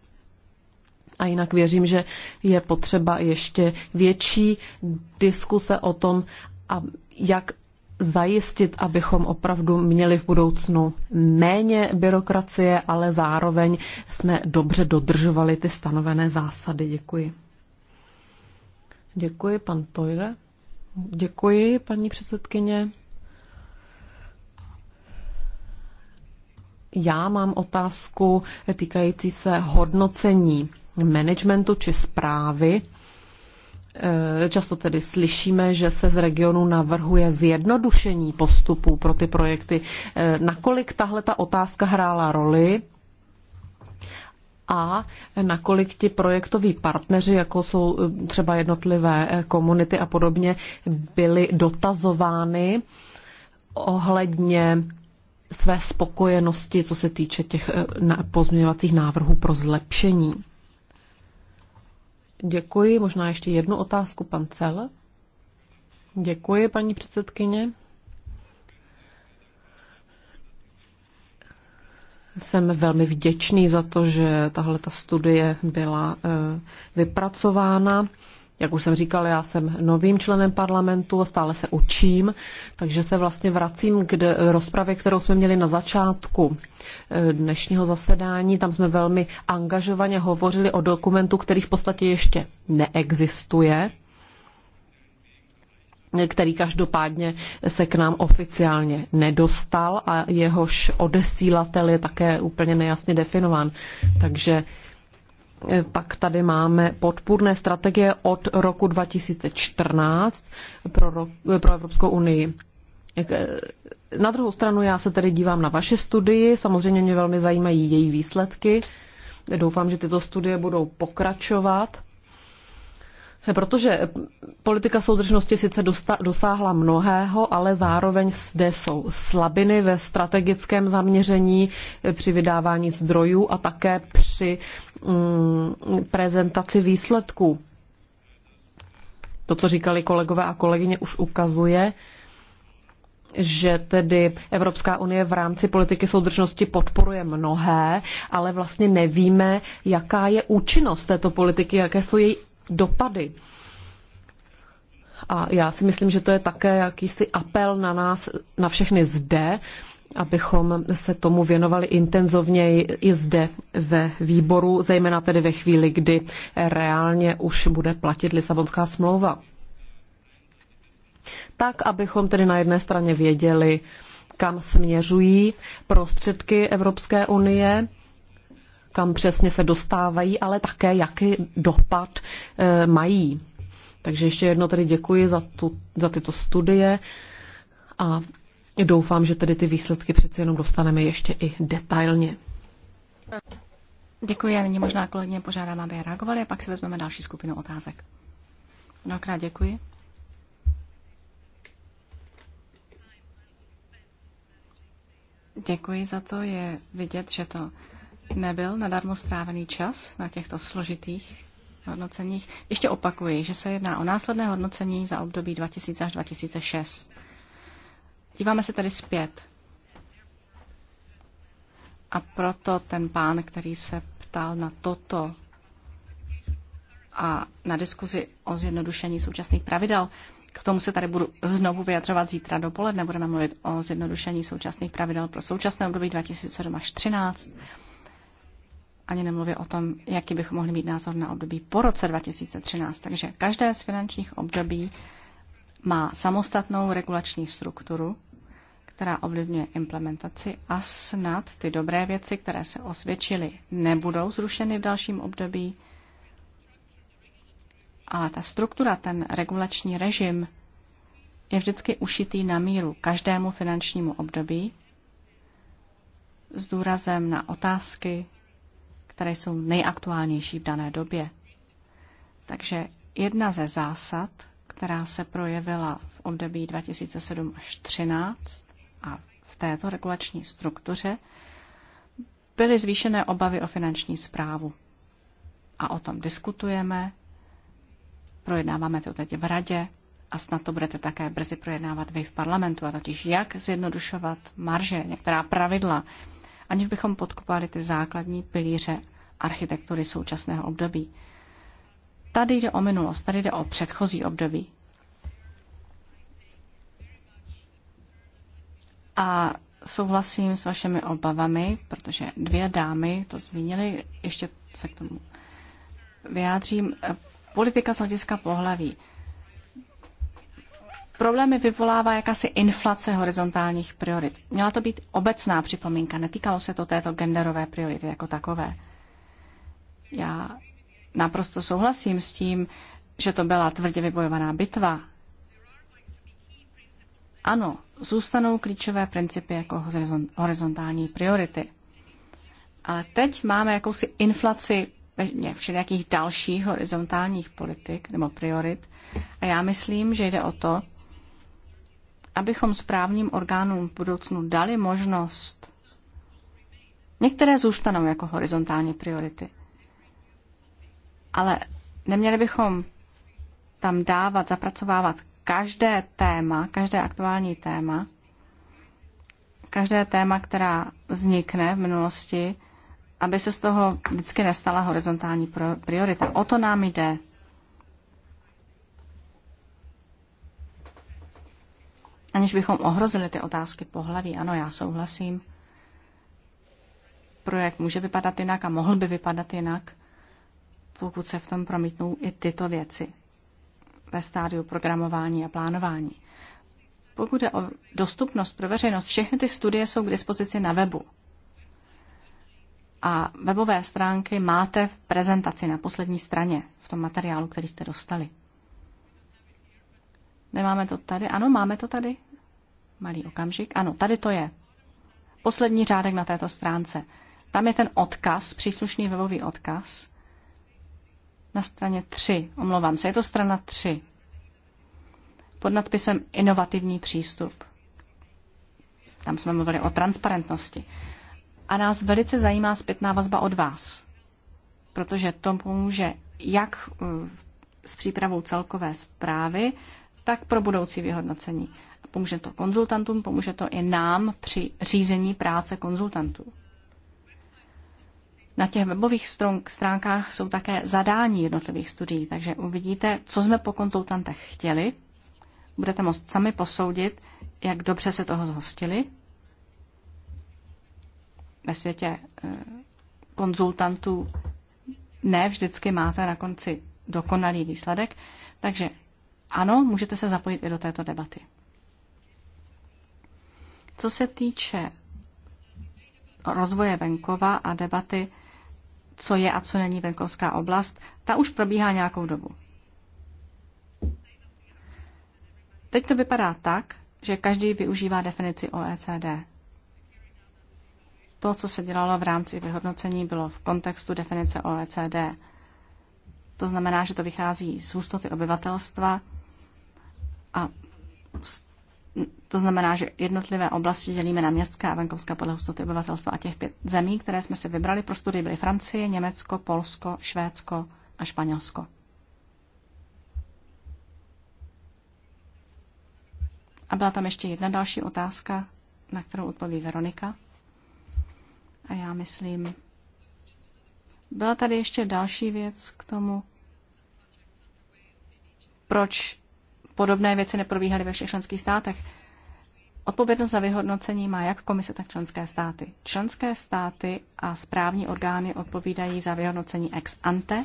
A jinak věřím, že je potřeba ještě větší diskuse o tom, a jak zajistit, abychom opravdu měli v budoucnu méně byrokracie, ale zároveň jsme dobře dodržovali ty stanovené zásady. Děkuji. Děkuji, pan Tojre. Děkuji, paní předsedkyně. Já mám otázku týkající se hodnocení managementu či zprávy Eh, často tedy slyšíme, že se z regionu navrhuje zjednodušení postupů pro ty projekty. Eh, nakolik tahle ta otázka hrála roli a nakolik ti projektoví partneři, jako jsou eh, třeba jednotlivé komunity a podobně, byly dotazovány ohledně své spokojenosti, co se týče těch pozměňovacích návrhů pro zlepšení. Děkuji. Možná ještě jednu otázku, pan Cel. Děkuji, paní předsedkyně. Jsem velmi vděčný za to, že tahle ta studie byla eh, vypracována. Jak už jsem říkal, já jsem novým členem parlamentu, stále se učím, takže se vlastně vracím k rozpravě, kterou jsme měli na začátku eh, dnešního zasedání. Tam jsme velmi angažovaně hovořili o dokumentu, který v podstatě ještě neexistuje který každopádně se k nám oficiálně nedostal a jehož odesílatel je také úplně nejasně definován. Takže pak tady máme podpůrné strategie od roku 2014 pro, rok, pro Evropskou unii. Eh, na druhou stranu já se tedy dívám na vaše studii, samozřejmě mě velmi zajímají její výsledky. Doufám, že tyto studie budou pokračovat protože politika soudržnosti sice dosáhla mnohého, ale zároveň zde jsou slabiny ve strategickém zaměření při vydávání zdrojů a také při mm, prezentaci výsledků. To, co říkali kolegové a kolegyně, už ukazuje, že tedy Evropská unie v rámci politiky soudržnosti podporuje mnohé, ale vlastně nevíme, jaká je účinnost této politiky, jaké jsou její dopady. A já si myslím, že to je také jakýsi apel na nás, na všechny zde, abychom se tomu věnovali intenzovněji i zde ve výboru, zejména tedy ve chvíli, kdy reálně už bude platit Lisabonská smlouva. Tak, abychom tedy na jedné straně věděli, kam směřují prostředky Evropské unie kam přesně se dostávají, ale také jaký dopad eh, mají. Takže ještě jedno tedy děkuji za, tu, za tyto studie a doufám, že tedy ty výsledky přeci jenom dostaneme ještě i detailně. Děkuji a nyní možná kolegyně požádám, aby reagovali a pak si vezmeme další skupinu otázek. Mnohokrát děkuji. Děkuji za to, je vidět, že to nebyl nadarmo strávený čas na těchto složitých hodnoceních. Ještě opakuji, že se jedná o následné hodnocení za období 2000 až 2006. Díváme se tedy zpět. A proto ten pán, který se ptal na toto a na diskuzi o zjednodušení současných pravidel, k tomu se tady budu znovu vyjadřovat zítra dopoledne. Budeme mluvit o zjednodušení současných pravidel pro současné období 2007 až 2013 ani nemluvě o tom, jaký bychom mohli mít názor na období po roce 2013. Takže každé z finančních období má samostatnou regulační strukturu, která ovlivňuje implementaci a snad ty dobré věci, které se osvědčily, nebudou zrušeny v dalším období. Ale ta struktura, ten regulační režim je vždycky ušitý na míru každému finančnímu období s důrazem na otázky, které jsou nejaktuálnější v dané době. Takže jedna ze zásad, která se projevila v období 2007 až 2013 a v této regulační struktuře, byly zvýšené obavy o finanční zprávu. A o tom diskutujeme, projednáváme to teď v radě a snad to budete také brzy projednávat vy v parlamentu, a totiž jak zjednodušovat marže, některá pravidla, aniž bychom podkopali ty základní pilíře architektury současného období. Tady jde o minulost, tady jde o předchozí období. A souhlasím s vašimi obavami, protože dvě dámy to zmínily, ještě se k tomu vyjádřím. Politika z hlediska pohlaví. Problémy vyvolává jakási inflace horizontálních priorit. Měla to být obecná připomínka, netýkalo se to této genderové priority jako takové. Já naprosto souhlasím s tím, že to byla tvrdě vybojovaná bitva. Ano, zůstanou klíčové principy jako horizontální priority. Ale teď máme jakousi inflaci všelijakých dalších horizontálních politik nebo priorit. A já myslím, že jde o to, abychom správním orgánům v budoucnu dali možnost. Některé zůstanou jako horizontální priority, ale neměli bychom tam dávat, zapracovávat každé téma, každé aktuální téma, každé téma, která vznikne v minulosti, aby se z toho vždycky nestala horizontální priorita. O to nám jde. aniž bychom ohrozili ty otázky pohlaví. Ano, já souhlasím. Projekt může vypadat jinak a mohl by vypadat jinak, pokud se v tom promítnou i tyto věci ve stádiu programování a plánování. Pokud je o dostupnost pro veřejnost, všechny ty studie jsou k dispozici na webu. A webové stránky máte v prezentaci na poslední straně, v tom materiálu, který jste dostali. Nemáme to tady? Ano, máme to tady? Malý okamžik. Ano, tady to je. Poslední řádek na této stránce. Tam je ten odkaz, příslušný webový odkaz. Na straně 3, omlouvám se, je to strana 3. Pod nadpisem Inovativní přístup. Tam jsme mluvili o transparentnosti. A nás velice zajímá zpětná vazba od vás, protože to pomůže jak eh, s přípravou celkové zprávy, tak pro budoucí vyhodnocení. Pomůže to konzultantům, pomůže to i nám při řízení práce konzultantů. Na těch webových stránkách jsou také zadání jednotlivých studií, takže uvidíte, co jsme po konzultantech chtěli. Budete moct sami posoudit, jak dobře se toho zhostili. Ve světě eh, konzultantů ne vždycky máte na konci dokonalý výsledek, takže ano, můžete se zapojit i do této debaty. Co se týče rozvoje venkova a debaty, co je a co není venkovská oblast, ta už probíhá nějakou dobu. Teď to vypadá tak, že každý využívá definici OECD. To, co se dělalo v rámci vyhodnocení, bylo v kontextu definice OECD. To znamená, že to vychází z hustoty obyvatelstva, a to znamená, že jednotlivé oblasti dělíme na městská a venkovská podle hustoty obyvatelstva a těch pět zemí, které jsme si vybrali pro studii, byly Francie, Německo, Polsko, Švédsko a Španělsko. A byla tam ještě jedna další otázka, na kterou odpoví Veronika. A já myslím, byla tady ještě další věc k tomu, proč podobné věci neprobíhaly ve všech členských státech. Odpovědnost za vyhodnocení má jak komise, tak členské státy. Členské státy a správní orgány odpovídají za vyhodnocení ex ante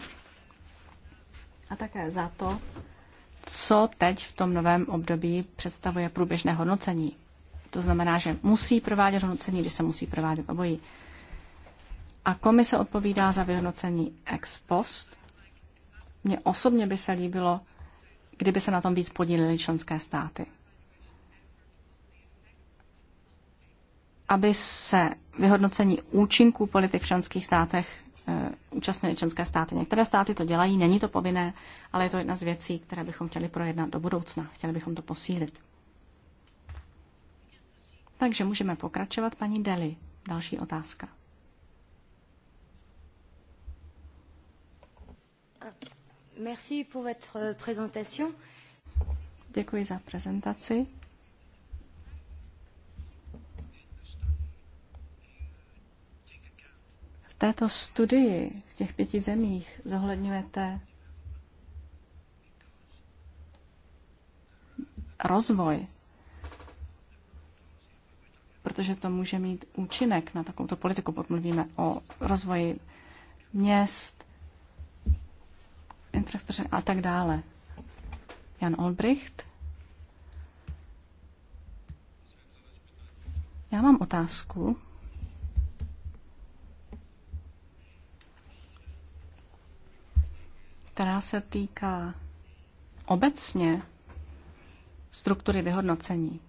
a také za to, co teď v tom novém období představuje průběžné hodnocení. To znamená, že musí provádět hodnocení, když se musí provádět obojí. A komise odpovídá za vyhodnocení ex post. Mně osobně by se líbilo, kdyby se na tom víc podílili členské státy. Aby se vyhodnocení účinků politik v členských státech eh, účastnili členské státy. Některé státy to dělají, není to povinné, ale je to jedna z věcí, které bychom chtěli projednat do budoucna. Chtěli bychom to posílit. Takže můžeme pokračovat. Paní Deli, další otázka. Merci pour votre présentation. Děkuji za prezentaci. V této studii v těch pěti zemích zohledňujete rozvoj, protože to může mít účinek na takovouto politiku, pokud mluvíme o rozvoji měst, infrastruktuře a tak dále. Jan Olbricht. Já mám otázku. která se týká obecně struktury vyhodnocení.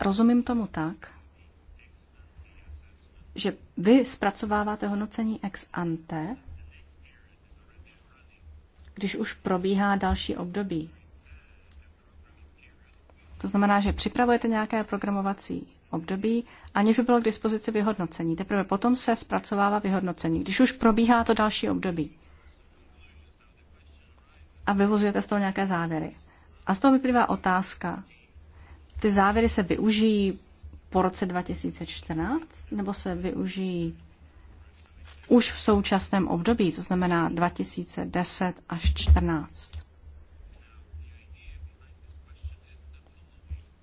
Rozumím tomu tak, že vy zpracováváte hodnocení ex ante, když už probíhá další období. To znamená, že připravujete nějaké programovací období, aniž by bylo k dispozici vyhodnocení. Teprve potom se zpracovává vyhodnocení, když už probíhá to další období. A vyvozujete z toho nějaké závěry. A z toho vyplývá otázka. Ty závěry se využijí po roce 2014, nebo se využijí už v současném období, to znamená 2010 až 2014?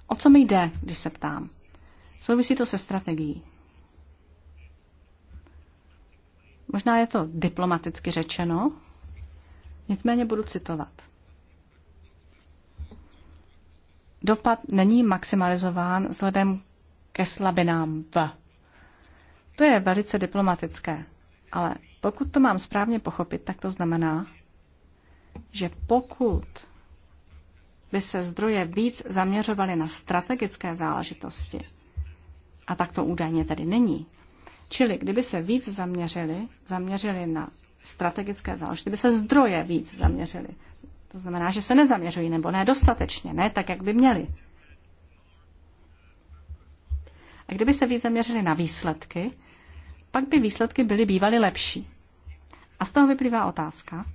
O co mi jde, když se ptám? Souvisí to se strategií. Možná je to diplomaticky řečeno, nicméně budu citovat. Dopad není maximalizován vzhledem ke slabinám v. To je velice diplomatické, ale pokud to mám správně pochopit, tak to znamená, že pokud by se zdroje víc zaměřovaly na strategické záležitosti, a tak to údajně tedy není, čili kdyby se víc zaměřili, zaměřili na strategické záležitosti, kdyby se zdroje víc zaměřili, to znamená, že se nezaměřují nebo ne dostatečně, ne tak, jak by měli, a kdyby se více měřili na výsledky, pak by výsledky byly bývaly lepší. A z toho vyplývá otázka,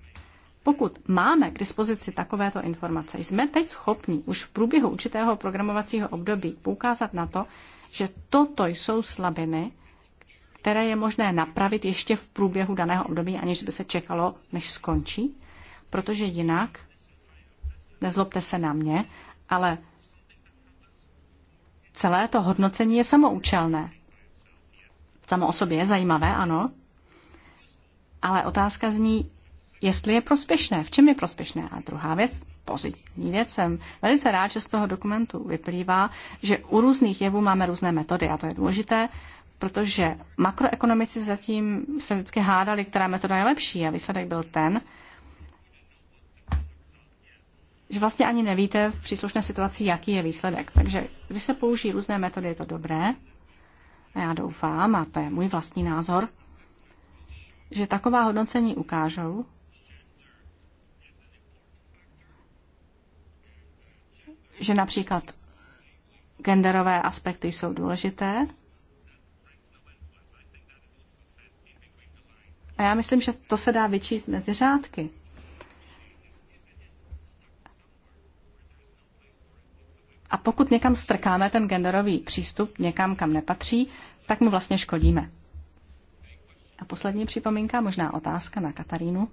pokud máme k dispozici takovéto informace, jsme teď schopni už v průběhu určitého programovacího období poukázat na to, že toto jsou slabiny, které je možné napravit ještě v průběhu daného období, aniž by se čekalo, než skončí, protože jinak, nezlobte se na mě, ale celé to hodnocení je samoučelné. Samo o sobě je zajímavé, ano, ale otázka zní, jestli je prospěšné, v čem je prospěšné. A druhá věc, pozitivní věc, jsem velice rád, že z toho dokumentu vyplývá, že u různých jevů máme různé metody a to je důležité, protože makroekonomici zatím se vždycky hádali, která metoda je lepší a výsledek byl ten, že vlastně ani nevíte v příslušné situaci, jaký je výsledek. Takže když se použijí různé metody, je to dobré. A já doufám, a to je můj vlastní názor, že taková hodnocení ukážou, že například genderové aspekty jsou důležité. A já myslím, že to se dá vyčíst mezi řádky. A pokud někam strkáme ten genderový přístup někam, kam nepatří, tak mu vlastně škodíme. A poslední připomínka, možná otázka na Katarínu.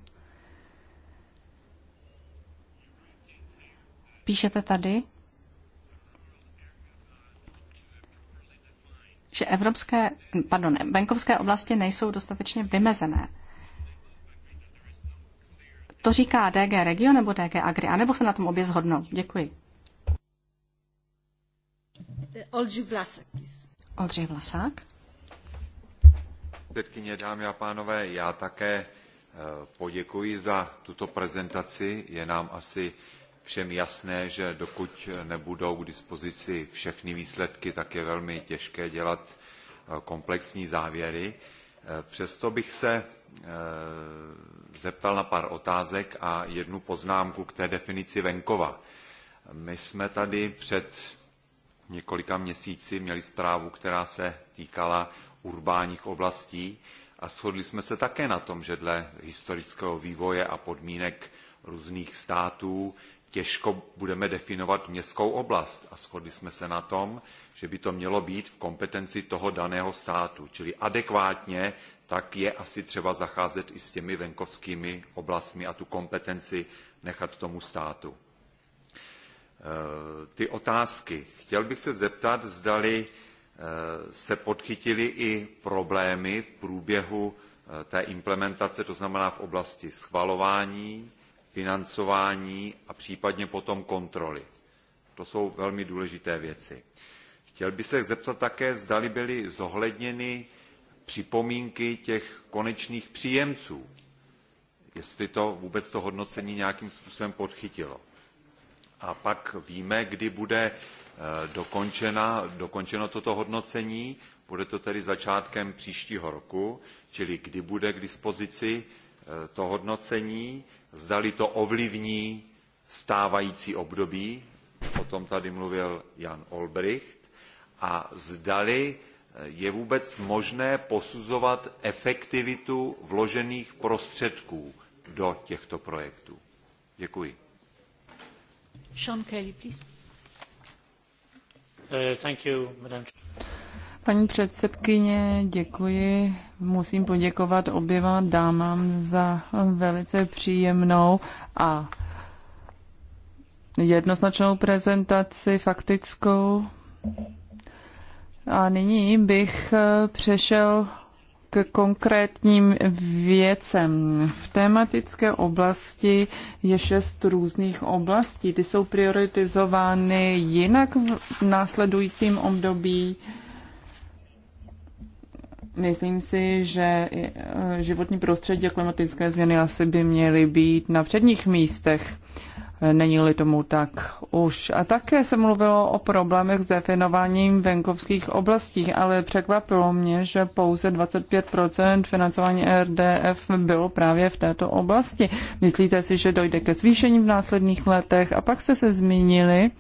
Píšete tady, že evropské, pardon, venkovské oblasti nejsou dostatečně vymezené. To říká DG Regio nebo DG Agri, anebo se na tom obě zhodnou? Děkuji. Oldřich Vlasák, Oldřich Vlasák. Předkyně, dámy a pánové, já také eh, poděkuji za tuto prezentaci. Je nám asi všem jasné, že dokud nebudou k dispozici všechny výsledky, tak je velmi těžké dělat eh, komplexní závěry. Eh, přesto bych se zeptal na pár otázek a jednu poznámku k té definici venkova. My jsme tady před několika měsíci měli zprávu, která se týkala urbánních oblastí a shodli jsme se také na tom, že dle historického vývoje a podmínek různých států těžko budeme definovat městskou oblast a shodli jsme se na tom, že by to mělo být v kompetenci toho daného státu, čili adekvátně tak je asi třeba zacházet i s těmi venkovskými oblastmi a tu kompetenci nechat tomu státu. Eh, ty otázky. Chtěl bych se zeptat, zdali eh, se podchytily i problémy v průběhu eh, té implementace, to znamená v oblasti schvalování, financování a případně potom kontroly. To jsou velmi důležité věci. Chtěl bych se zeptat také, zdali byly zohledněny připomínky těch konečných příjemců, jestli to vůbec to hodnocení nějakým způsobem podchytilo a pak víme, kdy bude eh, dokončena, dokončeno toto hodnocení. Bude to tedy začátkem příštího roku, čili kdy bude k dispozici eh, to hodnocení, zdali to ovlivní stávající období, o tom tady mluvil Jan Olbricht, a zdali eh, je vůbec možné posuzovat efektivitu vložených prostředků do těchto projektů. Děkuji. Uh, Paní předsedkyně, děkuji. Musím poděkovat oběma dámám za velice příjemnou a jednoznačnou prezentaci faktickou. A nyní bych přešel k konkrétním věcem. V tématické oblasti je šest různých oblastí. Ty jsou prioritizovány jinak v následujícím období. Myslím si, že eh, životní prostředí a klimatické změny asi by měly být na předních místech. Není-li tomu tak už. A také se mluvilo o problémech s definováním venkovských oblastí, ale překvapilo mě, že pouze 25 financování RDF bylo právě v této oblasti. Myslíte si, že dojde ke zvýšení v následných letech? A pak jste se zmínili,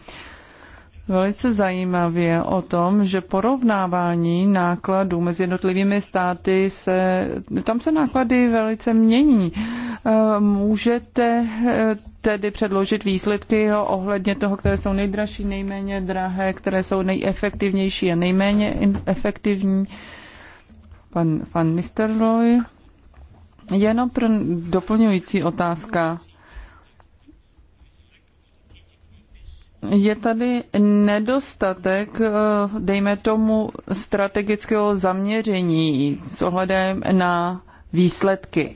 velice zajímavě o tom, že porovnávání nákladů mezi jednotlivými státy se, tam se náklady velice mění. Eh, můžete eh, tedy předložit výsledky ohledně toho, které jsou nejdražší, nejméně drahé, které jsou nejefektivnější a nejméně efektivní. Pan, pan Mr. Roy. Jenom pro doplňující otázka. je tady nedostatek, eh, dejme tomu, strategického zaměření s ohledem na výsledky.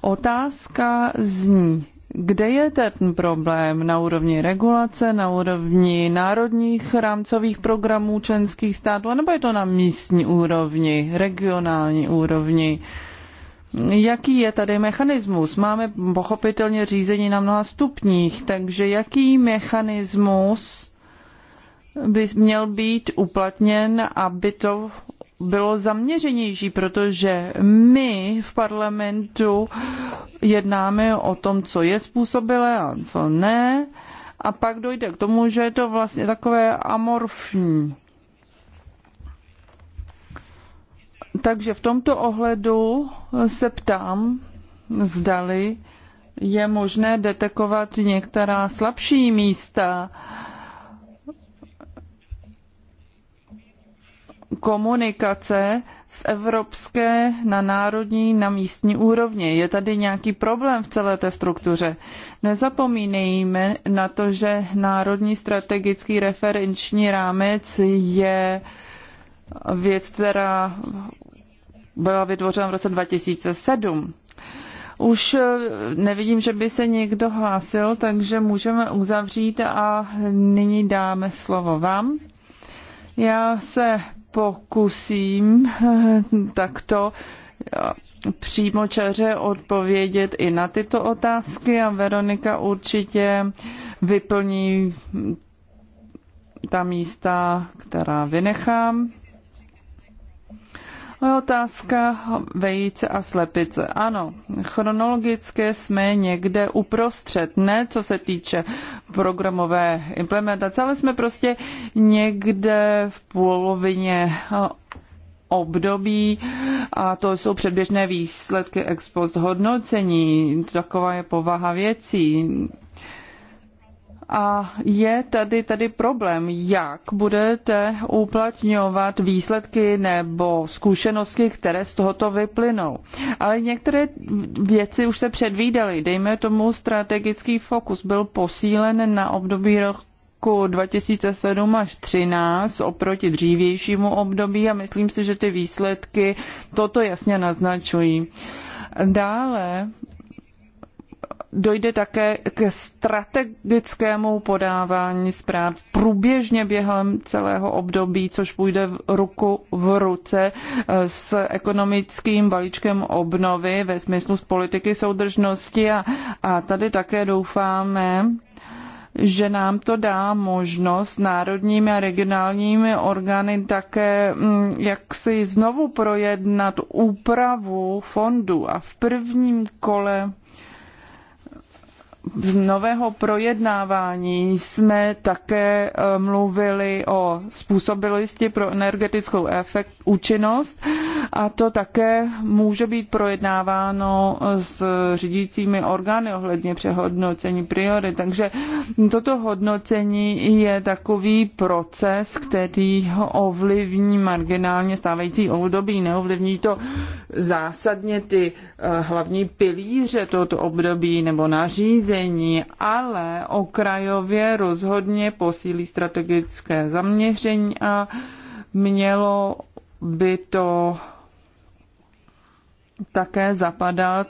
Otázka zní, kde je ten problém na úrovni regulace, na úrovni národních rámcových programů členských států, nebo je to na místní úrovni, regionální úrovni? Uh, Jaký je tady mechanismus? Máme pochopitelně řízení na mnoha stupních, takže jaký mechanismus by měl být uplatněn, aby to bylo zaměřenější, protože my v parlamentu jednáme o tom, co je způsobilé a co ne, a pak dojde k tomu, že je to vlastně takové amorfní. Takže v tomto ohledu se ptám, zdali je možné detekovat některá slabší místa komunikace z evropské na národní, na místní úrovni. Je tady nějaký problém v celé té struktuře. Nezapomínejme na to, že národní strategický referenční rámec je uh, věc, která byla vytvořena v roce 2007. Už eh, nevidím, že by se někdo hlásil, takže můžeme uzavřít a nyní dáme slovo vám. Já se pokusím eh, takto eh, přímo čaře odpovědět i na tyto otázky a Veronika určitě vyplní ta místa, která vynechám. Moje otázka vejce a slepice. Ano, chronologicky jsme někde uprostřed, ne co se týče programové implementace, ale jsme prostě někde v polovině eh, období a to jsou předběžné výsledky ex post hodnocení. Taková je povaha věcí. A je tady tady problém, jak budete uplatňovat výsledky nebo zkušenosti, které z tohoto vyplynou. Ale některé věci už se předvídaly. Dejme tomu, strategický fokus byl posílen na období roku 2007 až 2013 oproti dřívějšímu období a myslím si, že ty výsledky toto jasně naznačují. Dále dojde také ke strategickému podávání zpráv průběžně během celého období, což půjde ruku v ruce eh, s ekonomickým balíčkem obnovy ve smyslu z politiky soudržnosti a, a tady také doufáme, že nám to dá možnost národními a regionálními orgány také mm, jaksi znovu projednat úpravu fondu a v prvním kole z nového projednávání jsme také eh, mluvili o způsobilosti pro energetickou efekt, účinnost a to také může být projednáváno eh, s řídícími orgány ohledně přehodnocení priory. Takže toto hodnocení je takový proces, který ovlivní marginálně stávající období. Neovlivní to zásadně ty eh, hlavní pilíře tohoto období nebo nařízení opatření, ale okrajově rozhodně posílí strategické zaměření a mělo by to také zapadat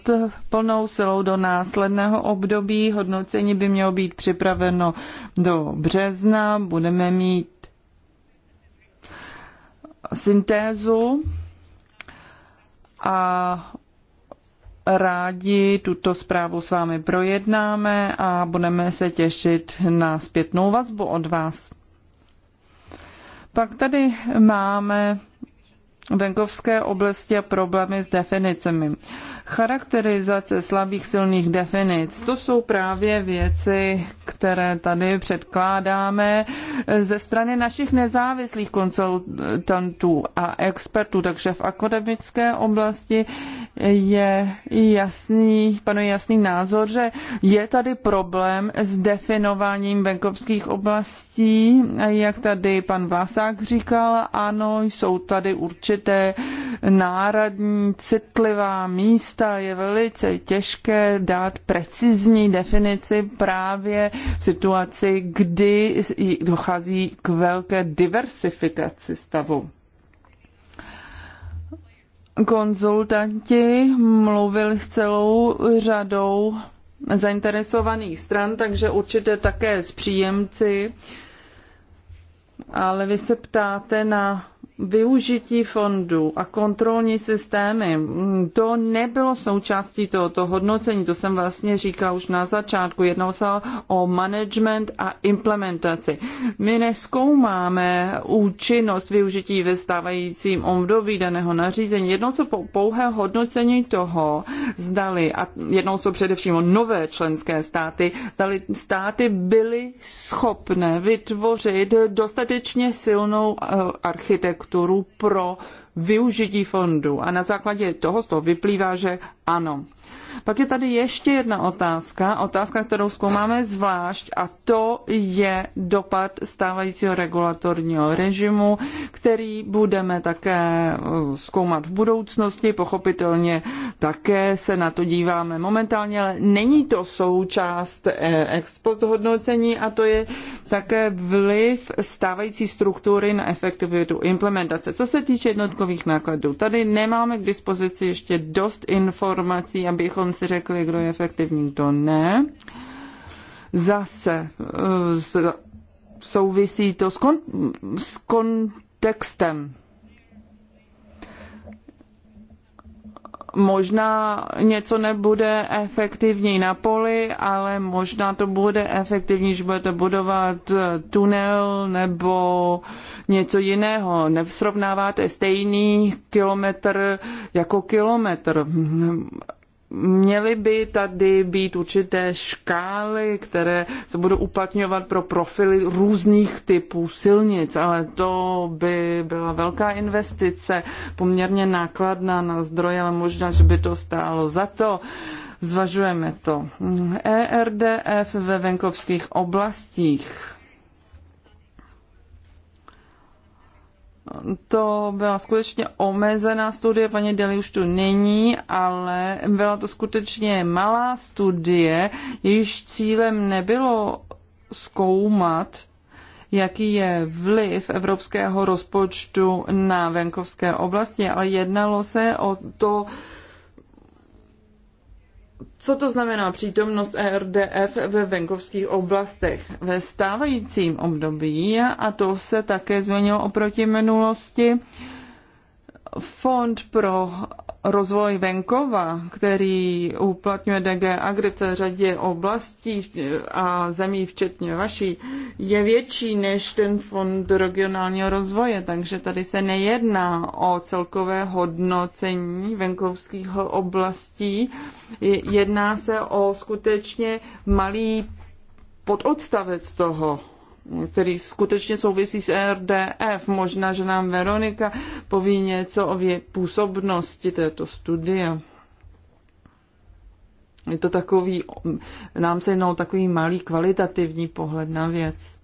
plnou silou do následného období. Hodnocení by mělo být připraveno do března. Budeme mít syntézu a rádi tuto zprávu s vámi projednáme a budeme se těšit na zpětnou vazbu od vás. Pak tady máme venkovské oblasti a problémy s definicemi. Charakterizace slabých silných definic, to jsou právě věci, které tady předkládáme ze strany našich nezávislých konsultantů a expertů, takže v akademické oblasti je jasný, panuje jasný názor, že je tady problém s definováním venkovských oblastí, jak tady pan Vásák říkal, ano, jsou tady určité náradní, citlivá místa, je velice těžké dát precizní definici právě v situaci, kdy dochází k velké diversifikaci stavu konzultanti mluvili s celou řadou zainteresovaných stran, takže určitě také s příjemci. Ale vy se ptáte na využití fondů a kontrolní systémy, to nebylo součástí tohoto hodnocení, to jsem vlastně říkala už na začátku, jednalo se o management a implementaci. My neskoumáme účinnost využití ve stávajícím období daného nařízení, jednou co pouhé hodnocení toho zdali, a jednou jsou především o nové členské státy, zdali státy byly schopné vytvořit dostatečně silnou eh, architekturu strukturu pro využití fondů. A na základě toho z toho vyplývá, že ano, pak je tady ještě jedna otázka, otázka, kterou zkoumáme zvlášť, a to je dopad stávajícího regulatorního režimu, který budeme také eh, zkoumat v budoucnosti. Pochopitelně také se na to díváme momentálně, ale není to součást eh, ex post hodnocení a to je také vliv stávající struktury na efektivitu implementace. Co se týče jednotkových nákladů, tady nemáme k dispozici ještě dost informací, abychom abychom si řekli, kdo je efektivní, kdo ne. Zase eh, souvisí to s, kon- s kontextem možná něco nebude efektivní na poli, ale možná to bude efektivní, když budete budovat eh, tunel nebo něco jiného. Nevsrovnáváte stejný kilometr jako kilometr. Měly by tady být určité škály, které se budou uplatňovat pro profily různých typů silnic, ale to by byla velká investice, poměrně nákladná na zdroje, ale možná, že by to stálo za to. Zvažujeme to. ERDF ve venkovských oblastích to byla skutečně omezená studie, paní Deli už tu není, ale byla to skutečně malá studie, jejíž cílem nebylo zkoumat, jaký je vliv evropského rozpočtu na venkovské oblasti, ale jednalo se o to, co to znamená přítomnost e RDF ve venkovských oblastech? Ve stávajícím období, a to se také změnilo oproti minulosti, Fond pro rozvoj venkova, který uplatňuje DG Agri v té řadě oblastí a zemí, včetně vaší, je větší než ten fond regionálního rozvoje, takže tady se nejedná o celkové hodnocení venkovských oblastí. Jedná se o skutečně malý pododstavec toho který skutečně souvisí s RDF. Možná, že nám Veronika poví něco o působnosti této studie. Je to takový, nám se jednou takový malý kvalitativní pohled na věc.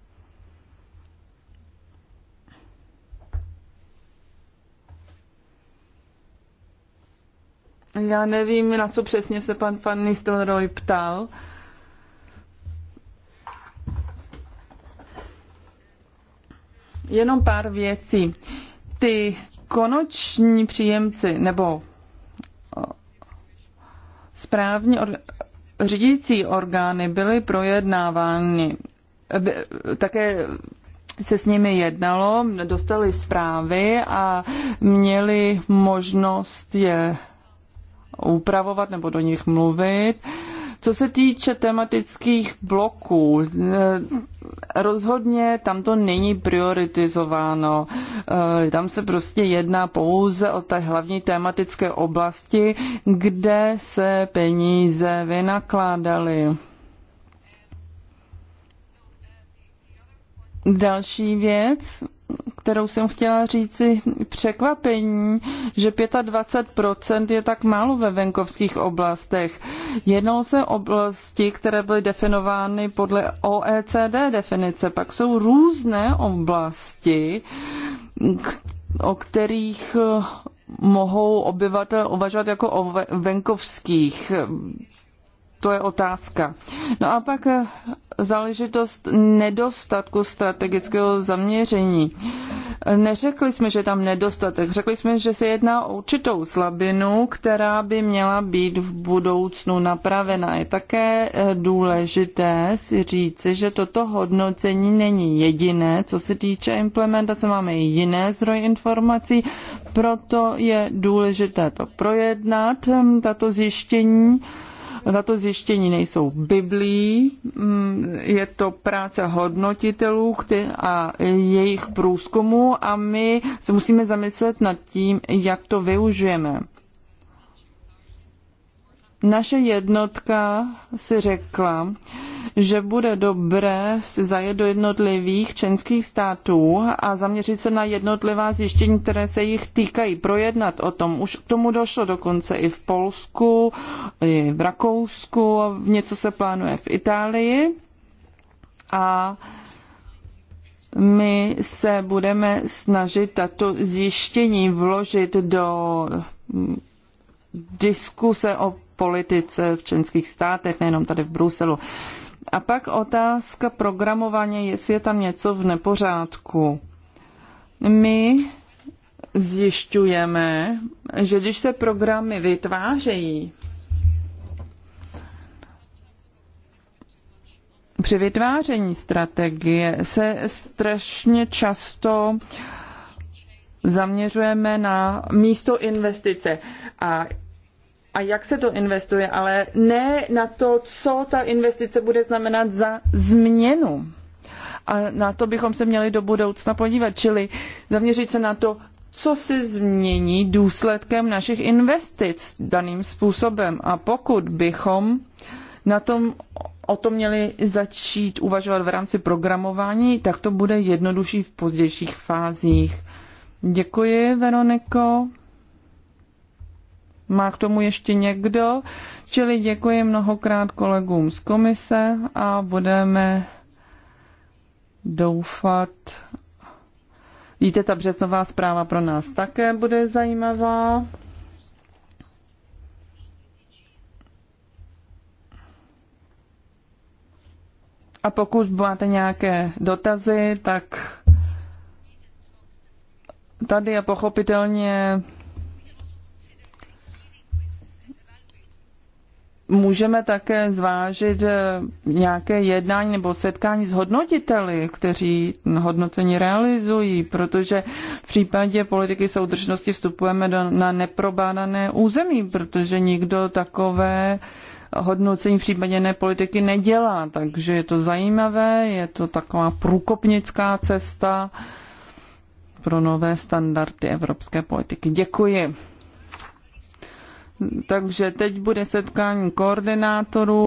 Já nevím, na co přesně se pan, pan Nistelrooy ptal. Uh, Jenom pár věcí. Ty konoční příjemci nebo správní or- řídící orgány byly projednávány. Také se s nimi jednalo, dostali zprávy a měli možnost je upravovat nebo do nich mluvit. Uh, co se týče tematických bloků, eh, rozhodně tam to není prioritizováno. Eh, tam se prostě jedná pouze o té hlavní tematické oblasti, kde se peníze vynakládaly. Další věc, kterou jsem chtěla říci překvapení, že 25% je tak málo ve venkovských oblastech. Jednou se oblasti, které byly definovány podle OECD definice, pak jsou různé oblasti, o kterých eh, mohou obyvatel uvažovat jako o venkovských to je otázka. No a pak eh, záležitost nedostatku strategického zaměření. Neřekli jsme, že tam nedostatek, řekli jsme, že se jedná o určitou slabinu, která by měla být v budoucnu napravena. Je také eh, důležité si říci, že toto hodnocení není jediné, co se týče implementace, máme i jiné zdroje informací, proto je důležité to projednat, hm, tato zjištění, tato zjištění nejsou biblí, mm, je to práce hodnotitelů a jejich průzkumu a my se musíme zamyslet nad tím, jak to využijeme. Naše jednotka si řekla, že bude dobré si zajet do jednotlivých členských států a zaměřit se na jednotlivá zjištění, které se jich týkají, projednat o tom. Už k tomu došlo dokonce i v Polsku, i v Rakousku, něco se plánuje v Itálii. A my se budeme snažit tato zjištění vložit do diskuse o politice v členských státech, nejenom tady v Bruselu. A pak otázka programování, jestli je tam něco v nepořádku. My zjišťujeme, že když se programy vytvářejí, při vytváření strategie se strašně často zaměřujeme na místo investice. A a jak se to investuje, ale ne na to, co ta investice bude znamenat za změnu. A na to bychom se měli do budoucna podívat, čili zaměřit se na to, co se změní důsledkem našich investic daným způsobem. A pokud bychom na tom, o tom měli začít uvažovat v rámci programování, tak to bude jednodušší v pozdějších fázích. Děkuji, Veroniko. Má k tomu ještě někdo? Čili děkuji mnohokrát kolegům z komise a budeme doufat. Víte, ta březnová zpráva pro nás také bude zajímavá. A pokud máte nějaké dotazy, tak tady a pochopitelně Můžeme také zvážit eh, nějaké jednání nebo setkání s hodnotiteli, kteří hodnocení realizují, protože v případě politiky soudržnosti vstupujeme do, na neprobádané území, protože nikdo takové hodnocení v případě ne politiky nedělá. Takže je to zajímavé, je to taková průkopnická cesta pro nové standardy evropské politiky. Děkuji. Takže teď bude setkání koordinátorů.